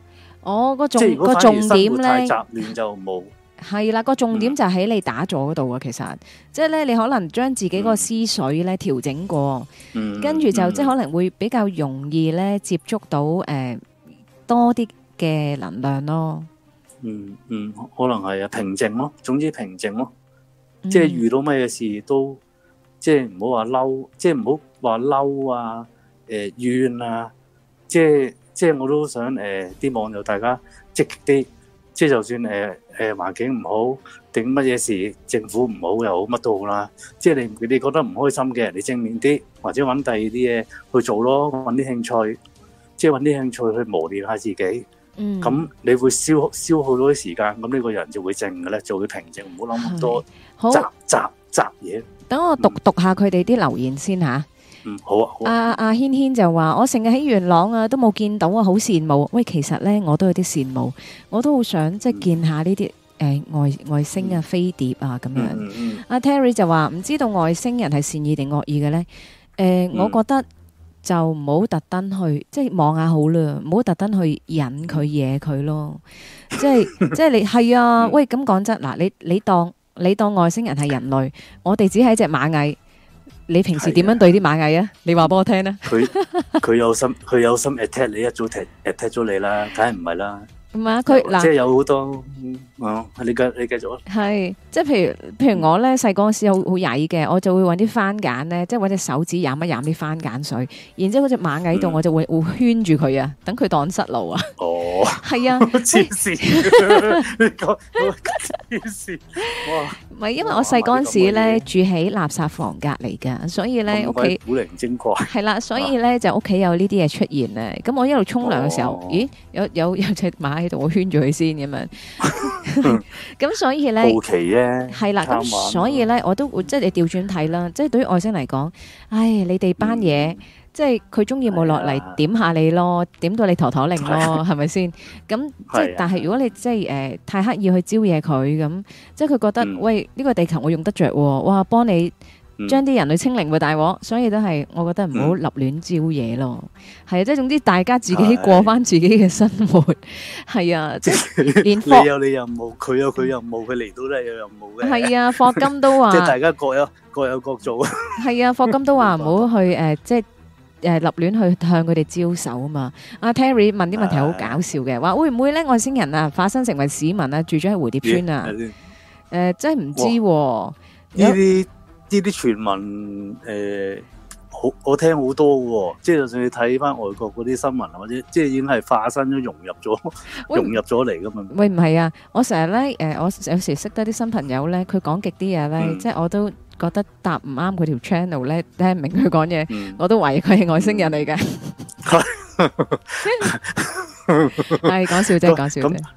[SPEAKER 1] 哦，個重即係如果個重點咧，雜
[SPEAKER 3] 亂就冇。
[SPEAKER 1] 係啦，個重點就喺你打坐嗰度啊。嗯、其實，即係咧，你可能將自己嗰個思緒咧調整過，嗯嗯、
[SPEAKER 2] 跟住就即係
[SPEAKER 1] 可能會比較容易咧接觸到誒、呃、多啲嘅能量咯。嗯嗯，
[SPEAKER 3] 可能係啊，平靜咯、啊，總之平靜咯、啊，嗯、即係遇到乜嘢事都。即係唔好話嬲，即係唔好話嬲啊！誒、呃，怨啊！即係即係，我都想誒，啲網友大家積極啲，即係就算誒誒環境唔好，定乜嘢事，政府唔好又好，乜都好啦。即係你你覺得唔開心嘅，你正面啲，或者搵第二啲嘢去做咯，搵啲興趣，即係搵啲興趣去磨練下自己。嗯，咁你會消消耗多啲時間，咁呢個人就會靜嘅咧，就會平靜，唔好諗咁多雜雜雜嘢。
[SPEAKER 1] 等我讀、嗯、讀下佢哋啲留言先吓。嗯、啊啊，好啊。阿阿軒軒就話：我成日喺元朗啊，都冇見到啊，好羨慕。喂，其實咧，我都有啲羨慕，我都好想、嗯、即係見下呢啲誒外外星啊飛碟啊咁樣。阿 Terry 就話：唔知道外星人係善意定惡意嘅咧。誒、呃，嗯、我覺得就唔好特登去，即係望下好啦，唔好特登去引佢惹佢咯。即係 即係你係啊？喂，咁講真，嗱，你你當。你當外星人係人類， 我哋只係一隻螞蟻。你平時點樣對啲螞蟻呀？啊、你話俾我聽啦。
[SPEAKER 3] 佢佢有心，佢有心 attack 你，一早 attack attack 咗你啦，梗係唔係啦。
[SPEAKER 1] 唔係啊，佢嗱，即係
[SPEAKER 3] 有好多啊！你繼你繼續啊，
[SPEAKER 1] 係即係譬如譬如我咧細個嗰時好好曳嘅，我就會搵啲番梘咧，即係搵隻手指飲一飲啲番梘水，然之後嗰隻螞蟻度，我就會會圈住佢，哦、 啊，等佢蕩失路
[SPEAKER 2] 啊。哦，係啊，黐線，你講黐線，哇！唔係，因為我細個嗰時
[SPEAKER 1] 咧住喺垃圾房隔籬噶，所以咧屋企
[SPEAKER 2] 古靈精怪，
[SPEAKER 1] 係啦，所以咧就屋企有呢啲嘢出現咧。咁、啊、我一路沖涼嘅時候，咦，有有有隻螞喺度我圈住佢先咁樣，咁 所以咧好奇啫，係啦，咁所以咧我都會即係調轉睇啦，即係對於外星嚟講，唉、哎，你哋班嘢，嗯、即係佢中意冇落嚟點下你咯，點到你陀陀擰咯，係咪先？咁即係 但係如果你即係誒、呃、太刻意去招惹佢咁，即係佢覺得、嗯、喂呢、呢個地球我用得著，哇，幫你。將啲人類清零喎，大鑊，所以都係我覺得唔好立亂招嘢咯。係啊，即係總之大家自己過翻自己嘅生活。係啊，
[SPEAKER 3] 即係。你有你任務，佢有佢任務，佢嚟到都係有任務嘅。係啊，霍金都話。即係大家各有各有各做
[SPEAKER 1] 啊。係啊，霍金都話唔好去誒，即係誒立亂去向佢哋招手啊嘛。阿 Terry 問啲問題好搞笑嘅，話會唔會咧外星人啊化身成為市民啊，住咗喺蝴蝶村啊？誒，真係唔知呢啲。
[SPEAKER 3] 呢啲傳聞，誒，好我聽好多嘅喎，即係就算你睇翻外國嗰啲新聞或者，即係已經係化身咗融入咗，融入咗嚟㗎嘛？喂，
[SPEAKER 1] 唔係啊，我成日咧誒，我有時識得啲新朋友咧，佢講極啲嘢咧，即係我都覺得答唔啱佢條 channel 咧，聽唔明佢講嘢，我都懷疑佢係外星人嚟嘅。係講笑啫，真係講笑。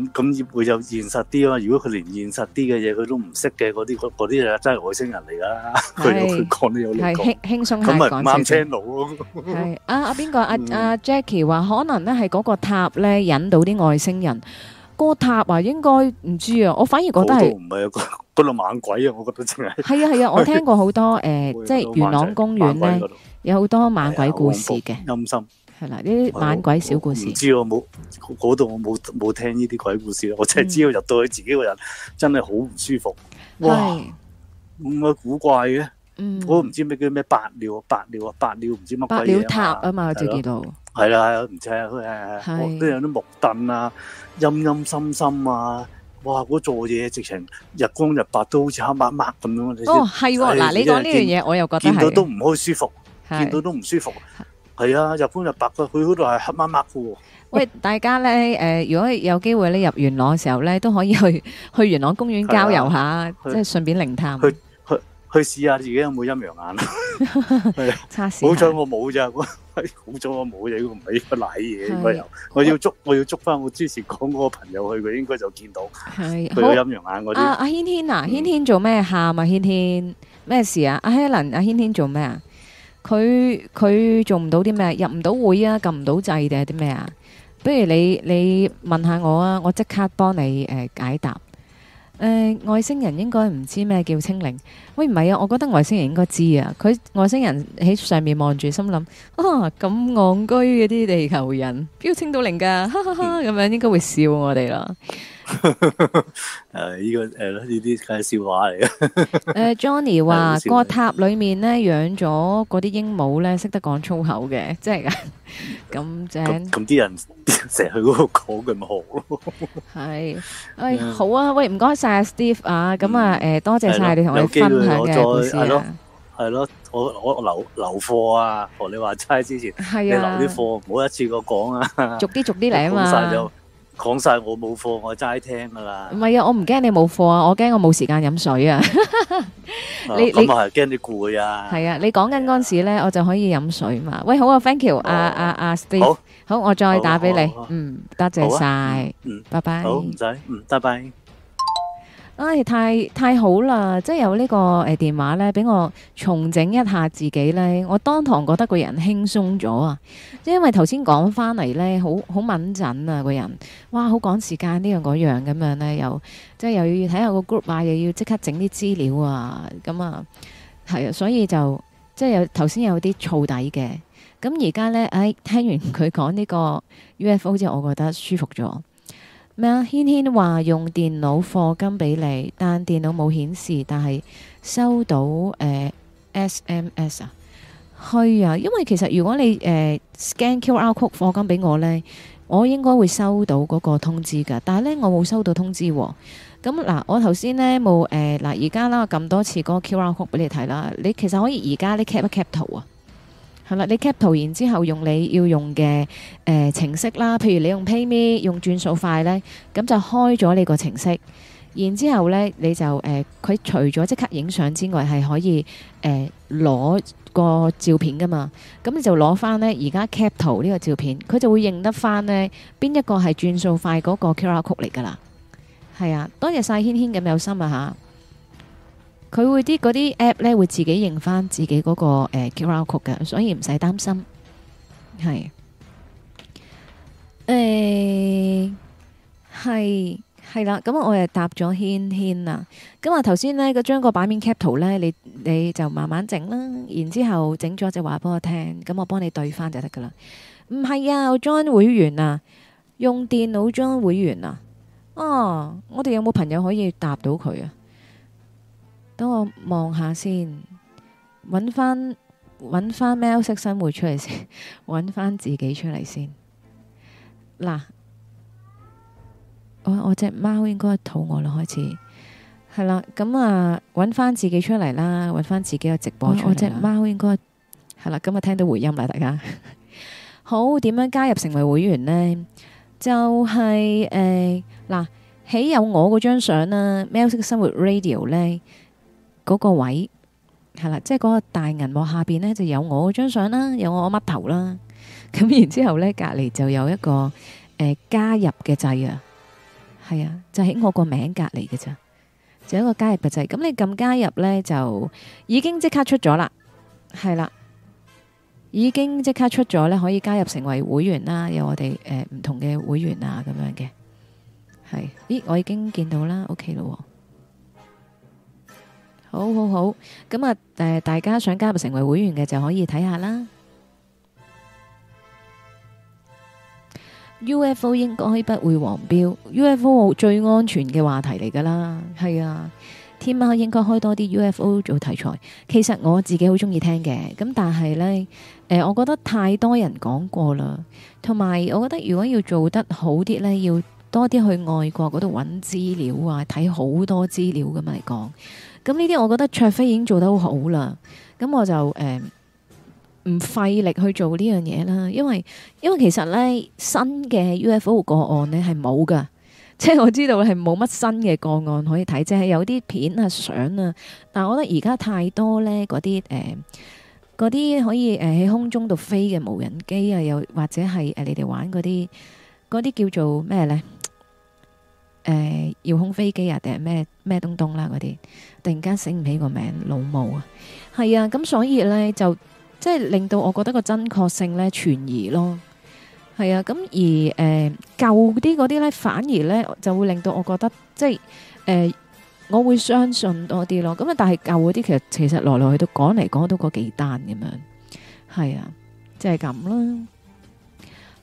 [SPEAKER 3] 咁咁會有現實啲啊嘛！如果佢連現實啲嘅嘢佢都唔識嘅，嗰啲嗰嗰啲人真係外星人嚟㗎！佢佢講都有呢個，係
[SPEAKER 1] 輕輕鬆輕咁咪講慢車
[SPEAKER 2] 佬咯。係
[SPEAKER 1] 啊，啊邊個啊，啊 Jacky 話可能咧係嗰個塔咧引到啲外星人。個塔話應該唔知啊，我反而覺得係
[SPEAKER 3] 唔係啊嗰嗰度猛鬼啊！我覺得真係係啊係啊，我聽過
[SPEAKER 1] 好多誒，即係元朗公園咧有好多猛鬼故事嘅陰森。係啦，呢啲猛鬼小故事。
[SPEAKER 3] 唔知我冇嗰度，我冇冇聽呢啲鬼故事。我真係知道入到去自己個人，真係好唔舒服。哇，咁鬼古怪嘅。我唔知咩叫咩八料，八料啊，八料唔知乜。八料塔啊嘛，我就見到。係啦係啦，唔知啊，佢誒，都有啲木凳啊，陰陰森森啊，哇！嗰座嘢，直情日光日白都好似黑黑黑咁樣。哦，係喎，嗱，你講呢樣嘢，我又覺得見到都唔好舒服，見到都唔舒服。係啊，日光日白嘅，佢嗰度係黑孖孖黑媽媽嘅。
[SPEAKER 1] 喂，大家咧，誒，如果有機會咧入元朗嘅時候咧，都可以去去元朗公園郊遊下，即係順便靈探，去去
[SPEAKER 3] 去試下自己有冇陰陽眼。
[SPEAKER 2] 測
[SPEAKER 3] 試，好彩我冇咋，好彩我冇，就唔係一個瀨嘢。我又我要捉，我要捉翻我之前講嗰個朋友去，佢應該就見到。係佢有陰陽眼嗰啲。阿阿
[SPEAKER 1] 軒軒啊，軒軒做咩喊啊？軒軒咩事啊？阿希倫，阿軒軒做咩啊？佢佢做唔到啲咩，入唔到會啊，撳唔到掣定係啲咩啊？不如你你問下我啊，我即刻幫你誒、呃、解答。誒、呃、外星人應該唔知咩叫清零。喂唔係啊，我覺得外星人應該知啊，佢外星人喺上面望住，心諗啊咁戇居嘅，啲地球人，標青到零噶咁樣應該會笑我哋咯。
[SPEAKER 3] 誒，呢個誒呢啲梗係笑話嚟咯。誒，Johnny 話個塔
[SPEAKER 1] 裏面咧養咗嗰啲鸚鵡咧識得講粗口嘅，即係咁正。
[SPEAKER 3] 咁啲人成日去嗰度講句唔好咯。
[SPEAKER 1] 係，喂好啊，喂唔該晒阿 Steve 啊，咁啊誒，多謝晒你同我哋分。
[SPEAKER 3] 我再係咯，係咯，我我留留貨啊！學你話齋之前，你留啲貨，唔好一次過講啊！逐啲逐啲嚟啊嘛，講晒我冇貨，我齋聽噶啦。唔
[SPEAKER 1] 係啊，我唔驚你冇貨啊，我驚我冇時間飲水啊。
[SPEAKER 3] 你你咁啊，係驚你攰啊。
[SPEAKER 1] 係啊，你講緊嗰時咧，我就可以飲水嘛。喂，好啊，Thank you，阿阿阿 Steve，好，好，我再打俾你。嗯，多謝晒。嗯，拜拜。好，唔
[SPEAKER 3] 使，嗯，拜拜。.
[SPEAKER 1] 唉、哎，太太好啦，即係有呢個誒電話咧，俾我重整一下自己咧。我當堂覺得個人輕鬆咗啊！即係因為頭先講翻嚟咧，好好敏陣啊個人，哇，好趕時間呢樣嗰樣咁樣咧，又即係又要睇下個 group 啊，又要即刻整啲資料啊，咁啊，係啊，所以就即係有頭先有啲燥底嘅。咁而家咧，哎，聽完佢講呢個 UFO，之後我覺得舒服咗。咩啊？軒軒話用電腦課金俾你，但電腦冇顯示，但係收到誒 S M S 啊，虛、呃、啊，因為其實如果你誒、呃、scan QR code 課金俾我呢，我應該會收到嗰個通知噶。但係呢，我冇收到通知。咁嗱，我頭先呢冇誒嗱，而家啦咁多次嗰個 QR code 俾你睇啦，你其實可以而家你 cap 一 cap 圖啊。係啦，你 cap 圖，然之後用你要用嘅誒、呃、程式啦，譬如你用 PayMe 用轉數快咧，咁就開咗你個程式。然之後咧，你就誒，佢、呃、除咗即刻影相之外，係可以誒攞、呃、個照片噶嘛。咁你就攞翻呢而家 cap 圖呢個照片，佢就會認得翻呢邊一個係轉數快嗰個 QR Code 曲嚟噶啦。係啊，多謝晒軒軒咁有心啊吓。佢會啲嗰啲 app 咧會自己認翻自己嗰個誒 QR code 嘅，所以唔使擔心。係，誒、欸，係係啦，咁我誒答咗軒軒啦。咁啊，頭先呢嗰張個版面 cap 圖咧，你你就慢慢整啦，然之後整咗只話俾我聽，咁我幫你對翻就得噶啦。唔係啊，join 會員啊，用電腦 join 會員啊。哦，我哋有冇朋友可以答到佢啊？等我望下先，揾翻揾翻，喵式生活出嚟先，揾翻自己出嚟先。嗱，我我隻貓應該肚餓啦，開始係啦。咁、嗯、啊，揾翻自己出嚟啦，揾翻自己嘅直播出嚟。我隻貓應該係啦。今日聽到回音啦，大家好，點樣加入成為會員呢？就係、是、誒，嗱、欸，喺有我嗰張相啦，喵式生活 Radio 咧。嗰個位係啦，即係嗰個大銀幕下邊呢，就有我張相啦，有我乜頭啦，咁然之後呢隔籬就有一個誒、呃，加入嘅掣啊，係啊，就喺我個名隔籬嘅咋，就一個加入嘅掣。咁你撳加入呢，就已經即刻出咗啦，係啦，已經即刻出咗呢，可以加入成為會員啦，有我哋誒唔同嘅會員啊咁樣嘅，係咦，我已經見到啦，OK 咯、哦。好好好，咁啊，誒、呃，大家想加入成為會員嘅就可以睇下啦。UFO 應該不會黃標，UFO 最安全嘅話題嚟噶啦，係啊，天喵應該開多啲 UFO 做題材。其實我自己好中意聽嘅，咁但係呢，誒、呃，我覺得太多人講過啦，同埋我覺得如果要做得好啲呢，要多啲去外國嗰度揾資料啊，睇好多資料咁嚟講。咁呢啲，我覺得卓飛已經做得好好啦。咁我就呃、唔費力去做呢樣嘢啦，因為因為其實咧新嘅 UFO 個案咧係冇㗎。即係我知道係冇乜新嘅個案可以睇，即係有啲片啊、相啊。但係我覺得而家太多咧嗰啲、呃、嗰啲可以、呃、喺空中度飛嘅無人機啊，又或者係、呃、你哋玩嗰啲嗰啲叫做咩咧？誒，遙控飛機啊，定係咩咩東東啦？嗰啲突然間醒唔起個名，老母啊，係啊，咁所以咧就即係令到我覺得個真確性咧存疑咯，係啊，咁而誒舊啲嗰啲咧反而咧就會令到我覺得即係誒我會相信多啲咯，咁啊但係舊嗰啲其實其實來來去去講嚟講都嗰幾單咁樣，係啊，即係咁啦。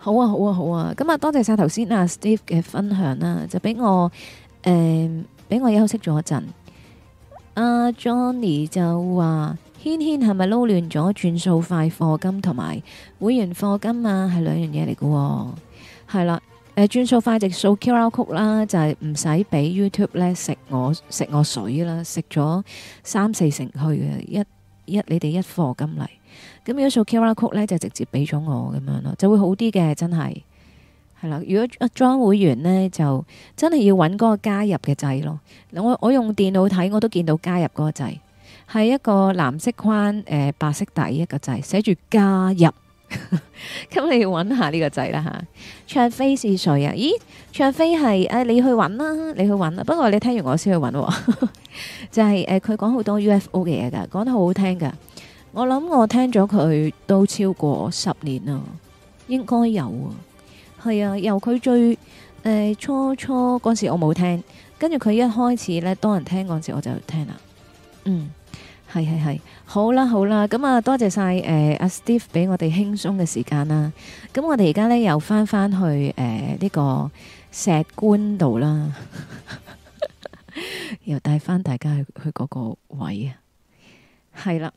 [SPEAKER 1] 好啊好啊好啊！咁啊，多謝晒頭先啊，Steve 嘅分享啦，就俾我誒俾我休息咗一陣。阿 Johnny 就話，軒軒係咪撈亂咗轉數快課金同埋會員課金啊？係兩樣嘢嚟嘅，係啦。誒，轉數快值數 QR Code 啦，就係唔使俾 YouTube 呢食我食我水啦，食咗三四成去嘅一一你哋一課金嚟。.咁如果數 QR code 咧，就直接俾咗我咁樣咯，就會好啲嘅，真係係啦。如果裝會員呢，就真係要搵嗰個加入嘅掣咯。我我用電腦睇，我都見到加入嗰個掣係一個藍色框誒、呃，白色底一個掣，寫住加入。咁 你要搵下呢個掣啦吓。卓飛是誰啊？咦，卓飛係誒、啊，你去搵啦，你去搵啦。不過你聽完我先去搵、啊， 就係佢講好多 UFO 嘅嘢噶，講得好好聽噶。我諗我聽咗佢都超過十年啦，應該有啊，係啊，由佢最誒、呃、初初嗰時我冇聽，跟住佢一開始咧多人聽嗰時我就聽啦，嗯，係係係，好啦好啦，咁啊多謝晒誒阿 Steve 俾我哋輕鬆嘅時間啦，咁我哋而家咧又翻翻去誒呢、呃呢個石棺度啦， 又帶翻大家去去嗰個位啊，係啦。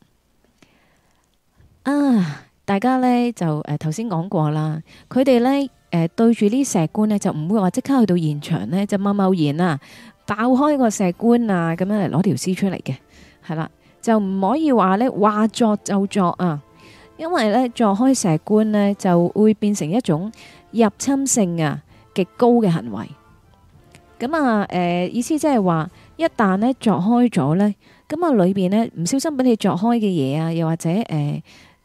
[SPEAKER 1] 啊！大家呢就誒，頭先講過啦，佢哋呢誒、呃、對住呢啲石棺呢就唔會話即刻去到現場呢就貿貿然啊爆開個石棺啊咁樣嚟攞條屍出嚟嘅，係啦，就唔可以話呢話作就作啊，因為呢鑿開石棺呢就會變成一種入侵性啊極高嘅行為。咁啊誒、呃、意思即係話一旦呢鑿開咗呢咁啊裏邊呢唔小心俾你鑿開嘅嘢啊，又或者誒，呃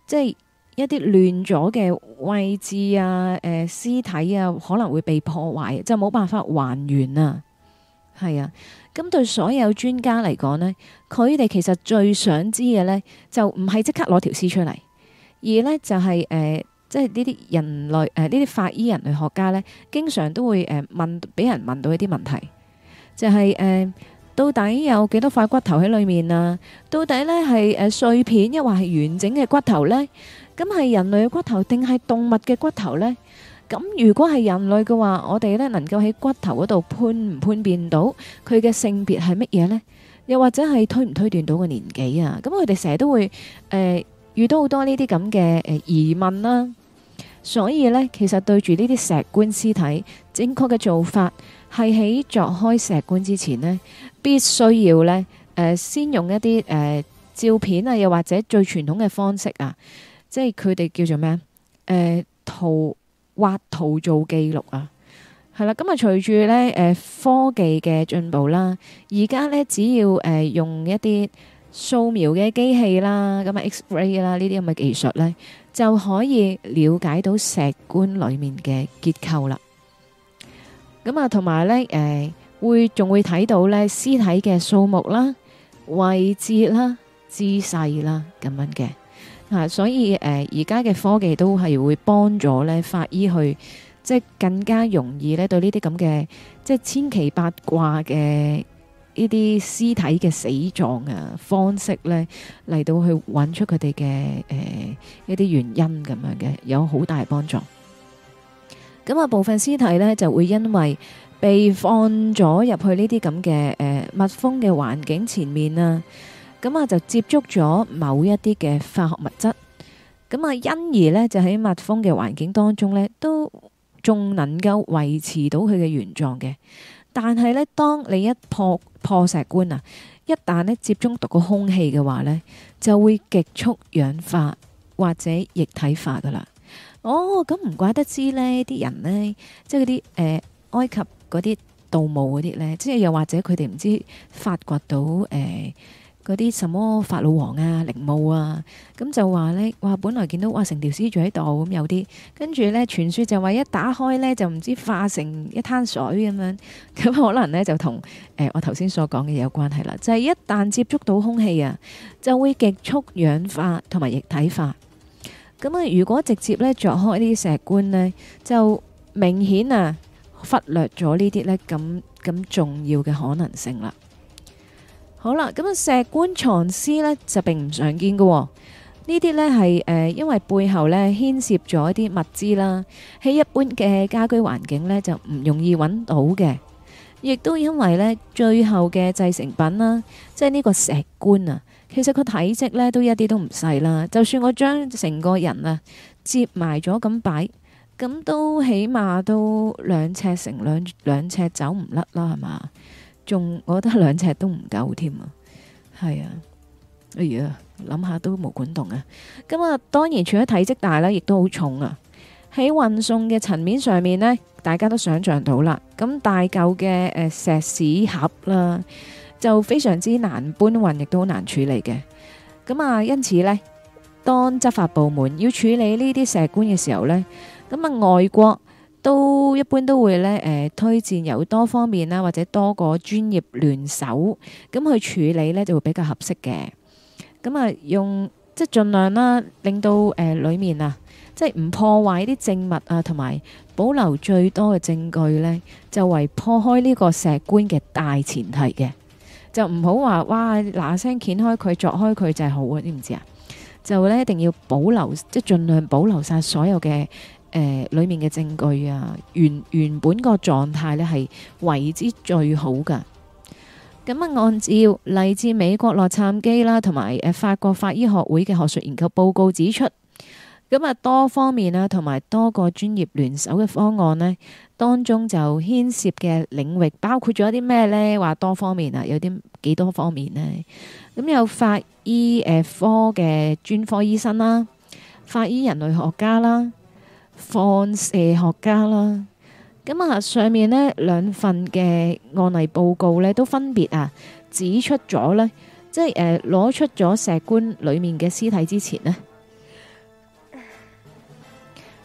[SPEAKER 1] 即係一啲亂咗嘅位置啊，誒、呃、屍體啊，可能會被破壞，就冇辦法還原啊。係啊，咁對所有專家嚟講呢，佢哋其實最想知嘅呢，就唔係即刻攞條屍出嚟，而呢就係、是、誒，即係呢啲人類誒呢啲法醫人類學家呢，經常都會誒問，俾人問到一啲問題，就係、是、誒。呃到底有幾多塊骨頭喺裏面啊？到底呢係誒碎片，抑或係完整嘅骨頭呢？咁係人類嘅骨頭定係動物嘅骨頭呢？咁如果係人類嘅話，我哋呢能夠喺骨頭嗰度判唔判辨到佢嘅性別係乜嘢呢？又或者係推唔推斷到個年紀啊？咁佢哋成日都會誒遇到好多呢啲咁嘅誒疑問啦。所以呢，其實對住呢啲石棺屍體，正確嘅做法。係喺鑿開石棺之前咧，必須要咧誒、呃，先用一啲誒、呃、照片啊，又或者最傳統嘅方式啊，即係佢哋叫做咩啊？誒、呃，圖、畫圖做記錄啊，係啦。咁、嗯、日隨住咧誒科技嘅進步啦、啊，而家咧只要誒、呃、用一啲素描嘅機器啦、啊，咁啊 X-ray 啦呢啲咁嘅技術咧、啊，就可以了解到石棺裡面嘅結構啦。咁啊，同埋咧，誒、呃，會仲會睇到咧屍體嘅數目啦、位置啦、姿勢啦咁樣嘅吓、啊，所以誒而家嘅科技都係會幫咗咧法醫去，即係更加容易咧對呢啲咁嘅即係千奇八卦嘅呢啲屍體嘅死狀啊方式咧嚟到去搵出佢哋嘅誒一啲原因咁樣嘅，有好大幫助。咁啊，部分屍體呢就會因為被放咗入去呢啲咁嘅誒密封嘅環境前面啊，咁啊就接觸咗某一啲嘅化學物質，咁啊因而呢，就喺密封嘅環境當中呢，都仲能夠維持到佢嘅原狀嘅，但係呢，當你一破破石棺啊，一旦呢接觸到個空氣嘅話呢，就會極速氧化或者液體化噶啦。哦，咁唔怪得知呢啲人呢，即係嗰啲誒埃及嗰啲盜墓嗰啲呢，即係又或者佢哋唔知發掘到誒嗰啲什麼法老王啊陵墓啊，咁就話呢，哇，本來見到哇成條屍住喺度咁有啲，跟住呢傳說就話一打開呢，就唔知化成一灘水咁樣，咁可能呢，就同誒、呃、我頭先所講嘅嘢有關係啦，就係、是、一旦接觸到空氣啊，就會極速氧化同埋液體化。咁啊！如果直接咧鑿開呢啲石棺咧，就明顯啊忽略咗呢啲咧咁咁重要嘅可能性啦。好啦，咁啊石棺藏屍咧就並唔常見噶，呢啲咧係誒因為背後咧牽涉咗一啲物資啦，喺一般嘅家居環境咧就唔容易揾到嘅，亦都因為咧最後嘅製成品啦，即係呢個石棺啊。其實個體積呢都一啲都唔細啦，就算我將成個人啊摺埋咗咁擺，咁都起碼都兩尺成兩兩尺走唔甩啦，係嘛？仲我覺得兩尺都唔夠添啊，係啊，哎呀，諗下都毛管動啊！咁啊，當然除咗體積大啦，亦都好重啊，喺運送嘅層面上面呢，大家都想象到啦。咁大舊嘅誒石屎盒啦。就非常之難搬運，亦都好難處理嘅。咁啊，因此咧，當執法部門要處理呢啲石棺嘅時候咧，咁啊，外國都一般都會咧，誒推薦由多方面啦，或者多個專業聯手咁去處理咧，就會比較合適嘅。咁啊，用即係儘量啦，令到誒裡面啊，即係唔破壞啲證物啊，同埋保留最多嘅證據咧，就為破開呢個石棺嘅大前提嘅。就唔好話哇嗱聲掀開佢鑿開佢就係好啊，知唔知啊？就咧一定要保留，即係盡量保留晒所有嘅誒、呃、裏面嘅證據啊，原原本個狀態呢係為之最好噶。咁啊，按照嚟自美國洛杉磯啦，同埋誒法國法醫學會嘅學術研究報告指出。咁啊，多方面啊，同埋多個專業聯手嘅方案呢，當中就牽涉嘅領域包括咗啲咩呢？話多方面啊，有啲幾多方面呢？咁有法醫誒科嘅專科醫生啦，法醫人類學家啦，放射學家啦。咁啊，上面呢兩份嘅案例報告呢，都分別啊指出咗呢，即係誒攞出咗石棺裏面嘅屍體之前呢。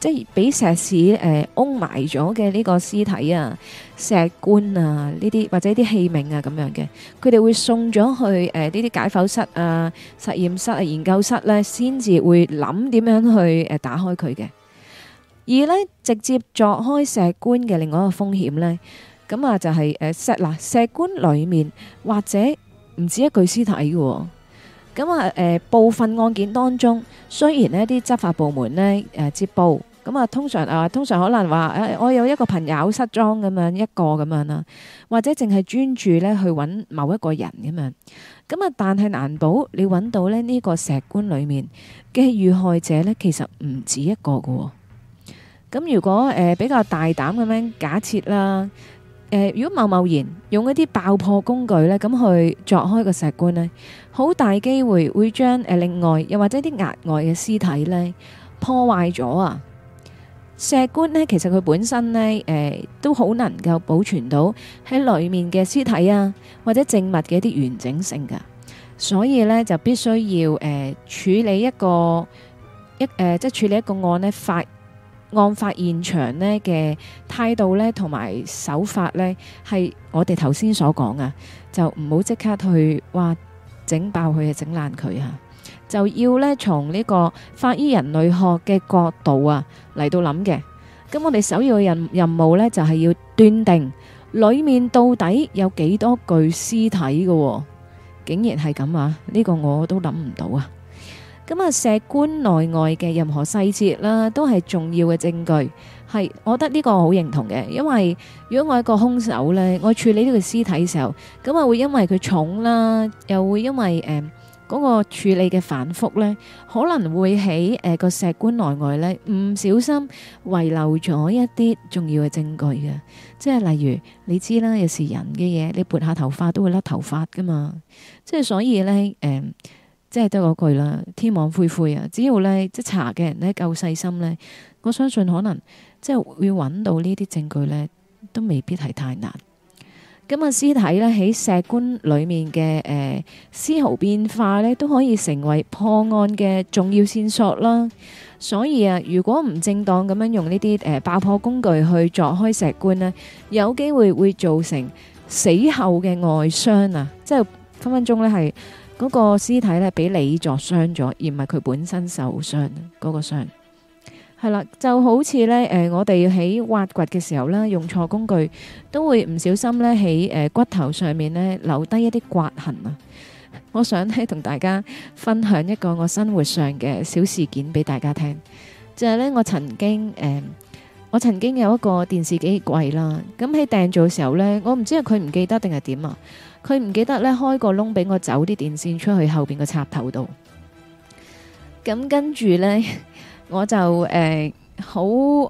[SPEAKER 1] 即係俾石屎誒，安埋咗嘅呢個屍體啊、石棺啊呢啲或者啲器皿啊咁樣嘅，佢哋會送咗去誒呢啲解剖室啊、實驗室啊、研究室咧，先至會諗點樣去誒打開佢嘅。而咧直接鑿開石棺嘅另外一個風險咧，咁啊就係誒石嗱石棺裏面或者唔止一具屍體噶喎。咁啊，誒部分案件當中，雖然呢啲執法部門呢誒接報，咁啊通常啊通常可能話，誒我有一個朋友失蹤咁樣一個咁樣啦，或者淨係專注呢去揾某一個人咁樣，咁啊但係難保你揾到呢呢個石棺裡面嘅遇害者呢，其實唔止一個㗎喎。咁如果誒比較大膽咁樣假設啦。誒，如果貿貿然用一啲爆破工具呢，咁去鑿開個石棺呢，好大機會會將誒另外又或者啲額外嘅屍體呢破壞咗啊！石棺呢，其實佢本身呢，誒都好能夠保存到喺裡面嘅屍體啊，或者證物嘅一啲完整性噶，所以呢就必須要誒處理一個一誒即係處理一個案呢發。案發現場呢嘅態度呢，同埋手法呢，係我哋頭先所講啊，就唔好即刻去話整爆佢，係整爛佢呀，就要呢從呢個法醫人類學嘅角度啊嚟到諗嘅。咁我哋首要任任務呢，就係要斷定裡面到底有幾多具屍體㗎喎，竟然係咁啊！呢個我都諗唔到啊！咁啊，石棺內外嘅任何細節啦，都係重要嘅證據。係，我覺得呢個好認同嘅，因為如果我一個凶手咧，我處理呢個屍體嘅時候，咁啊會因為佢重啦，又會因為誒嗰、呃嗰個處理嘅反覆咧，可能會喺誒個石棺內外咧唔小心遺留咗一啲重要嘅證據嘅。即係例如你知啦，有時人嘅嘢，你撥下頭髮都會甩頭髮噶嘛。即係所以咧，誒、呃。即係得嗰句啦，天網恢恢啊！只要呢即查嘅人呢夠細心呢，我相信可能即係會揾到呢啲證據呢，都未必係太難。咁啊，屍體呢，喺石棺裡面嘅誒、呃、絲毫變化呢，都可以成為破案嘅重要線索啦。所以啊，如果唔正當咁樣用呢啲誒爆破工具去鑿開石棺呢，有機會會造成死後嘅外傷啊！即係分分鐘呢係。嗰個屍體咧，俾你作傷咗，而唔係佢本身受傷嗰個傷。係啦，就好似咧，誒，我哋喺挖掘嘅時候咧，用錯工具都會唔小心咧，喺誒骨頭上面咧留低一啲刮痕啊！我想咧同大家分享一個我生活上嘅小事件俾大家聽，就係咧我曾經誒，我曾經有一個電視機櫃啦，咁喺訂做嘅時候咧，我唔知係佢唔記得定係點啊！佢唔記得咧，開個窿俾我走啲電線出去後邊個插頭度。咁跟住咧，我就誒好誒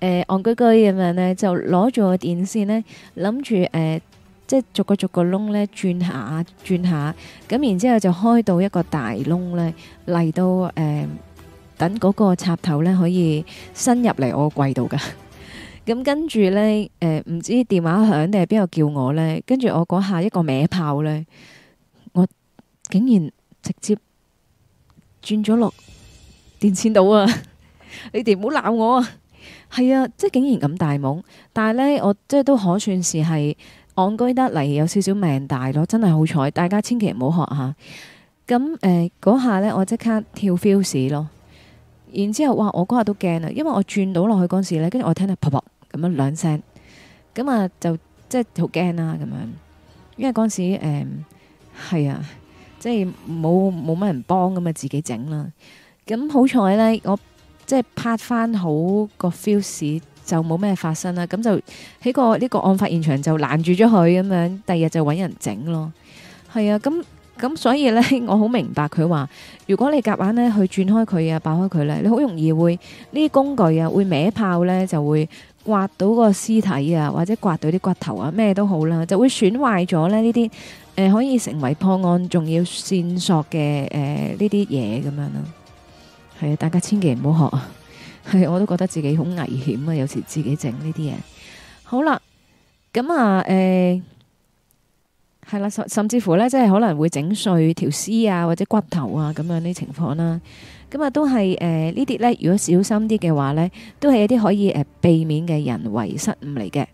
[SPEAKER 1] 戇居居咁樣咧，就攞住個電線咧，諗住誒即係逐個逐個窿咧轉下轉下，咁然之後就開到一個大窿咧嚟到誒、呃、等嗰個插頭咧可以伸入嚟我個櫃度噶。咁跟住呢，唔、呃、知電話響定係邊個叫我呢？跟住我嗰下一,一個咩炮呢？我竟然直接轉咗落電線度啊！ 你哋唔好鬧我啊！係啊，即係竟然咁大懵，但係呢，我即係都可算是係戇居得嚟，有少少命大咯！真係好彩，大家千祈唔好學下。咁嗰下呢，我即刻跳 fuse 咯。然之後哇，我嗰日都驚啊，因為我轉到落去嗰陣時呢，跟住我聽到噗噗。咁樣兩聲，咁啊就即係好驚啦，咁樣，因為嗰陣時誒係、嗯、啊，即係冇冇乜人幫，咁啊自己整啦。咁好彩咧，我即係拍翻好個 fuse，就冇咩發生啦。咁就喺個呢、這個案發現場就攔住咗佢咁樣，第二日就搵人整咯。係啊，咁咁所以咧，我好明白佢話，如果你夾硬咧去轉開佢啊，爆開佢咧，你好容易會呢啲工具啊，會歪炮咧，就會。刮到個屍體啊，或者刮到啲骨頭啊，咩都好啦，就會損壞咗咧，呢啲誒可以成為破案重要線索嘅，誒呢啲嘢咁樣咯。係啊，大家千祈唔好學啊！係我都覺得自己好危險啊，有時自己整呢啲嘢。好啦，咁啊誒。呃係啦，甚甚至乎呢，即係可能會整碎條屍啊，或者骨頭啊咁樣啲情況啦。咁啊，都係誒呢啲呢，如果小心啲嘅話呢，都係一啲可以誒、呃、避免嘅人為失誤嚟嘅。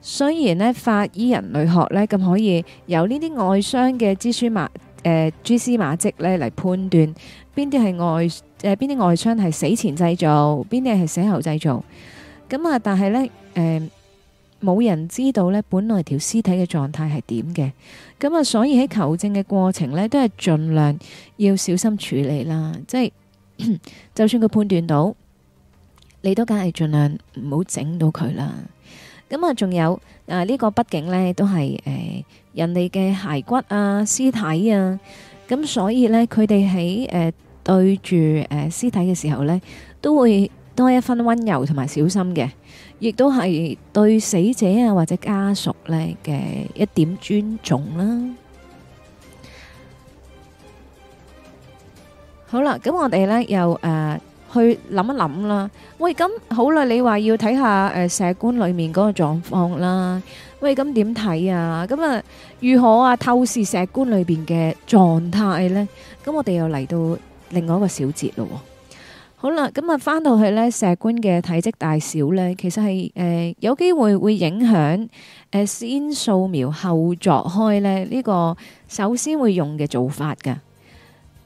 [SPEAKER 1] 雖然呢，法醫人類學呢，咁可以由傷的、呃、呢啲外傷嘅蛛絲馬誒蛛絲馬迹嚟判斷邊啲係外誒邊啲外傷係死前製造，邊啲係死後製造。咁啊，但係呢。誒、呃。冇人知道呢，本來條屍體嘅狀態係點嘅，咁啊，所以喺求證嘅過程呢，都係盡量要小心處理啦。即、就、係、是、 就算佢判斷到，你都梗係盡量唔好整到佢啦。咁啊，仲有啊呢個畢竟呢，都係誒、呃、人哋嘅骸骨啊、屍體啊，咁所以呢，佢哋喺誒對住誒、呃、屍體嘅時候呢，都會，多一分溫柔同埋小心嘅，亦都係對死者啊或者家屬咧嘅一點尊重啦。好啦，咁我哋咧又誒去諗一諗啦。喂，咁好啦，你話要睇下誒石棺裏面嗰個狀況啦。喂，咁點睇啊？咁啊如何啊透視石棺裏邊嘅狀態咧？咁我哋又嚟到另外一個小節咯喎。好啦，咁啊，翻到去呢石棺嘅體積大小呢，其實係、呃、有機會會影響先掃描後鑿開呢。呢個首先會用嘅做法㗎。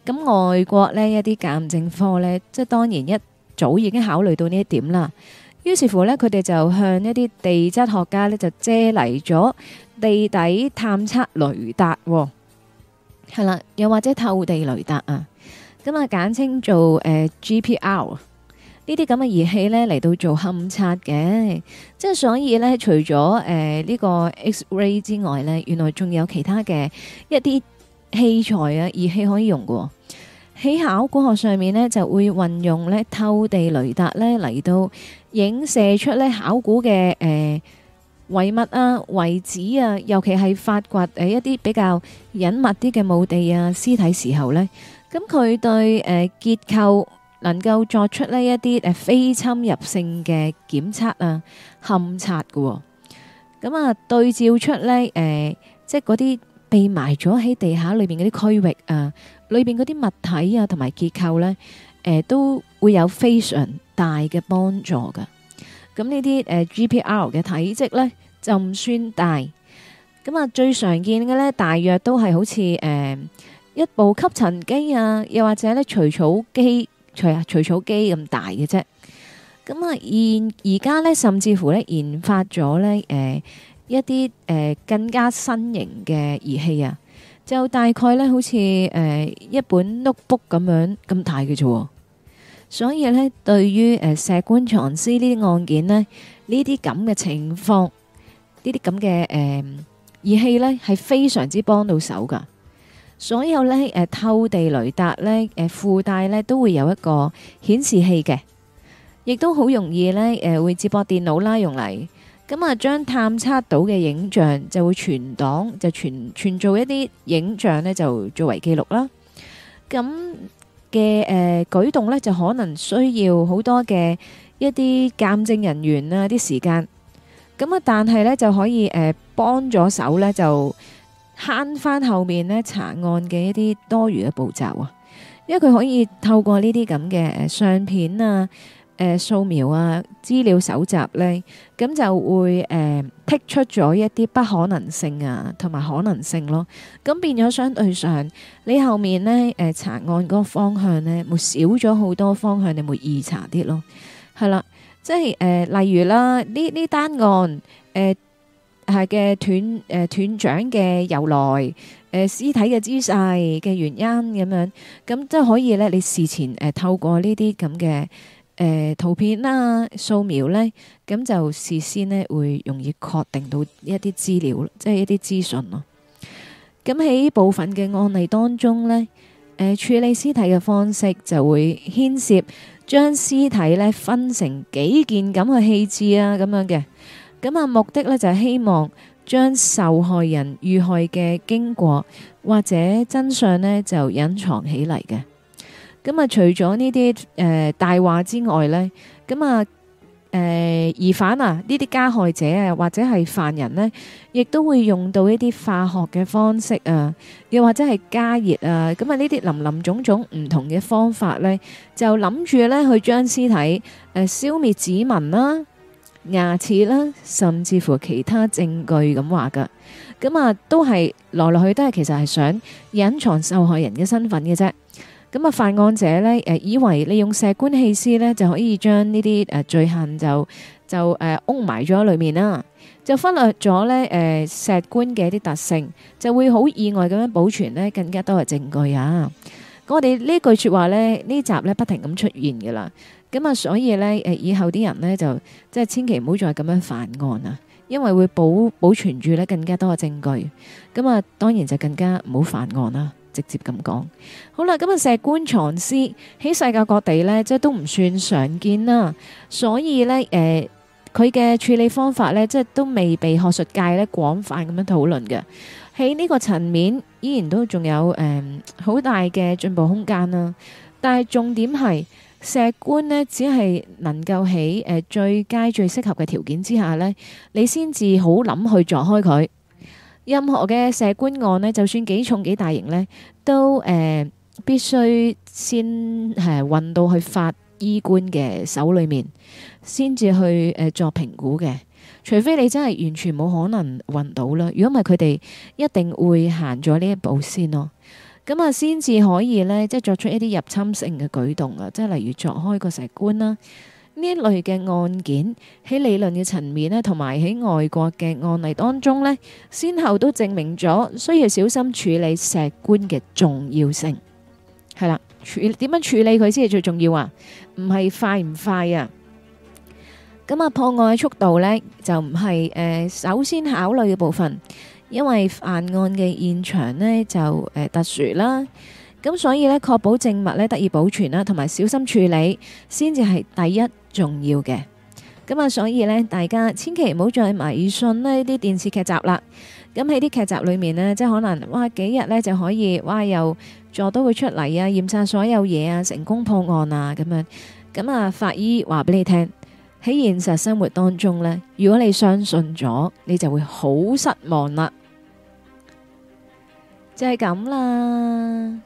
[SPEAKER 1] 咁外國呢一啲鑑證科呢，即係當然一早已經考慮到呢一點啦。於是乎呢，佢哋就向一啲地質學家呢，就借嚟咗地底探測雷達，係啦、嗯，又或者透地雷達啊。咁啊，簡稱做誒、呃、GPR 呢啲咁嘅儀器咧嚟到做勘測嘅，即係所以呢，除咗誒呢個 X-ray 之外呢，原來仲有其他嘅一啲器材啊、儀器可以用嘅喺、哦、考古學上面呢，就會運用呢透地雷達咧嚟到影射出咧考古嘅誒遺物啊、遺址啊，尤其係發掘誒一啲比較隱密啲嘅墓地啊、屍體時候呢。咁佢對誒結構能夠作出咧一啲誒非侵入性嘅檢測啊、勘測嘅，咁啊對照出咧誒，即係嗰啲被埋咗喺地下裏邊嗰啲區域啊，裏邊嗰啲物體啊同埋結構咧，誒都會有非常大嘅幫助噶。咁呢啲誒 GPR 嘅體積咧就唔算大，咁啊最常見嘅咧大約都係好似誒。一部吸塵機啊，又或者咧除草機、除啊除草機咁大嘅啫。咁啊，而而家呢，甚至乎呢，研發咗呢誒一啲誒、呃、更加新型嘅儀器啊，就大概呢，好似誒、呃、一本 notebook 咁樣咁大嘅啫。所以呢，對於誒、呃、石棺藏屍呢啲案件呢，呢啲咁嘅情況，呢啲咁嘅誒儀器呢，係非常之幫到手噶。所有咧，誒，透地雷達咧，誒，附帶咧都會有一個顯示器嘅，亦都好容易咧，誒，會接駁電腦啦，用嚟咁啊，將探測到嘅影像就會存檔，就存存做一啲影像咧，就作為記錄啦。咁嘅誒舉動咧，就可能需要好多嘅一啲鑑證人員啊，啲時間。咁啊，但係咧就可以誒幫咗手咧就。慳翻後面咧查案嘅一啲多餘嘅步驟啊，因為佢可以透過呢啲咁嘅誒相片啊、誒、呃、素描啊、資料搜集咧，咁就會誒、呃、剔出咗一啲不可能性啊，同埋可能性咯。咁變咗相對上，你後面咧誒、呃、查案嗰個方向咧，會少咗好多方向，你會易查啲咯。係啦，即係誒、呃，例如啦，呢呢單案誒。呃係嘅，斷誒、呃、斷掌嘅由來，誒、呃、屍體嘅姿勢嘅原因咁樣，咁即係可以咧。你事前誒、呃、透過呢啲咁嘅誒圖片啦、啊、素描咧，咁就事先咧會容易確定到一啲資料，即、就、係、是、一啲資訊咯。咁喺部分嘅案例當中咧，誒、呃、處理屍體嘅方式就會牽涉將屍體咧分成幾件咁嘅棄置啊咁樣嘅。咁啊，目的咧就係、是、希望將受害人遇害嘅經過或者真相咧就隱藏起嚟嘅。咁啊，除咗呢啲誒大話之外咧，咁啊誒疑犯啊呢啲加害者啊或者係犯人咧，亦都會用到一啲化學嘅方式啊，又或者係加熱啊，咁啊呢啲林林種種唔同嘅方法咧，就諗住咧去將屍體誒、呃、消滅指紋啦。牙齒啦，甚至乎其他證據咁話噶，咁啊都係來來去都係，其實係想隱藏受害人嘅身份嘅啫。咁啊，犯案者呢，誒以為利用石棺棄屍呢，就可以將呢啲誒罪行，就就誒埋咗裡面啦，就忽略咗呢誒、呃、石棺嘅一啲特性，就會好意外咁樣保存呢更加多嘅證據啊！咁我哋呢句說話呢，呢集呢不停咁出現噶啦。咁啊，所以咧，誒，以後啲人咧就即係、就是、千祈唔好再咁樣犯案啊，因為會保保存住咧更加多嘅證據。咁啊，當然就更加唔好犯案啦，直接咁講。好啦，咁啊，石棺藏屍喺世界各地咧，即係都唔算常見啦。所以咧，誒、呃，佢嘅處理方法咧，即係都未被學術界咧廣泛咁樣討論嘅。喺呢個層面，依然都仲有誒好、呃、大嘅進步空間啦。但係重點係。石棺呢，只係能夠喺誒最佳、最適合嘅條件之下呢，你先至好諗去鑿開佢。任何嘅石棺案呢，就算幾重、幾大型呢，都誒、呃、必須先誒運到去法醫官嘅手裏面，先至去誒、呃、作評估嘅。除非你真係完全冇可能運到啦。如果唔係，佢哋一定會行咗呢一步先咯。咁啊，先至可以呢，即係作出一啲入侵性嘅舉動啊！即係例如鑿開個石棺啦，呢一類嘅案件喺理論嘅層面呢，同埋喺外國嘅案例當中呢，先後都證明咗需要小心處理石棺嘅重要性。係啦，處點樣處理佢先係最重要啊？唔係快唔快啊？咁啊，破案嘅速度呢，就唔係誒，首先考慮嘅部分。因為犯案嘅現場呢就誒、呃、特殊啦，咁所以呢，確保證物呢得以保存啦，同埋小心處理先至係第一重要嘅。咁啊，所以呢，大家千祈唔好再迷信呢啲電視劇集啦。咁喺啲劇集裏面呢，即係可能哇幾日呢就可以哇又捉到佢出嚟啊，驗晒所有嘢啊，成功破案啊咁樣。咁啊，法醫話俾你聽喺現實生活當中呢，如果你相信咗，你就會好失望啦。就係咁啦，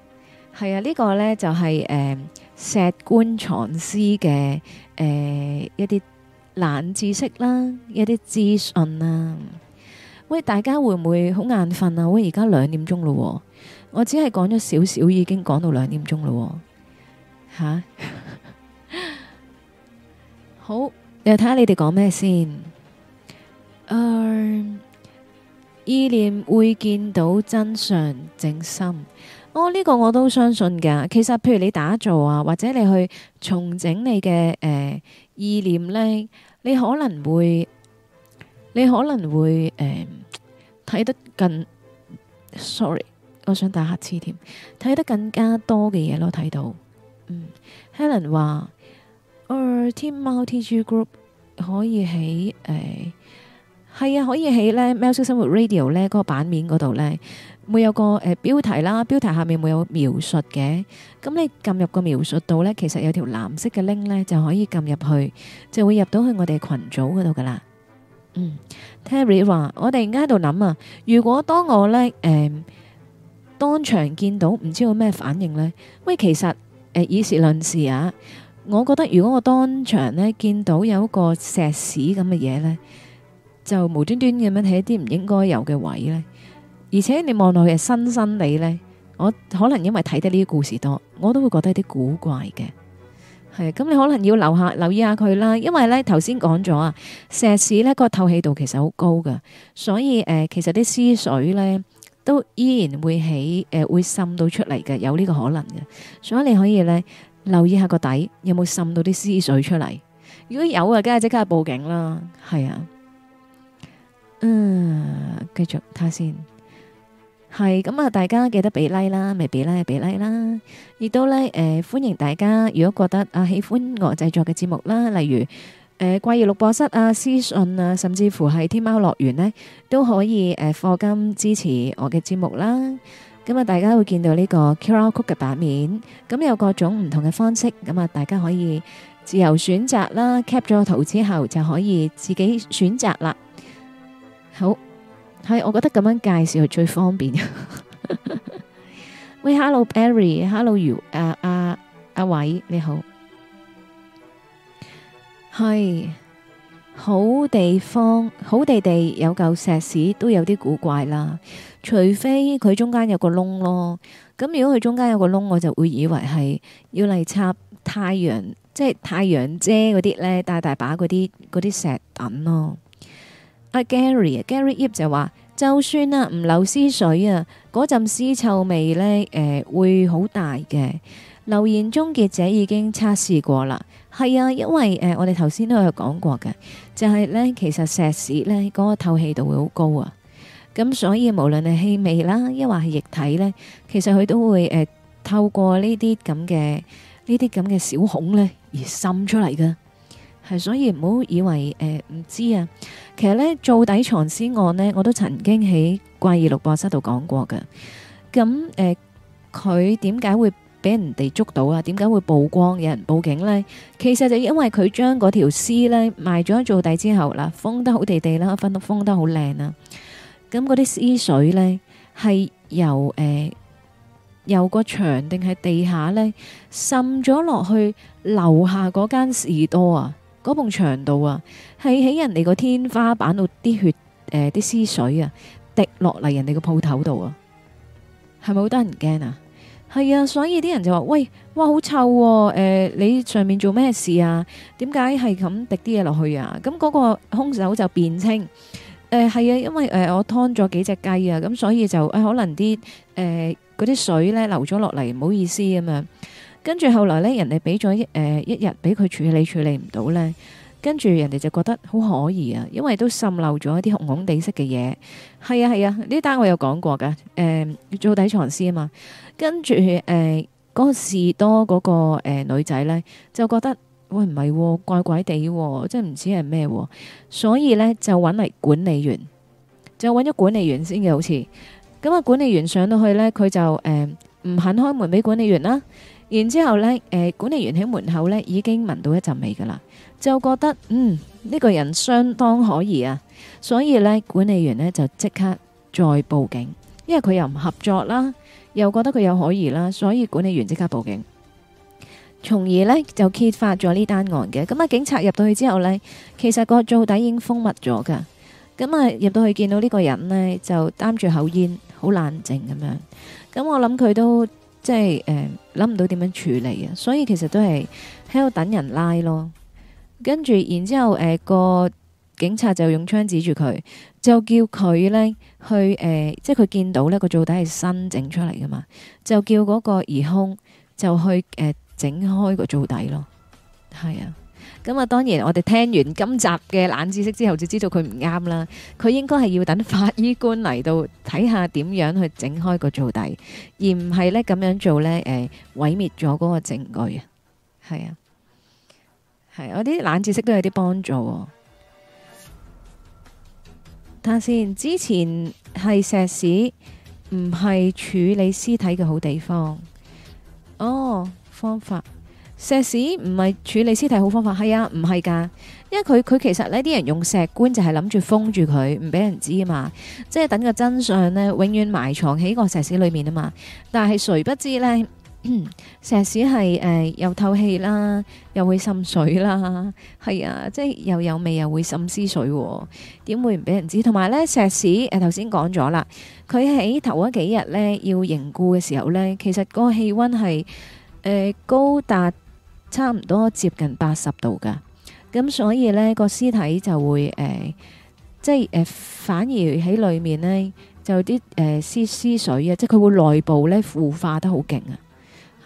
[SPEAKER 1] 係啊，呢、這個呢就係、是、誒、呃、石棺藏屍嘅誒一啲冷知識啦，一啲資訊啦。喂，大家會唔會好眼瞓啊？喂，而家兩點鐘咯，我只係講咗少少，已經講到兩點鐘咯。吓， 好，又睇下你哋講咩先。嗯、呃。意念會見到真相靜心，我、oh, 呢個我都相信噶。其實譬如你打造啊，或者你去重整你嘅誒、呃、意念呢，你可能會，你可能會誒睇、呃、得更，sorry，我想打黑字添，睇得更加多嘅嘢咯，睇到。嗯、Helen 話天貓 TG Group 可以喺誒。呃係啊，可以喺咧《喵式生活 Radio》咧、那、嗰個版面嗰度咧，會有個誒、呃、標題啦，標題下面會有描述嘅。咁你撳入個描述度咧，其實有條藍色嘅 link 咧，就可以撳入去，就會入到去我哋群組嗰度噶啦。嗯，Terry 話：我突然間喺度諗啊，如果當我咧誒、呃、當場見到唔知道有咩反應咧？喂，其實誒、呃、以事論事啊，我覺得如果我當場咧見到有一個石屎咁嘅嘢咧。就無端端咁樣睇一啲唔應該有嘅位咧，而且你望落去係新新地咧，我可能因為睇得呢啲故事多，我都會覺得啲古怪嘅。係咁，你可能要留下留意下佢啦，因為咧頭先講咗啊，石屎咧個透氣度其實好高噶，所以誒其實啲屍水咧都依然會起誒會滲到出嚟嘅，有呢個可能嘅。所以你可以咧留意下個底有冇滲到啲屍水出嚟，如果有嘅，梗係即刻報警啦。係啊。嗯，繼續睇先係咁啊！大家記得俾 like 啦，咪俾 like 俾 like 啦。亦都咧誒、呃，歡迎大家如果覺得啊喜歡我製作嘅節目啦，例如誒、呃、怪異錄播室啊、屍訊啊，甚至乎係天貓樂園呢，都可以誒課金支持我嘅節目啦。咁啊，大家會見到呢個 QR Code 嘅版面，咁有各種唔同嘅方式，咁啊，大家可以自由選擇啦。cap 咗圖之後就可以自己選擇啦。好係，我覺得咁樣介紹係最方便。喂、 hey,，Hello，Barry，Hello，You，阿、uh, 阿、uh, 阿、uh, 偉你好，係、hey, 好地方，好地地有嚿石屎都有啲古怪啦，除非佢中間有個窿咯，咁如果佢中間有個窿，我就會以為係要嚟插太陽，即係太陽遮嗰啲咧，大大把嗰啲啲石凳咯。Gary 啊，Gary Yip 就話，就算啊唔流屍水啊，嗰陣屍臭味咧，誒、呃、會好大嘅。留言終結者已經測試過啦，係啊，因為誒、呃、我哋頭先都有講過嘅，就係、是、咧其實石屎咧嗰個透氣度會好高啊，咁所以無論係氣味啦，抑或係液體咧，其實佢都會誒、呃、透過呢啲咁嘅呢啲咁嘅小孔咧而滲出嚟噶。係，所以唔好以為誒唔知啊。其實咧做底藏屍案咧，我都曾經喺怪異錄播室度講過嘅。咁誒，佢點解會俾人哋捉到啊？點解會曝光？有人報警咧？其實就因為佢將嗰條屍咧賣咗做底之後，嗱封得好地地啦，封封得好靚啦。咁嗰啲屍水咧係由誒由個牆定係地下咧滲咗落去樓下嗰間士多啊。嗰埲牆度啊，係喺人哋個天花板度啲血，誒啲屍水啊，滴落嚟人哋個鋪頭度啊，係咪好得人驚啊？係啊，所以啲人就話喂，哇好臭誒！你上面做咩事啊？點解係咁滴啲嘢落去啊？咁嗰個兇手就辯稱，誒係啊，因為誒我劏咗幾隻雞啊，咁所以就誒可能啲誒嗰啲水呢，流咗落嚟，唔好意思咁樣。跟住後來呢，人哋俾咗一誒、呃、一日俾佢處理處理唔到呢。跟住人哋就覺得好可疑啊，因為都滲漏咗一啲紅紅地色嘅嘢。係啊係啊，呢單、啊、我有講過噶，誒、呃、做底藏屍啊嘛。跟住誒嗰士多嗰、嗰個誒、呃、女仔呢，就覺得喂唔係、啊，怪怪地、啊，真唔知係咩、啊，所以呢，就揾嚟管理員，就揾咗管理員先嘅好似。咁、嗯、啊，管理員上到去呢，佢就誒唔、呃、肯開門俾管理員啦。然之後呢，誒、呃，管理員喺門口呢已經聞到一陣味噶啦，就覺得嗯呢、呢個人相當可疑啊，所以呢管理員呢就即刻再報警，因為佢又唔合作啦，又覺得佢有可疑啦，所以管理員即刻報警，從而呢就揭發咗呢單案嘅。咁啊，警察入到去之後呢，其實個造底已經封密咗噶，咁啊入到去見到呢個人呢，就擔住口煙，好冷靜咁樣，咁我諗佢都。即係誒諗唔到點樣處理啊，所以其實都係喺度等人拉咯。跟住然之後誒個、呃、警察就用槍指住佢，就叫佢咧去誒、呃，即係佢見到咧個灶底係新整出嚟噶嘛，就叫嗰個疑凶就去誒整、呃、開個灶底咯，係啊。咁啊，當然我哋聽完今集嘅冷知識之後，就知道佢唔啱啦。佢應該係要等法醫官嚟到睇下點樣去整開個造底，而唔係呢咁樣做呢，誒、呃，毀滅咗嗰個證據啊！係啊，係啊，我啲冷知識都有啲幫助，哦。睇下先，之前係石屎，唔係處理屍體嘅好地方。哦，方法。石屎唔係處理屍體好方法，係啊，唔係㗎，因為佢佢其實呢啲人用石棺就係諗住封住佢，唔俾人知啊嘛，即係等個真相呢永遠埋藏喺個石屎裏面啊嘛。但係誰不知呢，石屎係誒又透氣啦，又會滲水啦，係啊，即係又有味又會滲屍水喎、啊，點會唔俾人知？同埋呢，石屎誒頭先講咗啦，佢喺頭嗰幾日呢要凝固嘅時候呢，其實個氣温係誒高達，差唔多接近八十度噶，咁所以呢、呢個屍體就會誒、呃，即係誒、呃，反而喺裏面呢，就啲誒屍屍水啊，即係佢會內部呢腐化得好勁啊，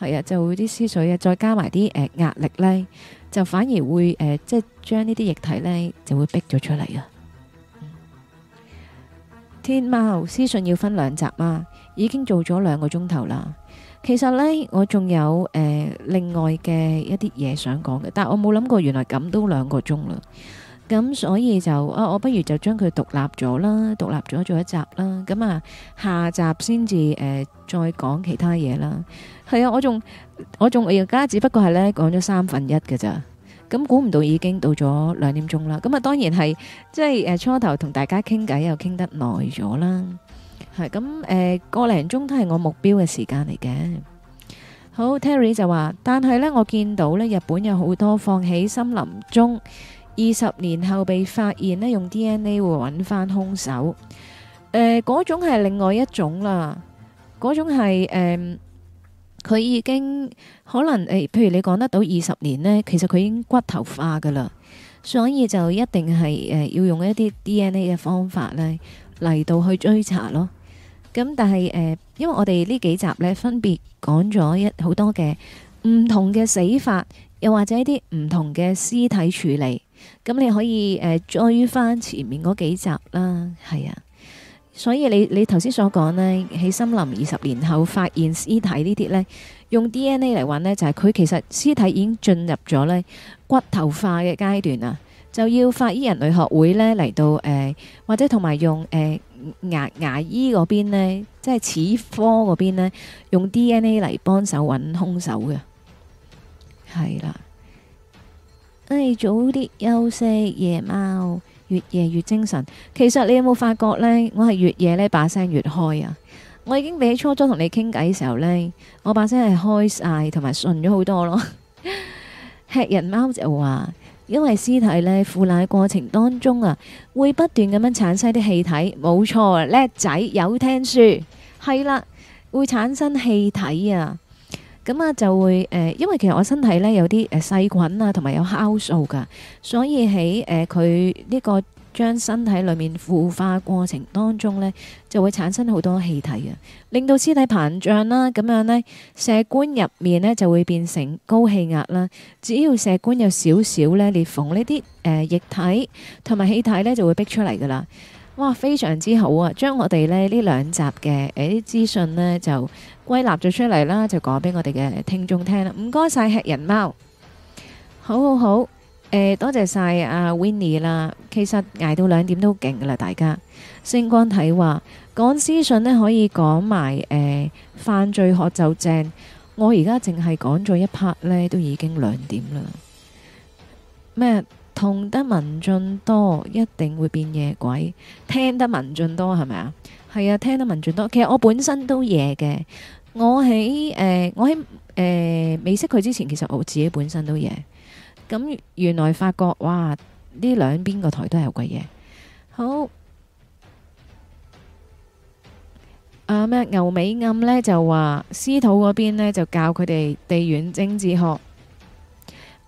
[SPEAKER 1] 係啊，就會啲屍水啊，再加埋啲誒壓力呢，就反而會誒、呃，即係將呢啲液體呢，就會逼咗出嚟啊、嗯！天喵屍訊要分兩集嘛、啊，已經做咗兩個鐘頭啦。其實咧，我仲有誒另外嘅一啲嘢想講嘅，但係我冇諗過原來咁都兩個鐘啦，咁所以就啊，我不如就將佢獨立咗啦，獨立咗做一集啦，咁啊下集先至誒再講其他嘢啦。係啊，我仲我仲而家只不過係咧講咗三分一嘅咋，咁估唔到已經到咗兩點鐘啦。咁啊，當然係即係誒初頭同大家傾偈又傾得耐咗啦。係咁誒，是那呃、個零鐘都係我目標嘅時間嚟嘅。好，Terry 就話，但係呢，我見到呢，日本有好多放喺森林中，二十年後被發現呢，用 DNA 會揾翻凶手。誒、呃，嗰種係另外一種啦，嗰種係誒，佢、呃、已經可能誒、呃，譬如你講得到二十年呢，其實佢已經骨頭化噶啦，所以就一定係誒、呃，要用一啲 DNA 嘅方法呢嚟到去追查咯。咁但係誒、呃，因為我哋呢幾集呢，分別講咗一好多嘅唔同嘅死法，又或者一啲唔同嘅屍體處理。咁你可以誒、呃、追翻前面嗰幾集啦，係啊。所以你你頭先所講呢，喺森林二十年後發現屍體呢啲呢，用 DNA 嚟揾，呢就係、是、佢其實屍體已經進入咗呢骨頭化嘅階段啦。就要法醫人類學會呢嚟到誒、呃，或者同埋用誒、呃、牙牙醫嗰邊呢，即係齒科嗰邊呢，用 DNA 嚟幫手揾兇手嘅，係啦、哎。早啲休息，夜貓越夜越精神。其實你有冇發覺呢？我係越夜呢把聲越開啊！我已經比起初初同你傾偈時候呢，我把聲係開晒，同埋順咗好多咯。 吃人貓就話。因為屍體咧腐爛過程當中啊，會不斷咁樣產生啲氣體，冇錯，叻仔有聽書，係啦，會產生氣體啊，咁啊就會誒、呃，因為其實我身體咧有啲誒細菌啊，同埋有酵素噶，所以喺誒佢呢個。將身體裏面腐化過程當中呢，就會產生好多氣體啊，令到屍體膨脹啦。咁樣呢，石棺入面呢，就會變成高氣壓啦。只要石棺有少少呢裂縫，呢啲誒液體同埋氣體呢，就會逼出嚟噶啦。哇，非常之好啊！將我哋呢呢兩集嘅誒、呃、資訊呢就歸納咗出嚟啦，就講俾我哋嘅聽眾聽啦。唔該晒，吃人貓，好好好。好誒、呃，多謝晒阿、啊、Winnie 啦。其實捱到兩點都勁噶啦，大家。星光體話講屍訊呢可以講埋誒犯罪學就正。我而家淨係講咗一 part 呢都已經兩點啦。咩？同得文進多，一定會變夜鬼。聽得文進多係咪啊？係啊，聽得文進多。其實我本身都夜嘅。我喺誒、呃，我喺誒未識佢之前，其實我自己本身都夜。咁原來發覺哇，呢兩邊個台都係好鬼嘢。好，阿、啊、咩牛尾暗呢？就話，司徒嗰邊呢，就教佢哋地緣政治學。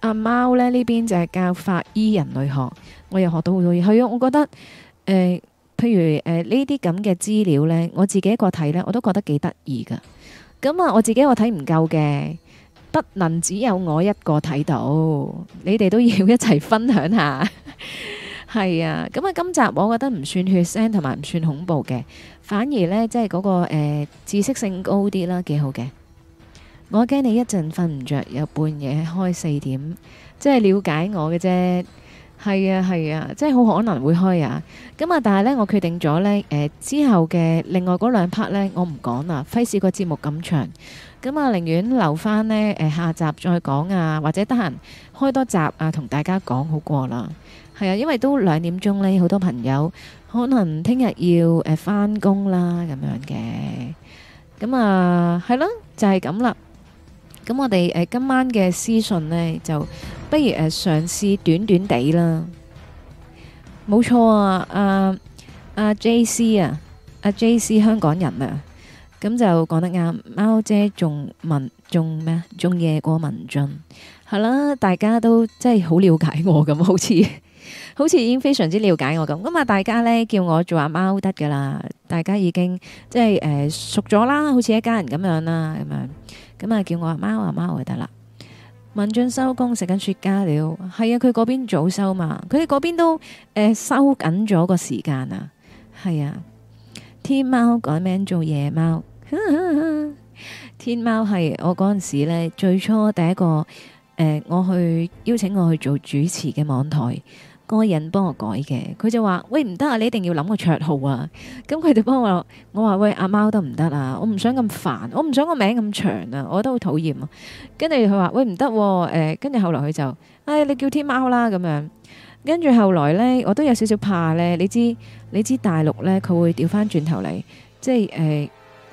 [SPEAKER 1] 阿、啊、貓呢，呢邊就係教法醫人類學。我又學到好多嘢，係啊，我覺得、呃、譬如呢啲咁嘅資料呢，我自己一個睇呢，我都覺得幾得意噶。咁、嗯、啊，我自己我睇唔夠嘅。不能只有我一個睇到，你哋都要一齊分享下。係啊，咁啊，今集我覺得唔算血腥，同埋唔算恐怖嘅，反而咧即係嗰個誒知識性高啲啦，幾好嘅。我驚你一陣瞓唔着，有半夜開四點，即係了解我嘅啫。係啊，係啊，即係好可能會開啊。咁啊，但係咧，我決定咗咧，誒之後嘅另外嗰兩 part 咧，我唔講啦，費事個節目咁長。咁啊，寧願留翻咧，誒，下集再講啊，或者得閒開多集啊，同大家講好過啦。係啊，因為都兩點鐘咧，好多朋友可能聽日要誒翻工啦，咁樣嘅。咁啊，係咯，就係咁啦。咁我哋誒今晚嘅屍訊咧，就不如誒嘗試短短地啦。冇錯啊，阿阿 JC 啊，阿 JC 香港人啊。咁就講得啱，貓姐仲文仲咩啊？仲夜過文俊，係啦，大家都即係好了解我咁，好似好似已經非常之了解我咁。咁啊，大家咧叫我做阿貓得噶啦，大家已經即係誒、呃、熟咗啦，好似一家人咁樣啦，咁樣咁啊，叫我阿貓阿貓就得啦。文俊、呃、收工食緊雪茄了，係啊，佢嗰邊早收嘛，佢哋嗰邊都誒收緊咗個時間啊，係啊，天貓改名做夜貓。 天貓係我嗰陣時咧，最初第一個誒、呃，我去邀請我去做主持嘅網台，嗰、那個人幫我改嘅，佢就話：喂，唔得啊，你一定要諗個綽號啊！咁佢就幫我，我話：喂，阿貓得唔得啊？我唔想咁煩，我唔想個名咁長啊，我都好討厭啊。跟住佢話：喂，唔得、啊，誒，跟、呃、住後來佢就，唉、哎，你叫天貓啦咁樣。跟住後來呢，我都有少少怕呢。你知你知大陸呢，佢會掉翻轉頭嚟，即係誒。呃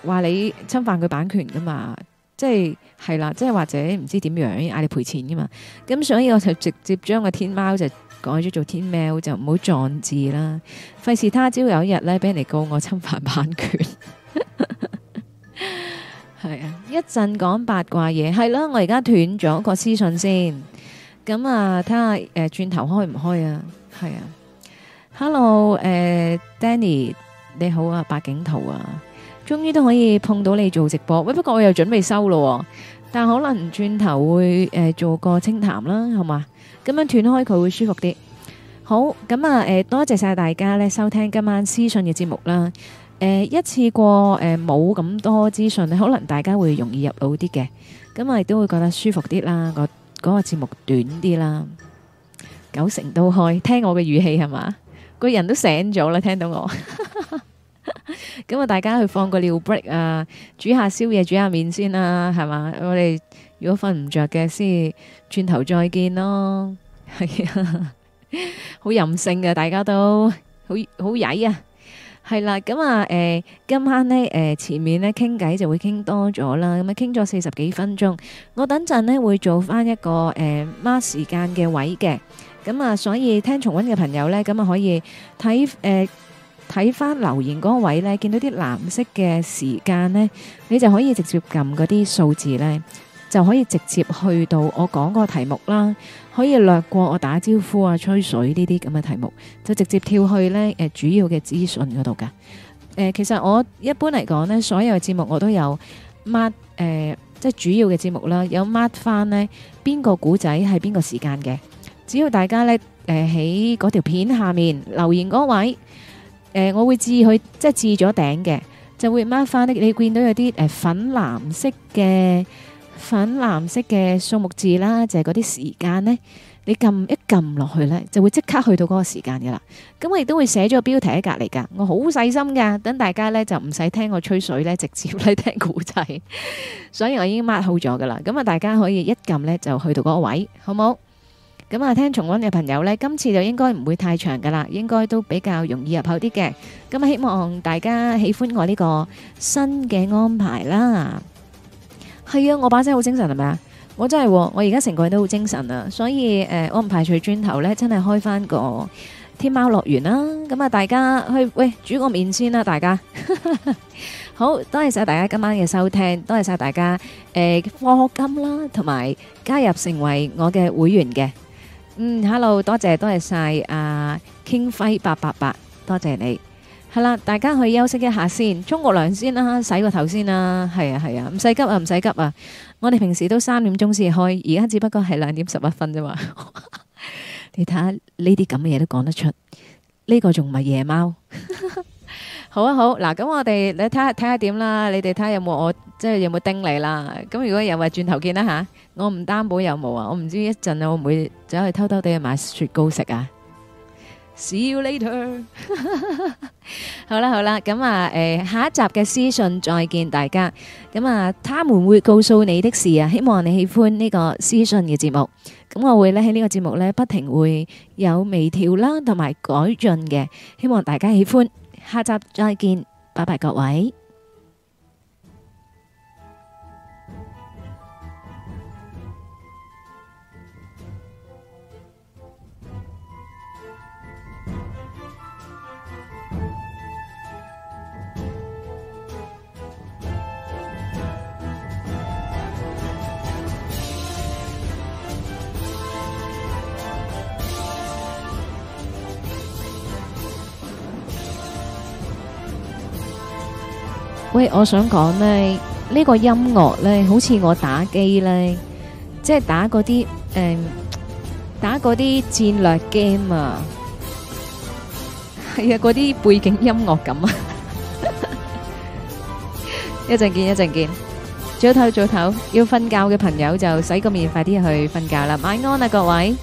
[SPEAKER 1] 話你侵犯佢版權噶嘛，即係係啦，即係或者唔知點樣嗌你賠錢噶嘛，咁所以我就直接將個天貓就改咗做天喵，就唔好撞字啦，費事他朝有一日咧俾人嚟告我侵犯版權。係 啊，一陣講八卦嘢，係啦、啊，我而家斷咗個私信先，咁啊睇下誒轉頭開唔開啊，係啊，Hello，誒、呃、Danny 你好啊，白景圖啊。終於都可以碰到你做直播，喂！不過我又準備收咯，但可能轉頭會誒做個清談啦，係嘛？咁樣斷開佢會舒服啲。好，咁啊誒，多謝晒大家咧收聽今晚屍訊嘅節目啦。誒，一次過誒冇咁多資訊，可能大家會容易入腦啲嘅，咁我亦都會覺得舒服啲啦。個嗰個節目短啲啦，九成都開，聽我嘅語氣係嘛？個人都醒咗啦，聽到我。咁啊， 大家去放個尿 break 啊，煮下宵夜，煮下麵先啦，係嘛？我哋如果瞓唔着嘅，先轉頭再見咯。係啊，好任性嘅，大家都好好曳啊。係啦，咁啊，誒、呃，今晚呢，誒、呃，前面呢傾偈就會傾多咗啦。咁啊，傾咗四十幾分鐘，我等陣呢會做翻一個誒 mark、呃、時間嘅位嘅。咁啊，所以聽重溫嘅朋友呢，咁啊可以睇誒。呃睇翻留言嗰位呢，見到啲藍色嘅時間呢，你就可以直接撳嗰啲數字呢，就可以直接去到我講個題目啦。可以略過我打招呼啊、吹水呢啲咁嘅題目，就直接跳去呢誒、呃、主要嘅資訊嗰度㗎。誒、呃，其實我一般嚟講呢，所有嘅節目我都有 mark 誒、呃，即係主要嘅節目啦，有 mark 翻呢邊個古仔係邊個時間嘅。只要大家呢誒喺嗰條片下面留言嗰位。呃、我會置佢即係置咗頂嘅，就會掹翻啲。你見到有啲粉藍色嘅粉藍色嘅數目字啦，就係嗰啲時間咧。你撳一撳落去咧，就會即刻去到嗰個時間㗎啦。咁我亦都會寫咗個標題喺隔離㗎。我好細心㗎，等大家咧就唔使聽我吹水咧，直接嚟聽古仔。 所以我已經掹好咗㗎啦。咁啊，大家可以一撳咧就去到嗰個位，好冇？咁啊，聽重溫嘅朋友呢，今次就應該唔會太長噶啦，應該都比較容易入口啲嘅。咁啊，希望大家喜歡我呢個新嘅安排啦。係啊，我把聲好精神係咪啊？我真係，我而家成個人都好精神啊。所以誒，我唔排除轉頭呢，真係開翻個天貓樂園啦。咁啊，大家去喂煮個麵先啦，大家。好，多謝晒大家今晚嘅收聽，多謝晒大家誒，課金啦，同埋加入成為我嘅會員嘅。嗯，hello，多謝多謝晒，阿傾輝八八八，8 8，多謝你，係啦，大家去休息一下先，沖個涼先啦，啊，洗個頭先啦，係啊係啊，唔使、啊啊、急啊唔使急啊，我哋平時都三點鐘先開，而家只不過係兩點十一分啫嘛， 你睇下呢啲咁嘅嘢都講得出，呢、這個仲唔係夜貓。 好啊，好嗱。咁我哋你睇下睇下點啦。你哋睇下有冇我即係有冇叮你啦。咁如果有話轉頭見啦吓，我唔擔保有冇啊。我唔知一陣我會唔會走去偷偷地去買雪糕食啊。See you later。好啦，好啦，咁啊，誒，下一集嘅屍訊再見大家。咁啊，他們會告訴你的事啊。希望你喜歡呢個屍訊嘅節目。咁我會咧喺呢個節目咧不停會有微調啦，同埋改進嘅，希望大家喜歡。下集再見，拜拜各位。我想講咧，呢個音樂咧，好似我打機咧，即係打嗰啲誒，打嗰啲戰略 game 啊，係啊，嗰啲背景音樂咁啊，一陣見，一陣見，早唞早唞，要瞓覺嘅朋友就洗個面，快啲去瞓覺啦，晚安啦各位。